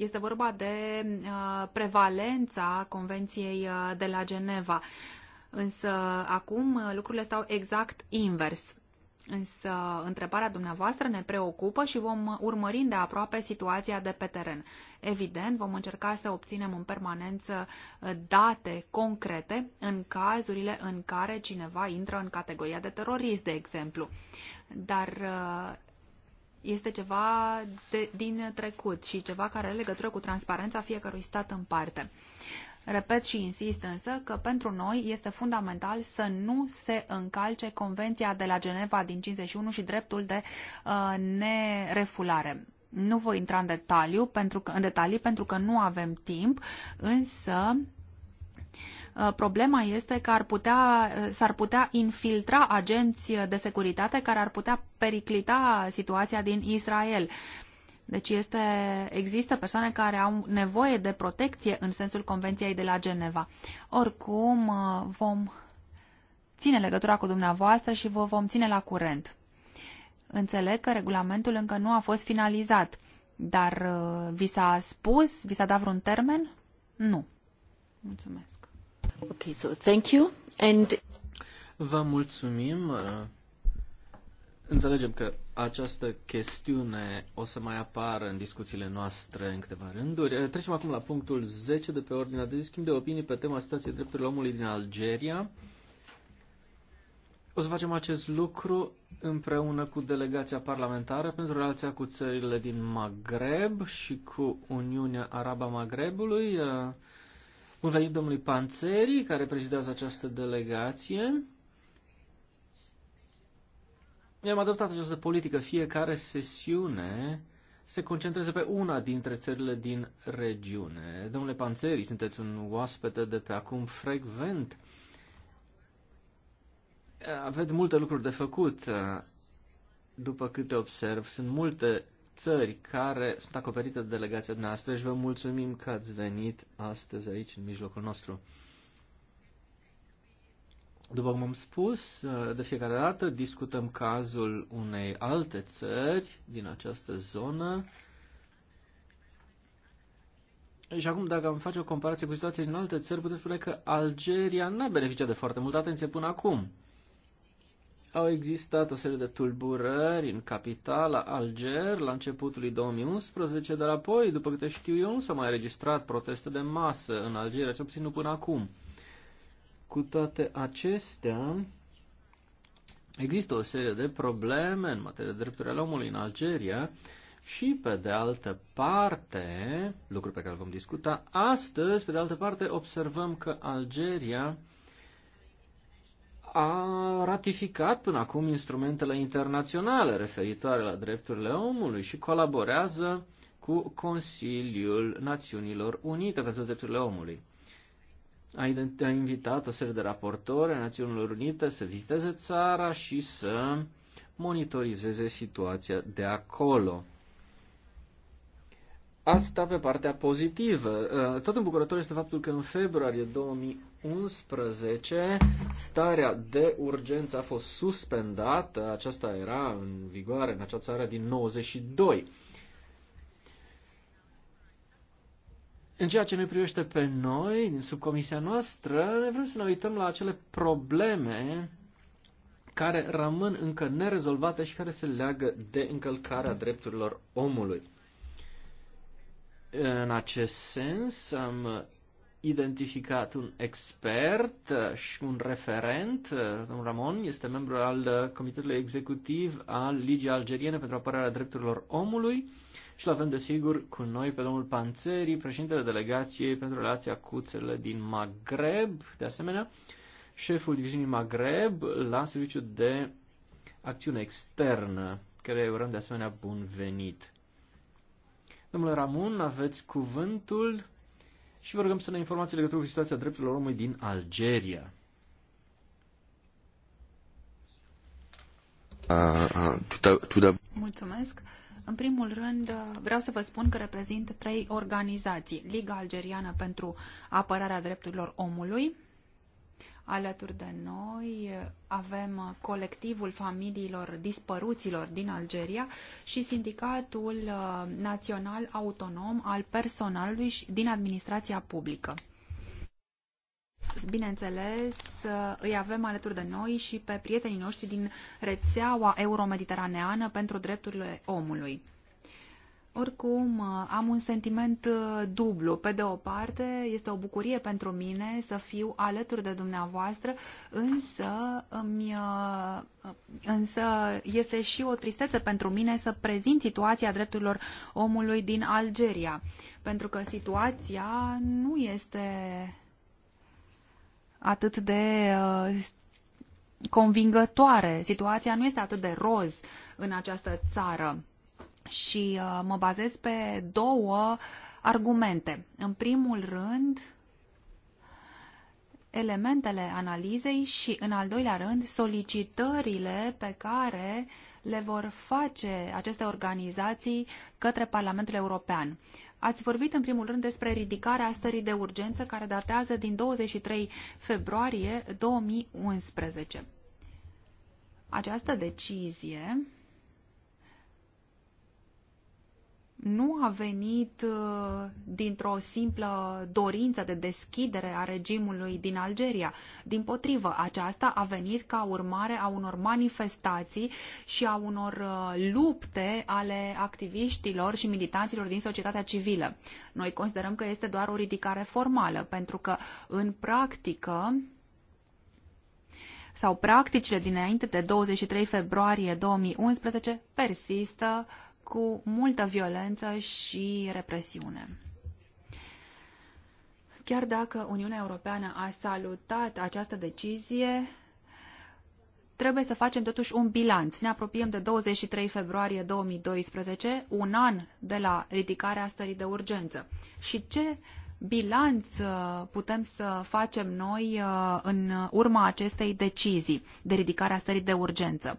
este vorba de uh, prevalența Convenției uh, de la Geneva. Însă acum uh, lucrurile stau exact invers. Însă întrebarea dumneavoastră ne preocupă și vom urmări de aproape situația de pe teren. Evident, vom încerca să obținem în permanență date concrete în cazurile în care cineva intră în categoria de terorist, de exemplu. Dar este ceva de, din trecut și ceva care are legătură cu transparența fiecărui stat în parte. Repet și insist însă că pentru noi este fundamental să nu se încalce Convenția de la Geneva din 51 și dreptul de uh, nerefulare. Nu voi intra în detaliu pentru că, în detalii pentru că nu avem timp, însă Uh, problema este că ar putea, uh, s-ar putea infiltra agenți de securitate care ar putea periclita situația din Israel. Deci este, există persoane care au nevoie de protecție în sensul Convenției de la Geneva. Oricum, uh, vom ține legătura cu dumneavoastră și vă vom ține la curent. Înțeleg că regulamentul încă nu a fost finalizat, dar vi s-a spus, vi s-a dat vreun termen? Nu. Mulțumesc. Okay, so thank you and... Vă mulțumim. Înțelegem că această chestiune o să mai apară în discuțiile noastre în câteva rânduri. Trecem acum la punctul 10 de pe ordinea de schimb de opinii pe tema stației drepturilor omului din Algeria. O să facem acest lucru împreună cu delegația parlamentară pentru relația cu țările din Maghreb și cu Uniunea Araba Maghrebului. Bun venit domnului Panțeri, care prezidează această delegație. ne am adoptat această politică. Fiecare sesiune se concentreze pe una dintre țările din regiune. Domnule Panțeri, sunteți un oaspete de pe acum frecvent. Aveți multe lucruri de făcut. După câte observ, sunt multe țări care sunt acoperite de delegația noastră și vă mulțumim că ați venit astăzi aici, în mijlocul nostru. După cum am spus, uh, de fiecare dată discutăm cazul unei alte țări din această zonă. Și acum, dacă am face o comparație cu situația din alte țări, putem spune că Algeria n-a beneficiat de foarte multă atenție până acum. Au existat o serie de tulburări în capitala Alger la începutul lui 2011, dar apoi, după câte știu eu, nu s-au mai registrat proteste de masă în Algeria, cel puțin nu până acum. Cu toate acestea, există o serie de probleme în materie de drepturi ale omului în Algeria și, pe de altă parte, lucru pe care vom discuta astăzi, pe de altă parte, observăm că Algeria a ratificat până acum instrumentele internaționale referitoare la drepturile omului și colaborează cu Consiliul Națiunilor Unite pentru Drepturile Omului. A, a invitat o serie de raportori a Națiunilor Unite să viziteze țara și să monitorizeze situația de acolo. Asta pe partea pozitivă. Uh, tot îmbucurător este faptul că în februarie 2011 starea de urgență a fost suspendată. Aceasta era în vigoare în acea țară din 92. În ceea ce ne privește pe noi, din subcomisia noastră, ne vrem să ne uităm la acele probleme care rămân încă nerezolvate și care se leagă de încălcarea drepturilor omului. În acest sens am identificat un expert uh, și un referent, uh, domnul Ramon, este membru al uh, Comitetului Executiv al Ligii Algeriene pentru apărarea drepturilor omului și l-avem desigur cu noi pe domnul Panțeri, președintele delegației pentru relația cu țările din Maghreb, de asemenea, șeful diviziunii Maghreb la serviciu de acțiune externă, care urăm de asemenea bun venit. Domnule Ramon, aveți cuvântul și vă rugăm să ne informați legătură cu situația drepturilor omului din Algeria. Mulțumesc. În primul rând, vreau să vă spun că reprezint trei organizații. Liga Algeriană pentru Apărarea Drepturilor Omului, Alături de noi avem colectivul familiilor dispăruților din Algeria și Sindicatul uh, Național Autonom al Personalului din Administrația Publică. Bineînțeles, uh, îi avem alături de noi și pe prietenii noștri din rețeaua euromediteraneană pentru drepturile omului. Oricum, uh, am un sentiment uh, dublu. Pe de o parte, este o bucurie pentru mine să fiu alături de dumneavoastră, însă, îmi, uh, însă este și o tristețe pentru mine să prezint situația drepturilor omului din Algeria, pentru că situația nu este atât de convingătoare. Situația nu este atât de roz în această țară și uh, mă bazez pe două argumente. În primul rând, elementele analizei și, în al doilea rând, solicitările pe care le vor face aceste organizații către Parlamentul European. Ați vorbit în primul rând despre ridicarea stării de urgență care datează din 23 februarie 2011. Această decizie nu a venit uh, dintr-o simplă dorință de deschidere a regimului din Algeria. Din potrivă, aceasta a venit ca urmare a unor manifestații și a unor uh, lupte ale activiștilor și militanților din societatea civilă. Noi considerăm că este doar o ridicare formală, pentru că în practică sau practicile dinainte de 23 februarie 2011 persistă cu multă violență și represiune. Chiar dacă Uniunea Europeană a salutat această decizie, trebuie să facem totuși un bilanț. Ne apropiem de 23 februarie 2012, un an de la ridicarea stării de urgență. Și ce bilanț uh, putem să facem noi uh, în urma acestei decizii de ridicare a stării de urgență?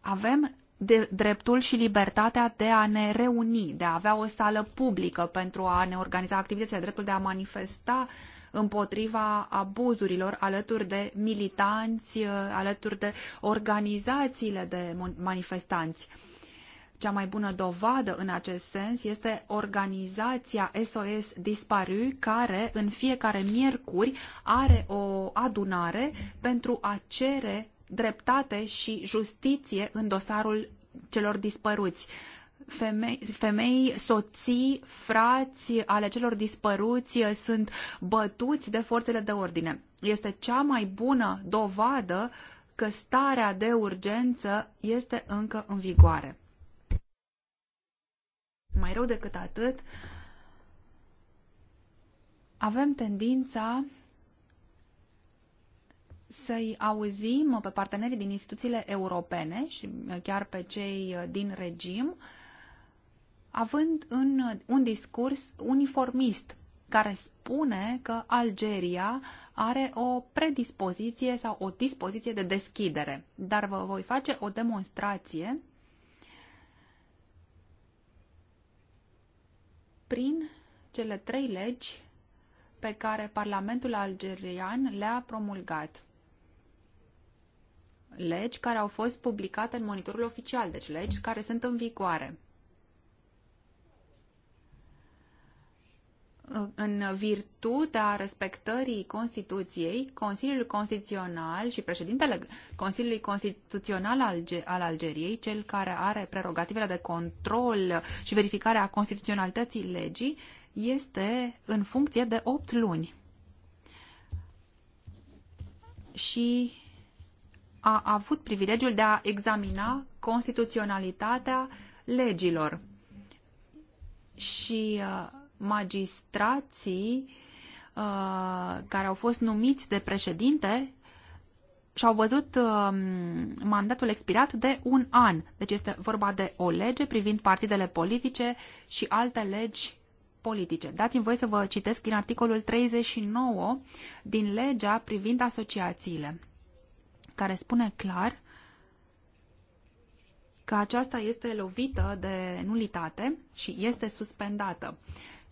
avem de dreptul și libertatea de a ne reuni, de a avea o sală publică pentru a ne organiza activitățile, dreptul de a manifesta împotriva abuzurilor alături de militanți, alături de organizațiile de manifestanți. Cea mai bună dovadă în acest sens este organizația SOS Disparu, care în fiecare miercuri are o adunare pentru a cere dreptate și justiție în dosarul celor dispăruți. Femei, femei, soții, frați ale celor dispăruți sunt bătuți de forțele de ordine. Este cea mai bună dovadă că starea de urgență este încă în vigoare. Mai rău decât atât, avem tendința să-i auzim pe partenerii din instituțiile europene și uh, chiar pe cei uh, din regim, având în uh, un discurs uniformist care spune că Algeria are o predispoziție sau o dispoziție de deschidere. Dar vă voi face o demonstrație prin cele trei legi pe care Parlamentul algerian le-a promulgat legi care au fost publicate în monitorul oficial, deci legi care sunt în vigoare. În virtutea respectării Constituției, Consiliul Constituțional și președintele Consiliului Constituțional al Algeriei, cel care are prerogativele de control și verificare a constituționalității legii, este în funcție de 8 luni. Și a avut privilegiul de a examina constituționalitatea legilor. Și uh, magistrații uh, care au fost numiți de președinte și-au văzut uh, mandatul expirat de un an. Deci este vorba de o lege privind partidele politice și alte legi politice. Dați-mi voi să vă citesc din articolul 39 din legea privind asociațiile care spune clar că aceasta este lovită de nulitate și este suspendată.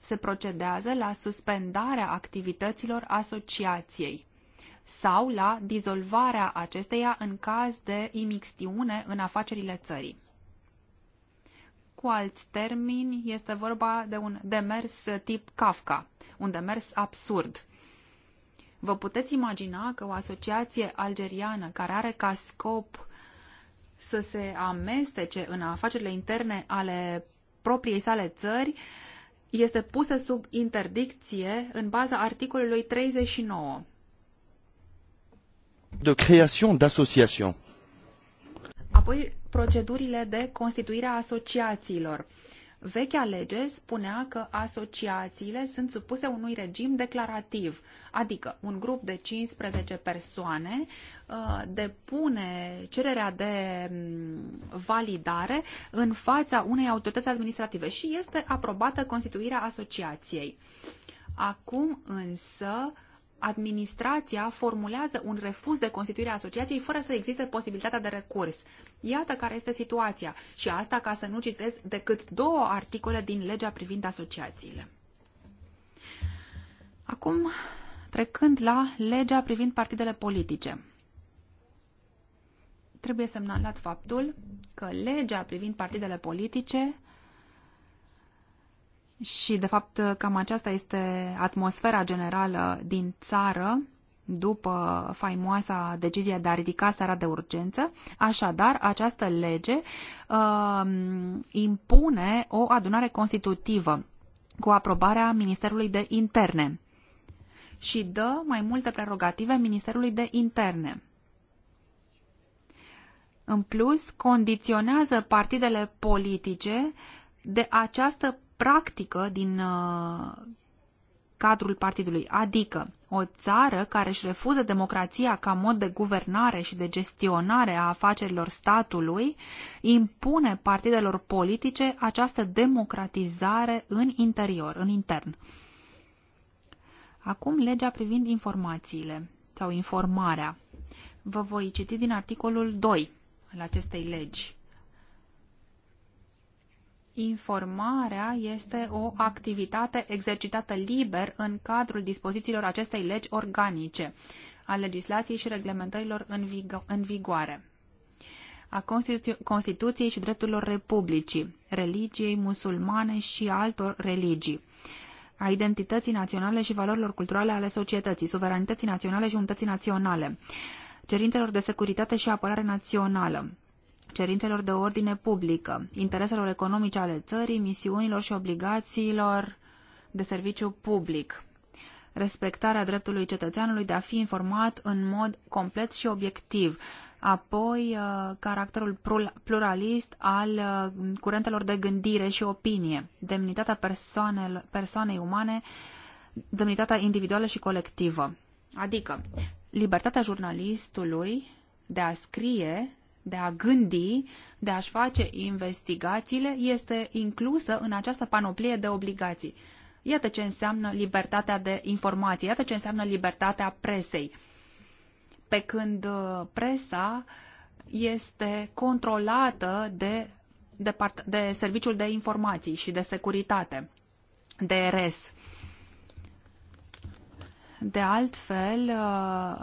Se procedează la suspendarea activităților asociației sau la dizolvarea acesteia în caz de imixtiune în afacerile țării. Cu alți termini, este vorba de un demers tip Kafka, un demers absurd Vă puteți imagina că o asociație algeriană care are ca scop să se amestece în afacerile interne ale propriei sale țări este pusă sub interdicție în baza articolului 39. De creation d'association. Apoi procedurile de constituire a asociațiilor. Uh, Vechea lege spunea că asociațiile sunt supuse unui regim declarativ, adică un grup de 15 persoane uh, depune cererea de mm, validare în fața unei autorități administrative și este aprobată constituirea asociației. Acum însă administrația formulează un refuz de constituire a asociației fără să existe posibilitatea de recurs. Iată care este situația și asta ca să nu citesc decât două articole din legea privind asociațiile. Acum, trecând la legea privind partidele politice. Trebuie semnalat faptul că legea privind partidele politice și, de fapt, cam aceasta este atmosfera generală din țară după faimoasa decizie de a ridica starea de urgență. Așadar, această lege uh, impune o adunare constitutivă cu aprobarea Ministerului de Interne și dă mai multe prerogative Ministerului de Interne. În plus, condiționează partidele politice de această practică din uh, cadrul partidului, adică o țară care își refuză democrația ca mod de guvernare și de gestionare a afacerilor statului, impune partidelor politice această democratizare în interior, în intern. Acum legea privind informațiile sau informarea. Vă voi citi din articolul 2 al acestei legi informarea este o activitate exercitată liber în cadrul dispozițiilor acestei legi organice, a legislației și reglementărilor în, vigo în vigoare, a Constitu Constituției și drepturilor Republicii, religiei musulmane și altor religii a identității naționale și valorilor culturale ale societății, suveranității naționale și unității naționale, cerințelor de securitate și apărare națională, cerințelor de ordine publică, intereselor economice ale țării, misiunilor și obligațiilor de serviciu public, respectarea dreptului cetățeanului de a fi informat în mod complet și obiectiv, apoi uh, caracterul pluralist al uh, curentelor de gândire și opinie, demnitatea persoanei umane, demnitatea individuală și colectivă. Adică, libertatea jurnalistului de a scrie de a gândi, de a-și face investigațiile, este inclusă în această panoplie de obligații. Iată ce înseamnă libertatea de informație, iată ce înseamnă libertatea presei. Pe când uh, presa este controlată de, de, part, de Serviciul de Informații și de Securitate, DRS. De altfel, uh,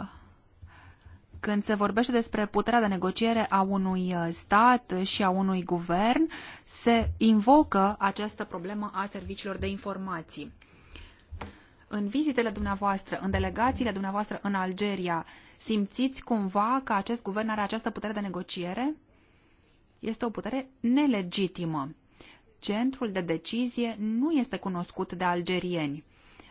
când se vorbește despre puterea de negociere a unui uh, stat și a unui guvern, se invocă această problemă a serviciilor de informații. În vizitele dumneavoastră, în delegațiile dumneavoastră în Algeria, simțiți cumva că acest guvern are această putere de negociere? Este o putere nelegitimă. Centrul de decizie nu este cunoscut de algerieni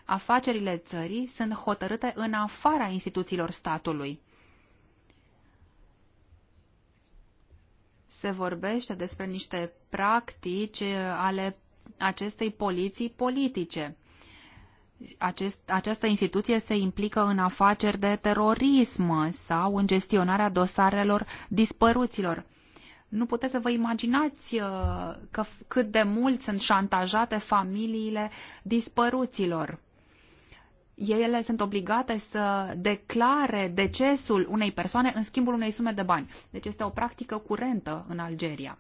afacerile țării sunt hotărâte în afara instituțiilor statului. se vorbește despre niște practici eh, ale acestei poliții politice. Acest, această instituție se implică în afaceri de terorism sau în gestionarea dosarelor dispăruților. Nu puteți să vă imaginați eh, că, cât de mult sunt șantajate familiile dispăruților ele sunt obligate să declare decesul unei persoane în schimbul unei sume de bani. Deci este o practică curentă în Algeria.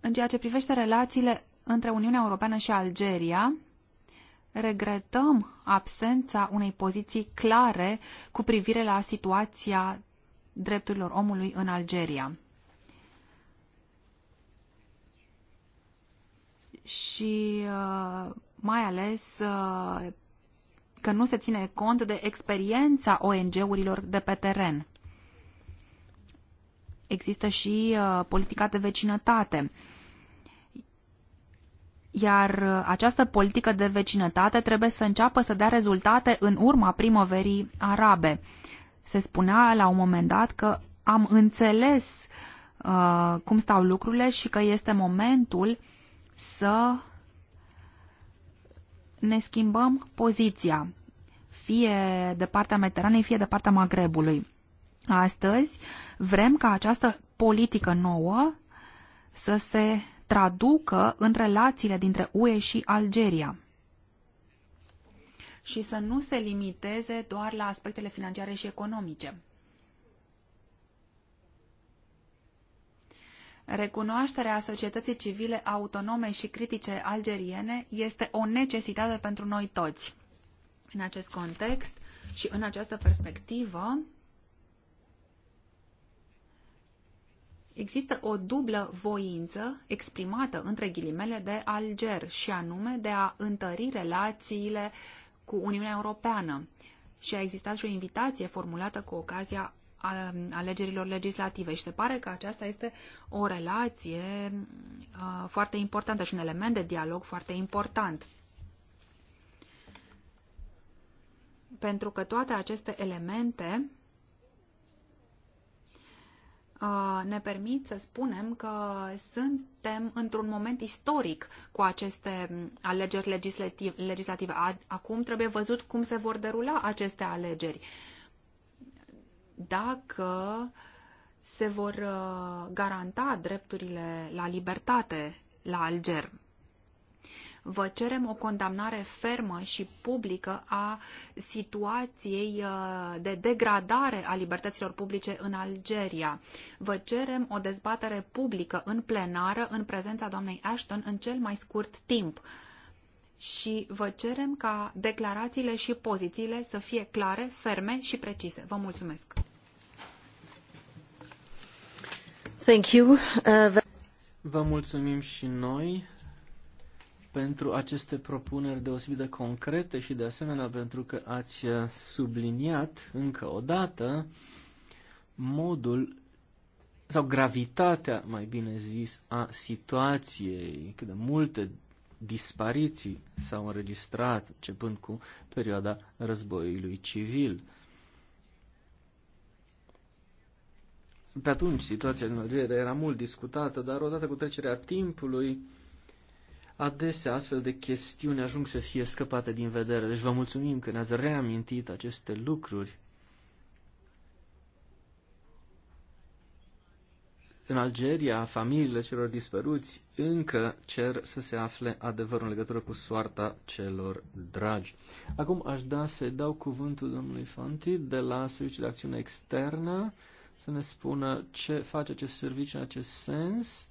În ceea ce privește relațiile între Uniunea Europeană și Algeria, regretăm absența unei poziții clare cu privire la situația drepturilor omului în Algeria. Și uh, mai ales uh, că nu se ține cont de experiența ONG-urilor de pe teren. Există și uh, politica de vecinătate. Iar uh, această politică de vecinătate trebuie să înceapă să dea rezultate în urma primăverii arabe. Se spunea la un moment dat că am înțeles uh, cum stau lucrurile și că este momentul să ne schimbăm poziția, fie de partea Mediteranei, fie de partea Magrebului. Astăzi vrem ca această politică nouă să se traducă în relațiile dintre UE și Algeria și să nu se limiteze doar la aspectele financiare și economice. Recunoașterea societății civile autonome și critice algeriene este o necesitate pentru noi toți. În acest context și în această perspectivă, există o dublă voință exprimată între ghilimele de Alger și anume de a întări relațiile cu Uniunea Europeană. Și a existat și o invitație formulată cu ocazia alegerilor legislative și se pare că aceasta este o relație foarte importantă și un element de dialog foarte important. Pentru că toate aceste elemente ne permit să spunem că suntem într-un moment istoric cu aceste alegeri legislative. Acum trebuie văzut cum se vor derula aceste alegeri dacă se vor uh, garanta drepturile la libertate la Alger. Vă cerem o condamnare fermă și publică a situației uh, de degradare a libertăților publice în Algeria. Vă cerem o dezbatere publică în plenară în prezența doamnei Ashton în cel mai scurt timp și vă cerem ca declarațiile și pozițiile să fie clare, ferme și precise. Vă mulțumesc! Uh, Vă mulțumim și noi pentru aceste propuneri deosebit de concrete și de asemenea pentru că ați uh, subliniat încă o dată modul sau gravitatea, mai bine zis, a situației, cât de multe dispariții s-au înregistrat începând cu perioada războiului civil. Pe atunci situația din Algeria era mult discutată, dar odată cu trecerea timpului, adesea astfel de chestiuni ajung să fie scăpate din vedere. Deci vă mulțumim că ne-ați reamintit aceste lucruri. În Algeria, familiile celor dispăruți încă cer să se afle adevărul în legătură cu soarta celor dragi. Acum aș da să dau cuvântul domnului Fanti de la Serviciul de Acțiune Externă să ne spună ce face acest serviciu în acest sens.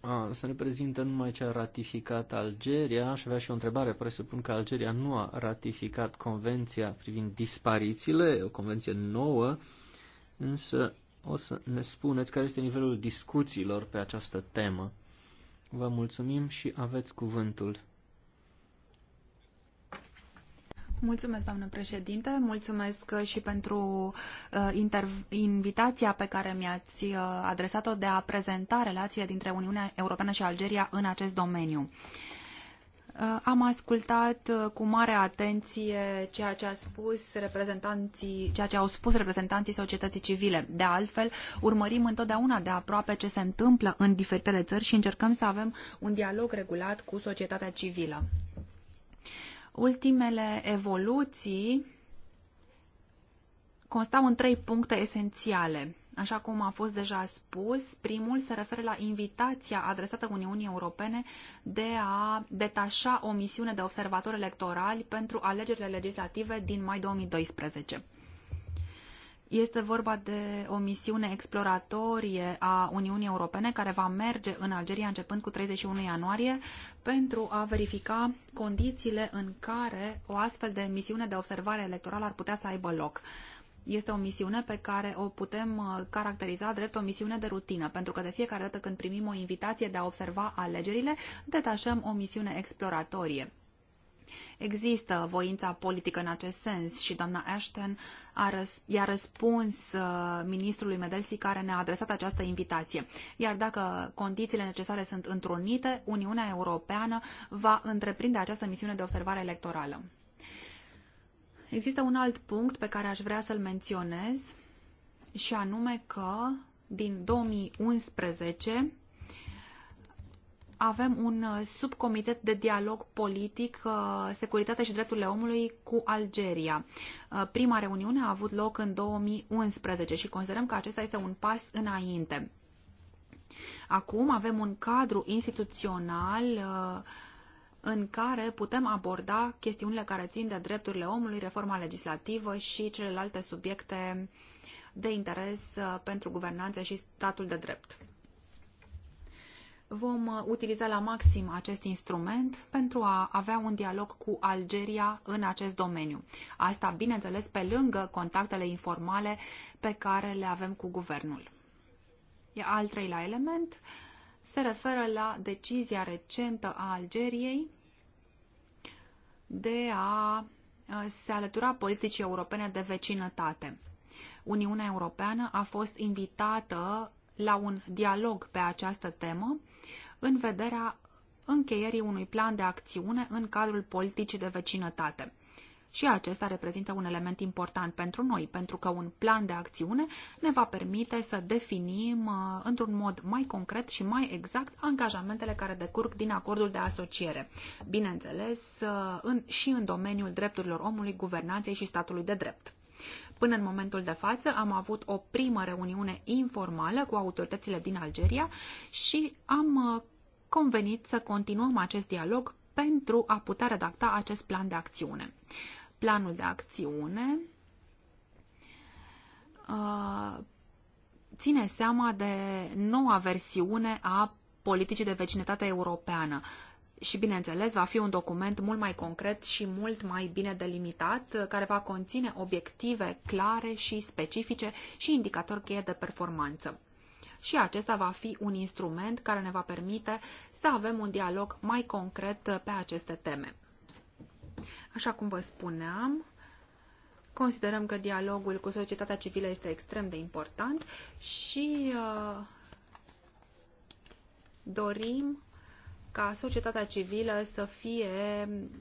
A, să ne prezintă numai ce a ratificat Algeria. Aș avea și o întrebare. Presupun că Algeria nu a ratificat convenția privind disparițiile, o convenție nouă, însă o să ne spuneți care este nivelul discuțiilor pe această temă. Vă mulțumim și aveți cuvântul. Mulțumesc, doamnă președinte, mulțumesc uh, și pentru uh, invitația pe care mi-ați uh, adresat-o de a prezenta relațiile dintre Uniunea Europeană și Algeria în acest domeniu. am ascultat cu mare atenție ceea ce, a spus reprezentanții, ceea ce au spus reprezentanții societății civile. De altfel, urmărim întotdeauna de aproape ce se întâmplă în diferitele țări și încercăm să avem un dialog regulat cu societatea civilă. Ultimele evoluții constau în trei puncte esențiale. Așa cum a fost deja spus, primul se referă la invitația adresată Uniunii Europene de a detașa o misiune de observatori electorali pentru alegerile legislative din mai 2012. Este vorba de o misiune exploratorie a Uniunii Europene care va merge în Algeria începând cu 31 ianuarie pentru a verifica condițiile în care o astfel de misiune de observare electorală ar putea să aibă loc. Este o misiune pe care o putem uh, caracteriza drept o misiune de rutină, pentru că de fiecare dată când primim o invitație de a observa alegerile, detașăm o misiune exploratorie Există voința politică în acest sens și doamna Ashton a răs- i-a răspuns uh, ministrului Medelsi care ne-a adresat această invitație. Iar dacă condițiile necesare sunt întrunite, Uniunea Europeană va întreprinde această misiune de observare electorală. Există un alt punct pe care aș vrea să-l menționez și anume că din 2011 avem un uh, subcomitet de dialog politic, uh, securitate și drepturile omului cu Algeria. Uh, prima reuniune a avut loc în 2011 și considerăm că acesta este un pas înainte. Acum avem un cadru instituțional în care putem aborda chestiunile care țin de drepturile omului, reforma legislativă și celelalte subiecte de interes pentru guvernanță și statul de drept. Vom uh, utiliza la maxim acest instrument pentru a avea un dialog cu Algeria în acest domeniu. Asta, bineînțeles, pe lângă contactele informale pe care le avem cu guvernul. Al treilea element se referă la decizia recentă a Algeriei de a uh, se alătura politicii europene de vecinătate. Uniunea Europeană a fost invitată la un dialog pe această temă în vederea încheierii unui plan de acțiune în cadrul politicii de vecinătate. Și acesta reprezintă un element important pentru noi, pentru că un plan de acțiune ne va permite să definim uh, într-un mod mai concret și mai exact angajamentele care decurg din acordul de asociere. Bineînțeles, uh, în, și în domeniul drepturilor omului, guvernanței și statului de drept. Până în momentul de față am avut o primă reuniune informală cu autoritățile din Algeria și am uh, convenit să continuăm acest dialog pentru a putea redacta acest plan de acțiune. Planul de acțiune uh, ține seama de noua versiune a politicii de vecinătate europeană, și, bineînțeles, va fi un document mult mai concret și mult mai bine delimitat, care va conține obiective clare și specifice și indicatori cheie de performanță. Și acesta va fi un instrument care ne va permite să avem un dialog mai concret pe aceste teme. Așa cum vă spuneam, considerăm că dialogul cu societatea civilă este extrem de important și uh, dorim ca societatea civilă să fie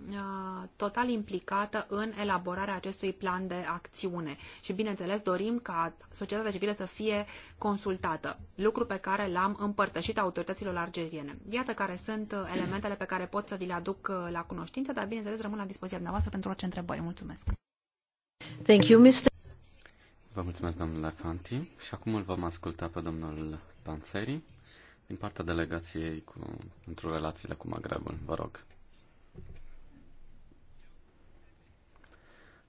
uh, total implicată în elaborarea acestui plan de acțiune. Și, bineînțeles, dorim ca societatea civilă să fie consultată, lucru pe care l-am împărtășit autorităților argeriene. Iată care sunt uh, elementele pe care pot să vi le aduc uh, la cunoștință, dar, bineînțeles, rămân la dispoziția dumneavoastră pentru orice întrebări. Mulțumesc! Thank you, Mr. Vă mulțumesc, domnule Fanti. Și acum îl vom asculta pe domnul Panțeri din partea delegației cu, pentru relațiile cu Magrebul. Vă rog.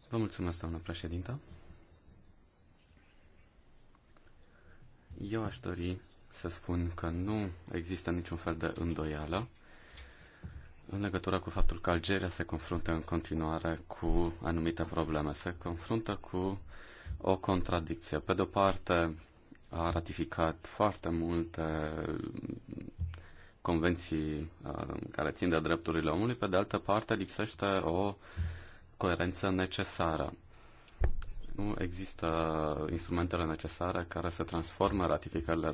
Vă mulțumesc, doamnă președintă. Eu aș dori să spun că nu există niciun fel de îndoială în legătură cu faptul că Algeria se confruntă în continuare cu anumite probleme. Se confruntă cu o contradicție. Pe de o parte, a ratificat foarte multe convenții uh, care țin de drepturile omului, pe de altă parte lipsește o coerență necesară. Nu există instrumentele necesare care să transformă ratificările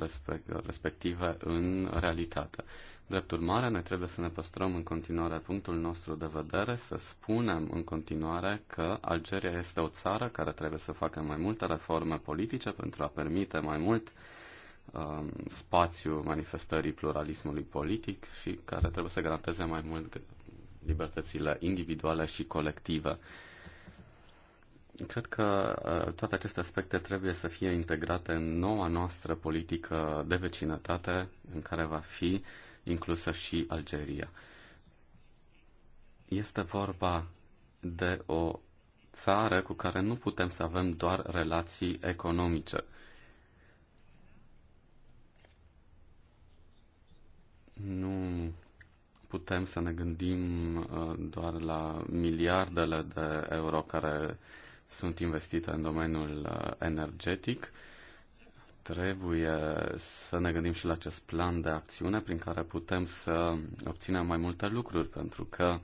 respective în realitate. Drept urmare, noi trebuie să ne păstrăm în continuare punctul nostru de vedere, să spunem în continuare că Algeria este o țară care trebuie să facă mai multe reforme politice pentru a permite mai mult um, spațiu manifestării pluralismului politic și care trebuie să garanteze mai mult libertățile individuale și colective. Cred că uh, toate aceste aspecte trebuie să fie integrate în noua noastră politică de vecinătate, în care va fi uh, inclusă și Algeria. Este vorba de o țară cu care nu putem să avem doar relații economice. Nu putem să ne gândim uh, doar la miliardele de euro care sunt investite în domeniul uh, energetic, trebuie să ne gândim și la acest plan de acțiune prin care putem să obținem mai multe lucruri, pentru că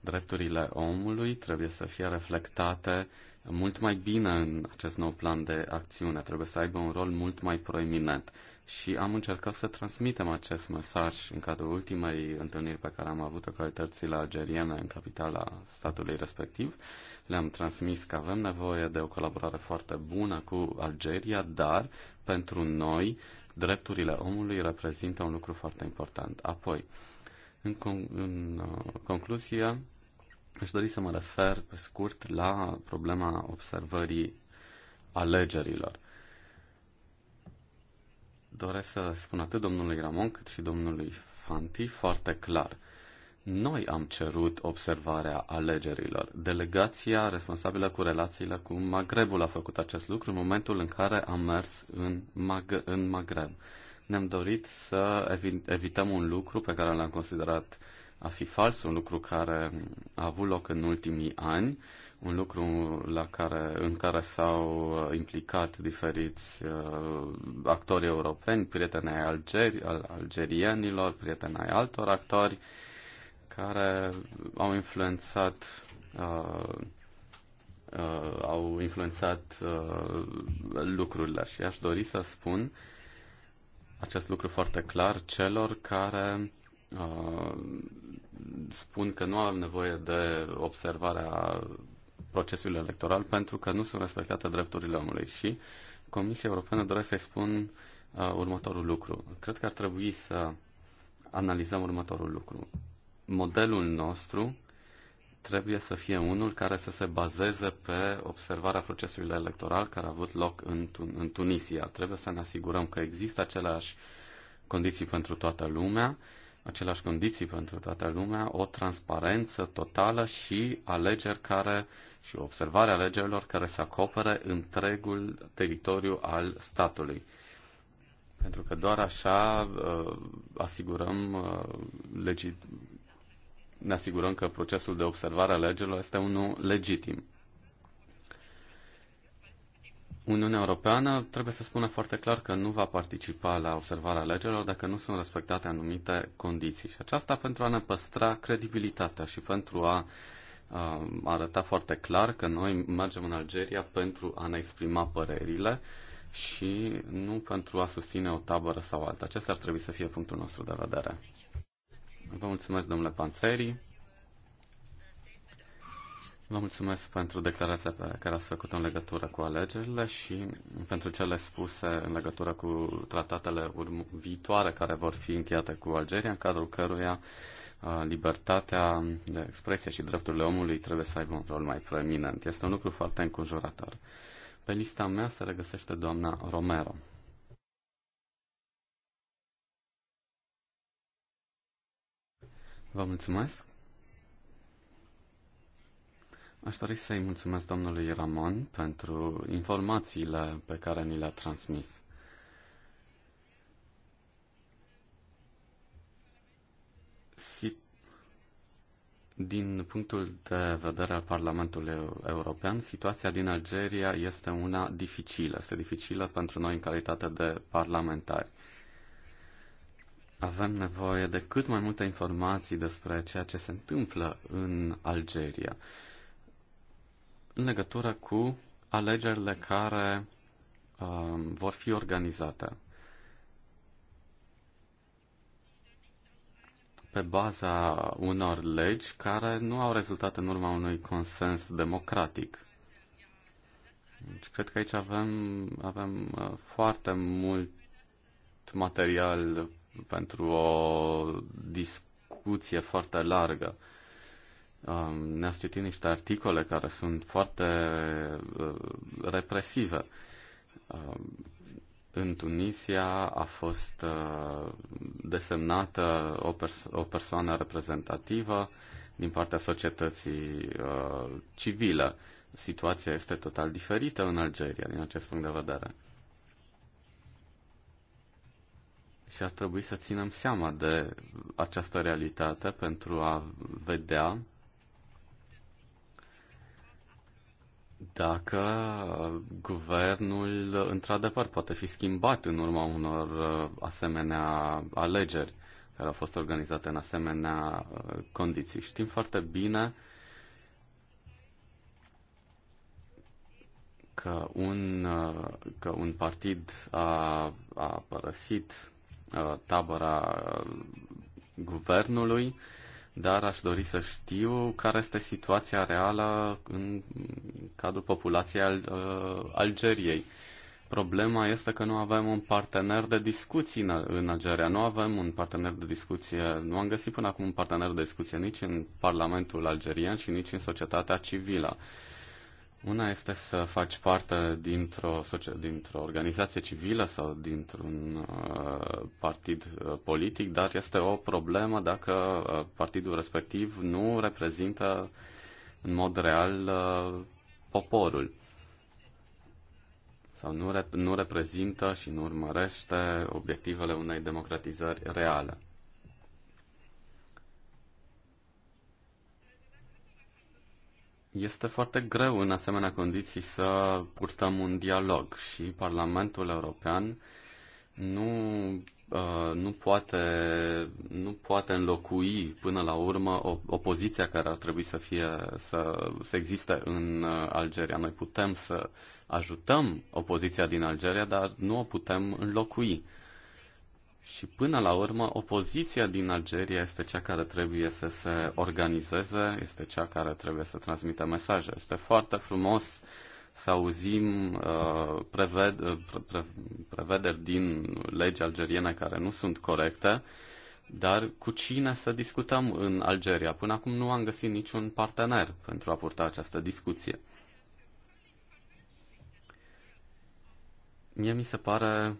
drepturile omului trebuie să fie reflectate mult mai bine în acest nou plan de acțiune, trebuie să aibă un rol mult mai proeminent și am încercat să transmitem acest mesaj în cadrul ultimei întâlniri pe care am avut-o cu autoritățile algeriene în capitala statului respectiv. Le-am transmis că avem nevoie de o colaborare foarte bună cu Algeria, dar pentru noi drepturile omului reprezintă un lucru foarte important. Apoi, în, con- în uh, concluzie, aș dori să mă refer pe scurt la problema observării alegerilor Doresc să spun atât domnului Ramon cât și domnului Fanti foarte clar. Noi am cerut observarea alegerilor. Delegația responsabilă cu relațiile cu Magrebul a făcut acest lucru în momentul în care am mers în, Mag- în Magreb. Ne-am dorit să evităm un lucru pe care l-am considerat a fi fals, un lucru care a avut loc în ultimii ani, un lucru la care, în care s-au uh, implicat diferiți uh, actori europeni, prieteni ai algeri, al algerienilor, prieteni ai altor actori, care au influențat uh, uh, au influențat uh, lucrurile și aș dori să spun acest lucru foarte clar celor care uh, spun că nu au nevoie de observarea procesul electoral pentru că nu sunt respectate drepturile omului. Și Comisia Europeană doresc să-i spun uh, următorul lucru. Cred că ar trebui să analizăm următorul lucru. Modelul nostru trebuie să fie unul care să se bazeze pe observarea procesului electoral care a avut loc în, Tun- în Tunisia. Trebuie să ne asigurăm că există aceleași condiții pentru toată lumea, uh, aceleași condiții pentru toată lumea, o transparență totală și alegeri care și observarea alegerilor care să acopere întregul teritoriu al statului. Pentru că doar așa uh, asigurăm uh, legi... ne asigurăm că procesul de observare a legilor este unul legitim. Uniunea Europeană trebuie să spună foarte clar că nu va participa la observarea alegerilor dacă nu sunt respectate anumite condiții. Și aceasta pentru a ne păstra credibilitatea și pentru a uh, arăta foarte clar că noi mergem în Algeria pentru a ne exprima părerile și nu pentru a susține o tabără sau alta. Acesta ar trebui să fie punctul nostru de vedere. Vă mulțumesc, domnule Panțeri. Vă mulțumesc pentru declarația pe care ați făcut în legătură cu alegerile și pentru cele spuse în legătură cu tratatele viitoare care vor fi încheiate cu Algeria, în cadrul căruia uh, libertatea de expresie și drepturile omului trebuie să aibă un rol mai preeminent. Este un lucru foarte încurajator. Pe lista mea se regăsește doamna Romero. Vă mulțumesc. Aș dori să-i mulțumesc domnului Ramon pentru informațiile pe care ni le-a transmis. Din punctul de vedere al Parlamentului European, situația din Algeria este una dificilă. Este dificilă pentru noi în calitate de parlamentari. Avem nevoie de cât mai multe informații despre ceea ce se întâmplă în Algeria în legătură cu alegerile care uh, vor fi organizate. pe baza unor legi care nu au rezultat în urma unui consens democratic. Deci, cred că aici avem, avem uh, foarte mult material pentru o discuție foarte largă ne-ați citit niște articole care sunt foarte uh, represive. Uh, în Tunisia a fost uh, desemnată o, perso- o persoană reprezentativă din partea societății civile. Situația este total diferită în Algeria din acest punct de vedere. și ar trebui să ținem seama de această realitate pentru a vedea dacă uh, guvernul uh, într-adevăr poate fi schimbat în urma unor uh, asemenea alegeri care au fost organizate în asemenea condiții. Știm foarte bine că un, că un partid a, a părăsit tabăra guvernului dar aș dori să știu care este situația reală în cadrul populației al, uh, Algeriei. Problema este că nu avem un partener de discuții în, în Algeria, nu avem un partener de discuție, nu am găsit până acum un partener de discuție nici în Parlamentul Algerian și nici în societatea civilă. Uh, una este să faci parte dintr-o, dintr-o organizație civilă sau dintr-un uh, partid uh, politic, dar este o problemă dacă uh, partidul respectiv nu reprezintă în mod real poporul sau nu, rep- nu reprezintă și nu urmărește obiectivele unei democratizări reale. Este foarte greu în asemenea condiții să purtăm un dialog și Parlamentul European nu, uh, nu, poate, nu poate înlocui până la urmă o, opoziția care ar trebui să, fie, să, să existe în uh, Algeria. Noi putem să ajutăm opoziția din Algeria, dar nu o putem înlocui. Și până la urmă, opoziția din Algeria este cea care trebuie să se organizeze, este cea care trebuie să transmită mesaje. Este foarte frumos să auzim uh, preved, uh, pre, pre, prevederi din legi algeriene care nu sunt corecte, dar cu cine să discutăm în Algeria? Până acum nu am găsit niciun partener pentru a purta această discuție. Mie mi se pare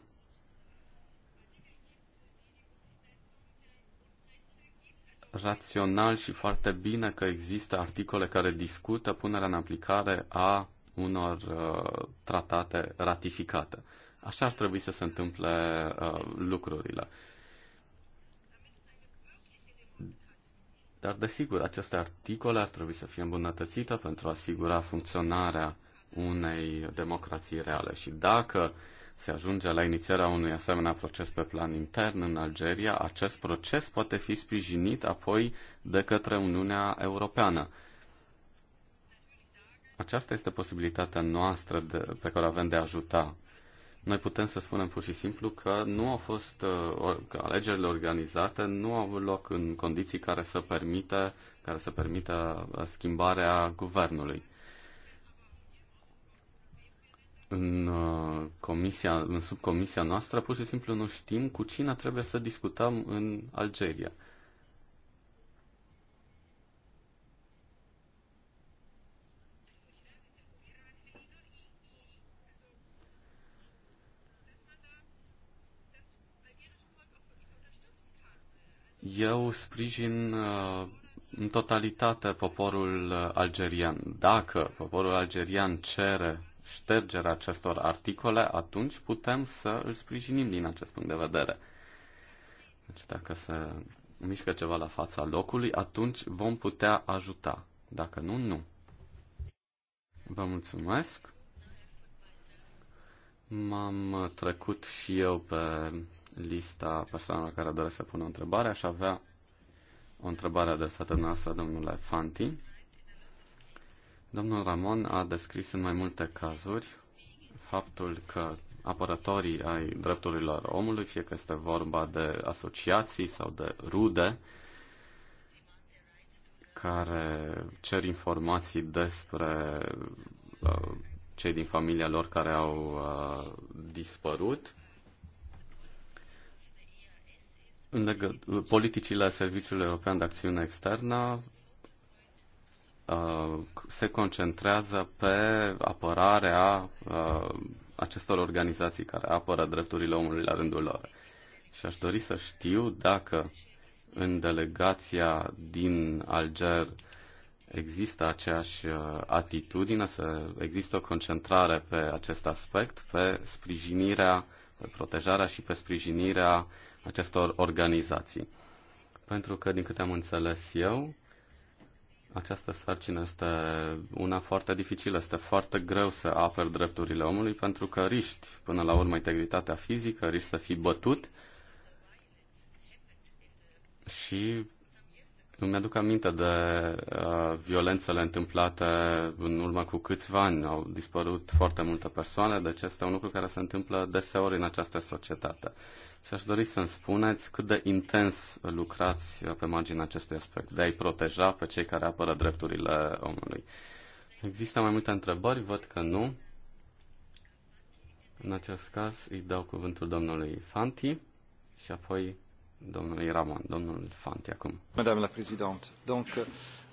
rațional și foarte bine că există articole care discută punerea în aplicare a unor uh, tratate ratificate. Așa ar trebui să se întâmple uh, lucrurile. Dar, desigur, aceste articole ar trebui să fie îmbunătățite pentru a asigura funcționarea unei democrații reale. Și dacă uh, se ajunge la inițierea unui asemenea proces pe plan intern în Algeria, acest proces poate fi sprijinit apoi de către Uniunea Europeană. Aceasta este posibilitatea noastră de, pe care o avem de a ajuta. Noi putem să spunem pur și simplu că nu au fost uh, că alegerile organizate nu au avut loc în condiții care să permită care să permită schimbarea guvernului în uh, comisia, în subcomisia noastră, pur și simplu nu știm cu cine trebuie să discutăm în Algeria. Eu sprijin uh, în totalitate poporul uh, algerian. Dacă poporul algerian cere ștergerea acestor articole, atunci putem să îl sprijinim din acest punct de vedere. Deci dacă se mișcă ceva la fața locului, atunci vom putea ajuta. Dacă nu, nu. Vă mulțumesc. M-am trecut și eu pe lista persoanelor care doresc să pună o întrebare. Aș avea o întrebare adresată noastră, domnule Fanti. Domnul Ramon a descris în mai multe cazuri faptul că apărătorii ai drepturilor omului, fie că este vorba de asociații sau de rude, care cer informații despre uh, cei din familia lor care au uh, dispărut. politicile Serviciului European de Acțiune Externă Uh, se concentrează pe apărarea uh, acestor organizații care apără drepturile omului la rândul lor. Și aș dori să știu dacă în delegația din Alger există aceeași uh, atitudine, să există o concentrare pe acest aspect, pe sprijinirea, pe protejarea și pe sprijinirea acestor organizații. Pentru că, din câte am înțeles eu, această sarcină este una foarte dificilă, este foarte greu să aperi drepturile omului pentru că riști până la urmă integritatea fizică, riști să fii bătut și îmi aduc aminte de uh, violențele întâmplate în urmă cu câțiva ani. Au dispărut foarte multe persoane, deci este un lucru care se întâmplă deseori în această societate și aș dori să-mi spuneți cât de intens lucrați pe marginea acestui aspect, de a-i proteja pe cei care apără drepturile omului. Există mai multe întrebări? Văd că nu. În acest caz îi dau cuvântul domnului Fanti și apoi domnului Ramon, domnul Fanti acum. Madame la Présidente, donc,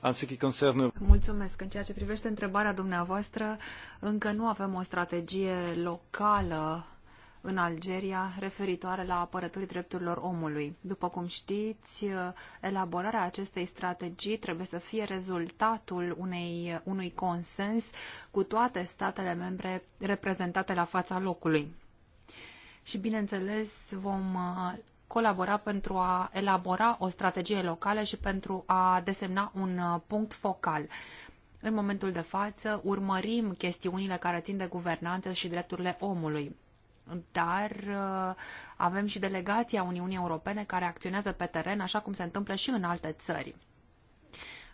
en ce concerne... Mulțumesc. În ceea ce privește întrebarea dumneavoastră, încă nu avem o strategie locală în Algeria referitoare la apărătorii drepturilor omului. După cum știți, elaborarea acestei strategii trebuie să fie rezultatul unei, unui consens cu toate statele membre reprezentate la fața locului. Și, bineînțeles, vom uh, colabora pentru a elabora o strategie locală și pentru a desemna un uh, punct focal. În momentul de față, urmărim chestiunile care țin de guvernanță și drepturile omului dar uh, avem și delegația Uniunii Europene care acționează pe teren, așa cum se întâmplă și în alte țări.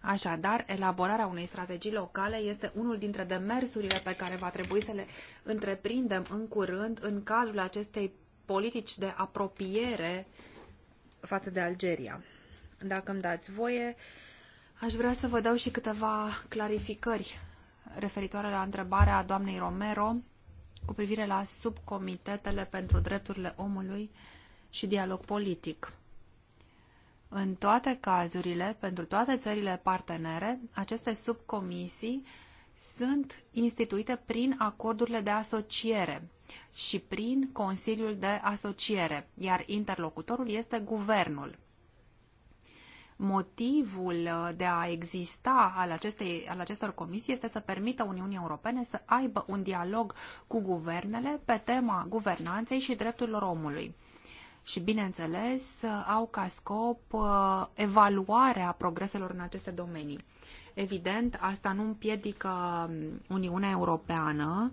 Așadar, elaborarea unei strategii locale este unul dintre demersurile pe care va trebui să le întreprindem în curând în cadrul acestei politici de apropiere față de Algeria. Dacă îmi dați voie, aș vrea să vă dau și câteva clarificări referitoare la întrebarea doamnei Romero cu privire la subcomitetele pentru drepturile omului și dialog politic. În toate cazurile, pentru toate țările partenere, aceste subcomisii sunt instituite prin acordurile de asociere și prin Consiliul de Asociere, iar interlocutorul este guvernul motivul uh, de a exista al, acestei, al acestor comisii este să permită Uniunii Europene să aibă un dialog cu guvernele pe tema guvernanței și drepturilor omului și, bineînțeles, uh, au ca scop uh, evaluarea progreselor în aceste domenii. Evident, asta nu împiedică um, Uniunea Europeană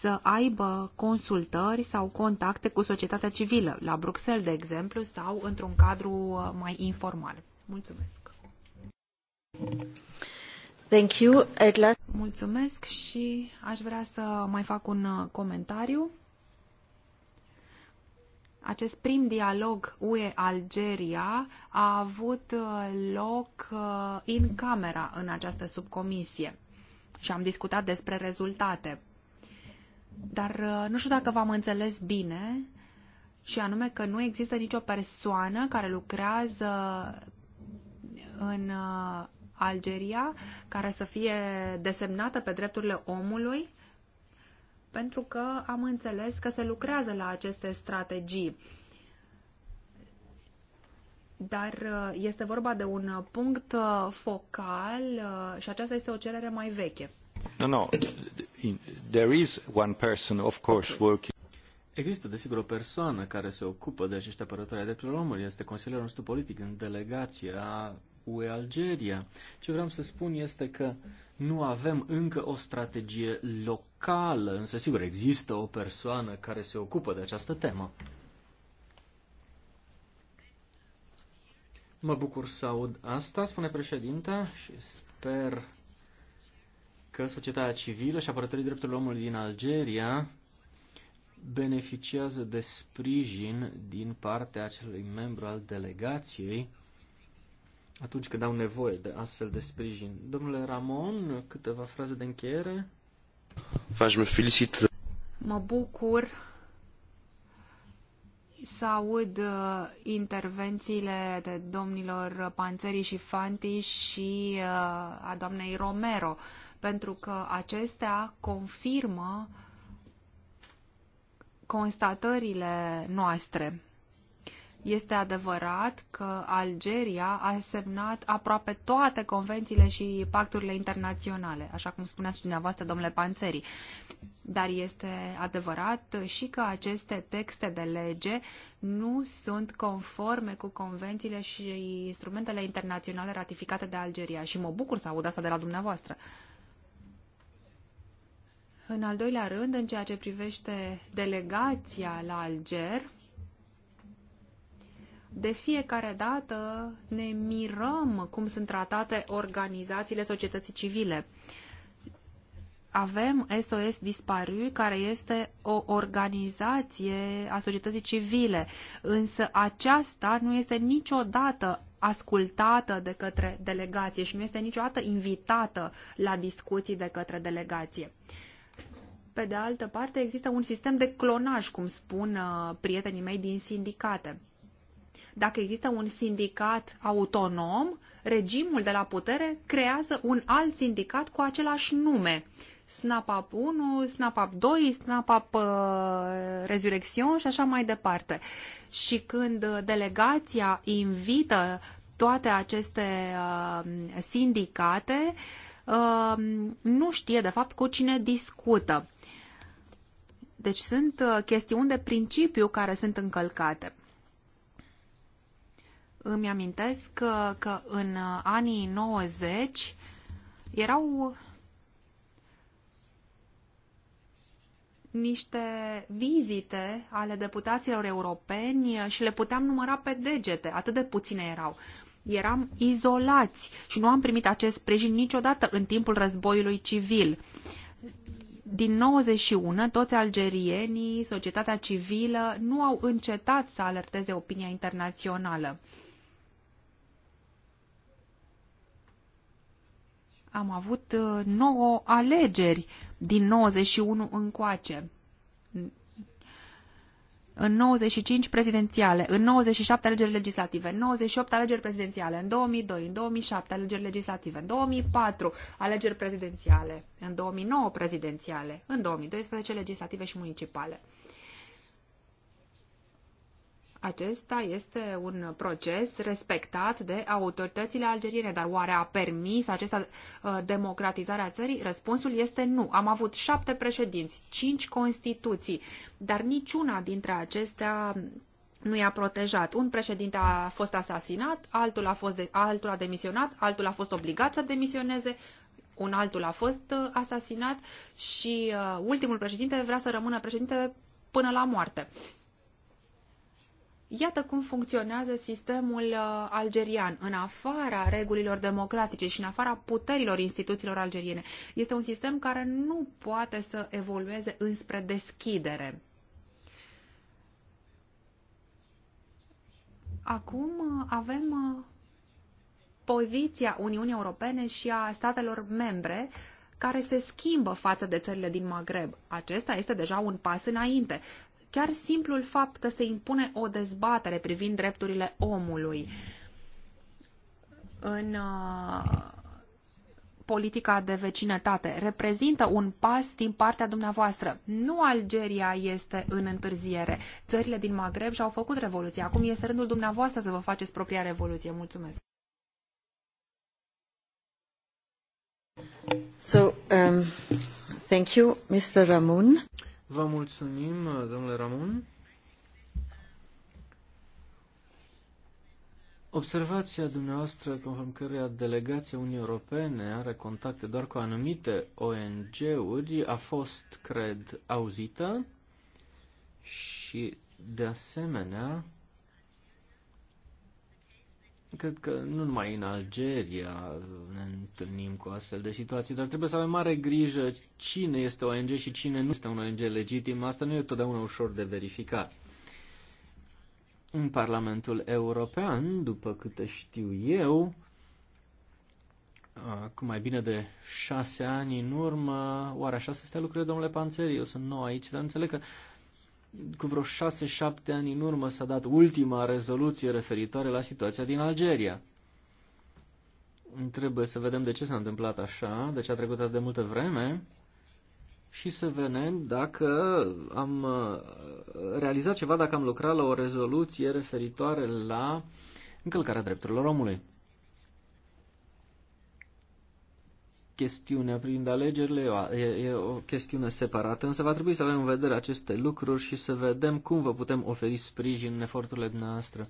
să aibă consultări sau contacte cu societatea civilă, la Bruxelles, de exemplu, sau într-un cadru uh, mai informal. Mulțumesc! Thank you. Mulțumesc și aș vrea să mai fac un uh, comentariu. Acest prim dialog UE-Algeria a avut uh, loc în camera în această subcomisie și am discutat despre rezultate. Dar uh, nu știu dacă v-am înțeles bine și anume că nu există nicio persoană care lucrează în uh, Algeria care să fie desemnată pe drepturile omului pentru că am înțeles că se lucrează la aceste strategii. Dar uh, este vorba de un punct focal și aceasta este o cerere mai veche. No, no. There is one person, of course, working. Există, desigur, o persoană care se ocupă de acești apărători ai drepturilor omului. Este consilierul nostru politic în delegația UE Algeria. Ce vreau să spun este că nu avem încă o strategie locală, însă sigur există o persoană care se ocupă de această temă. Mă bucur să aud asta, spune președinta, și sper că societatea civilă și apărătorii drepturilor omului din Algeria beneficiază de sprijin din partea acelui membru al delegației atunci când au nevoie de astfel de sprijin. Domnule Ramon, câteva fraze de încheiere? Faci mă felicit. Mă bucur să aud uh, intervențiile de domnilor Panțării și Fanti și uh, a doamnei Romero pentru că acestea confirmă constatările noastre. Este adevărat că Algeria a semnat aproape toate convențiile și pacturile internaționale, așa cum spuneați și dumneavoastră, domnule Panțeri. Dar este adevărat și că aceste texte de lege nu sunt conforme cu convențiile și instrumentele internaționale ratificate de Algeria. Și mă bucur să aud asta de la dumneavoastră. Uh, în al doilea rând, în ceea ce privește delegația la Alger, de fiecare dată ne mirăm cum sunt tratate organizațiile societății civile. Avem SOS Disparu, care este o organizație a societății civile, însă aceasta nu este niciodată ascultată de către delegație și nu este niciodată invitată la discuții de către delegație pe de altă parte, există un sistem de clonaj, cum spun uh, prietenii mei din sindicate. Dacă există un sindicat autonom, regimul de la putere creează un alt sindicat cu același nume. SNAPAP 1, SNAPAP 2, SNAPAP uh, Resurrection și așa mai departe. Și când delegația invită toate aceste uh, sindicate, uh, nu știe de fapt cu cine discută. Deci sunt uh, chestiuni de principiu care sunt încălcate. Îmi amintesc că, că în uh, anii 90 erau niște vizite ale deputaților europeni și le puteam număra pe degete, atât de puține erau. Eram izolați și nu am primit acest sprijin niciodată în timpul războiului civil. Uh, din 91, toți algerienii, societatea civilă, nu au încetat să alerteze opinia internațională. Am avut 9 uh, alegeri din 91 încoace în 95 prezidențiale, în 97 alegeri legislative, în 98 alegeri prezidențiale, în 2002, în 2007 alegeri legislative, în 2004 alegeri prezidențiale, în 2009 prezidențiale, în 2012 legislative și municipale. Acesta este un proces respectat de autoritățile algeriene, dar oare a permis această uh, democratizare a țării? Răspunsul este nu. Am avut șapte președinți, cinci constituții, dar niciuna dintre acestea nu i-a protejat. Un președinte a fost asasinat, altul a, fost de, altul a demisionat, altul a fost obligat să demisioneze, un altul a fost uh, asasinat și uh, ultimul președinte vrea să rămână președinte până la moarte. Iată cum funcționează sistemul uh, algerian, în afara regulilor democratice și în afara puterilor instituțiilor algeriene. Este un sistem care nu poate să evolueze înspre deschidere. Acum uh, avem uh, poziția Uniunii Europene și a statelor membre care se schimbă față de țările din Maghreb. Acesta este deja un pas înainte, Chiar simplul fapt că se impune o dezbatere privind drepturile omului în uh, politica de vecinătate reprezintă un pas din partea dumneavoastră. Nu Algeria este în întârziere. Țările din Maghreb și-au făcut revoluție. Acum este rândul dumneavoastră să vă faceți propria revoluție. Mulțumesc. So, um, thank you, Mr. Ramun. Vă mulțumim, domnule Ramon. Observația dumneavoastră conform căreia delegația Uniunii Europene are contacte doar cu anumite ONG-uri a fost, cred, auzită și, de asemenea, Cred că nu numai în Algeria ne întâlnim cu astfel de situații, dar trebuie să avem mare grijă cine este ONG și cine nu este un ONG legitim. Asta nu e totdeauna ușor de verificat. În Parlamentul European, după câte știu eu, cu mai bine de șase ani în urmă, oare așa se stea lucrurile, domnule Panțeri? Eu sunt nou aici, dar înțeleg că cu vreo șase-șapte ani în urmă s-a dat ultima rezoluție referitoare la situația din Algeria. Trebuie să vedem de ce s-a întâmplat așa, de ce a trecut atât de multă vreme și să vedem dacă am uh, realizat ceva, dacă am lucrat la o rezoluție referitoare la încălcarea drepturilor omului. chestiune privind alegerile e o chestiune separată, însă va trebui să avem în vedere aceste lucruri și să vedem cum vă putem oferi sprijin în eforturile dumneavoastră.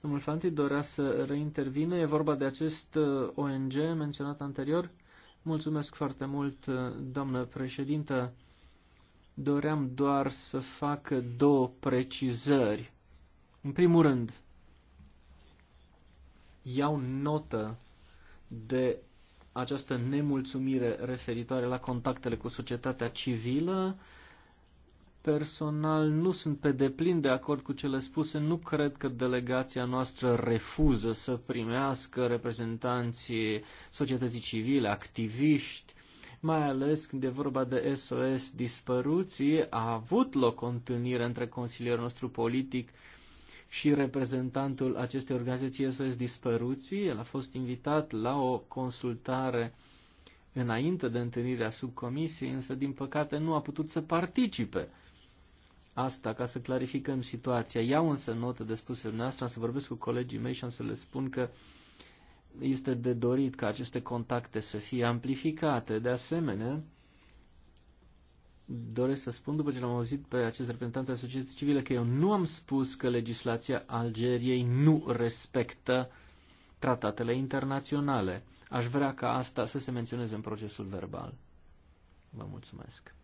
Domnul Fanti dorea să reintervine. E vorba de acest uh, ONG menționat anterior. Mulțumesc foarte mult, uh, doamnă președintă. Doream doar să fac două precizări. În primul rând, iau notă de această nemulțumire referitoare la contactele cu societatea civilă. Personal nu sunt pe deplin de acord cu cele spuse. Nu cred că delegația noastră refuză să primească reprezentanții societății civile, activiști, mai ales când e vorba de SOS dispăruții. A avut loc o întâlnire între consilierul nostru politic uh, și reprezentantul acestei organizații SOS Dispăruții. El a fost invitat la o consultare înainte de întâlnirea subcomisiei, însă din păcate nu a putut să participe. Asta ca să clarificăm situația. Iau însă notă de spusele dumneavoastră, am să vorbesc cu colegii mei și am să le spun că este de dorit ca aceste contacte să fie amplificate. De asemenea, doresc să spun, după ce l-am auzit pe acest reprezentant al societății civile, că eu nu am spus că legislația Algeriei nu respectă tratatele internaționale. Aș vrea ca asta să se menționeze în procesul verbal. Vă mulțumesc.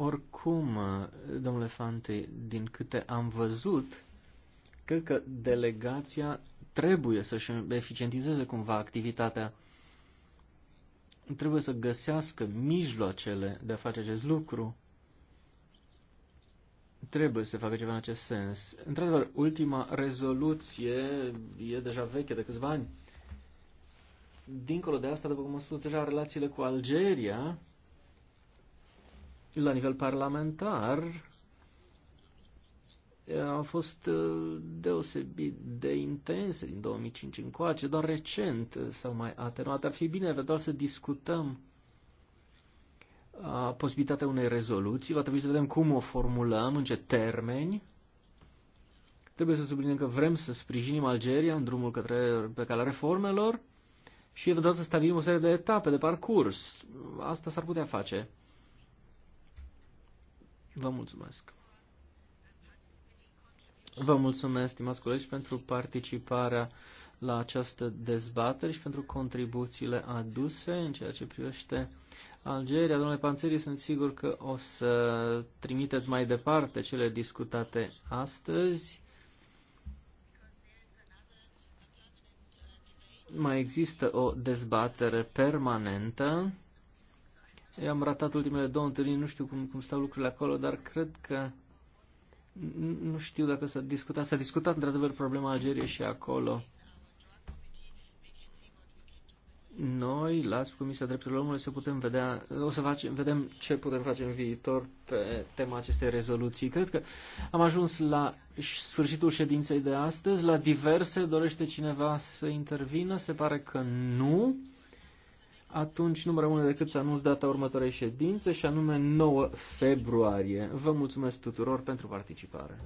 Oricum, domnule Fante, din câte am văzut, Cred că delegația trebuie să-și eficientizeze cumva activitatea. Trebuie să găsească mijloacele de a face acest lucru. Trebuie să facă ceva în acest sens. Într-adevăr, ultima rezoluție e deja veche de câțiva ani. Dincolo de asta, după cum am spus deja, relațiile cu Algeria, la nivel parlamentar, au fost uh, deosebit de intense din 2005 încoace, doar recent uh, s-au mai atenuat. Ar fi bine doar să discutăm uh, posibilitatea unei rezoluții, va trebui să vedem cum o formulăm, în ce termeni. Trebuie să subliniem că vrem să sprijinim Algeria în drumul către, pe calea reformelor și eventual să stabilim o serie de etape de parcurs. Asta s-ar putea face. Vă mulțumesc. Vă mulțumesc, stimați colegi, pentru participarea la această dezbatere și pentru contribuțiile aduse în ceea ce privește Algeria. Domnule Panțeri, sunt sigur că o să trimiteți mai departe cele discutate astăzi. Mai există o dezbatere permanentă. Eu am ratat ultimele două întâlniri, nu știu cum, cum stau lucrurile acolo, dar cred că nu știu dacă s-a discutat. S-a discutat într-adevăr problema Algeriei și acolo. Noi, la Comisia Drepturilor Omului, să putem vedea, o să facem, vedem ce putem face în viitor pe tema acestei rezoluții. Cred că am ajuns la sfârșitul ședinței de astăzi. La diverse dorește cineva să intervină? Se pare că nu atunci nu mai rămâne decât să anunț data următoarei ședințe și anume 9 februarie. Vă mulțumesc tuturor pentru participare.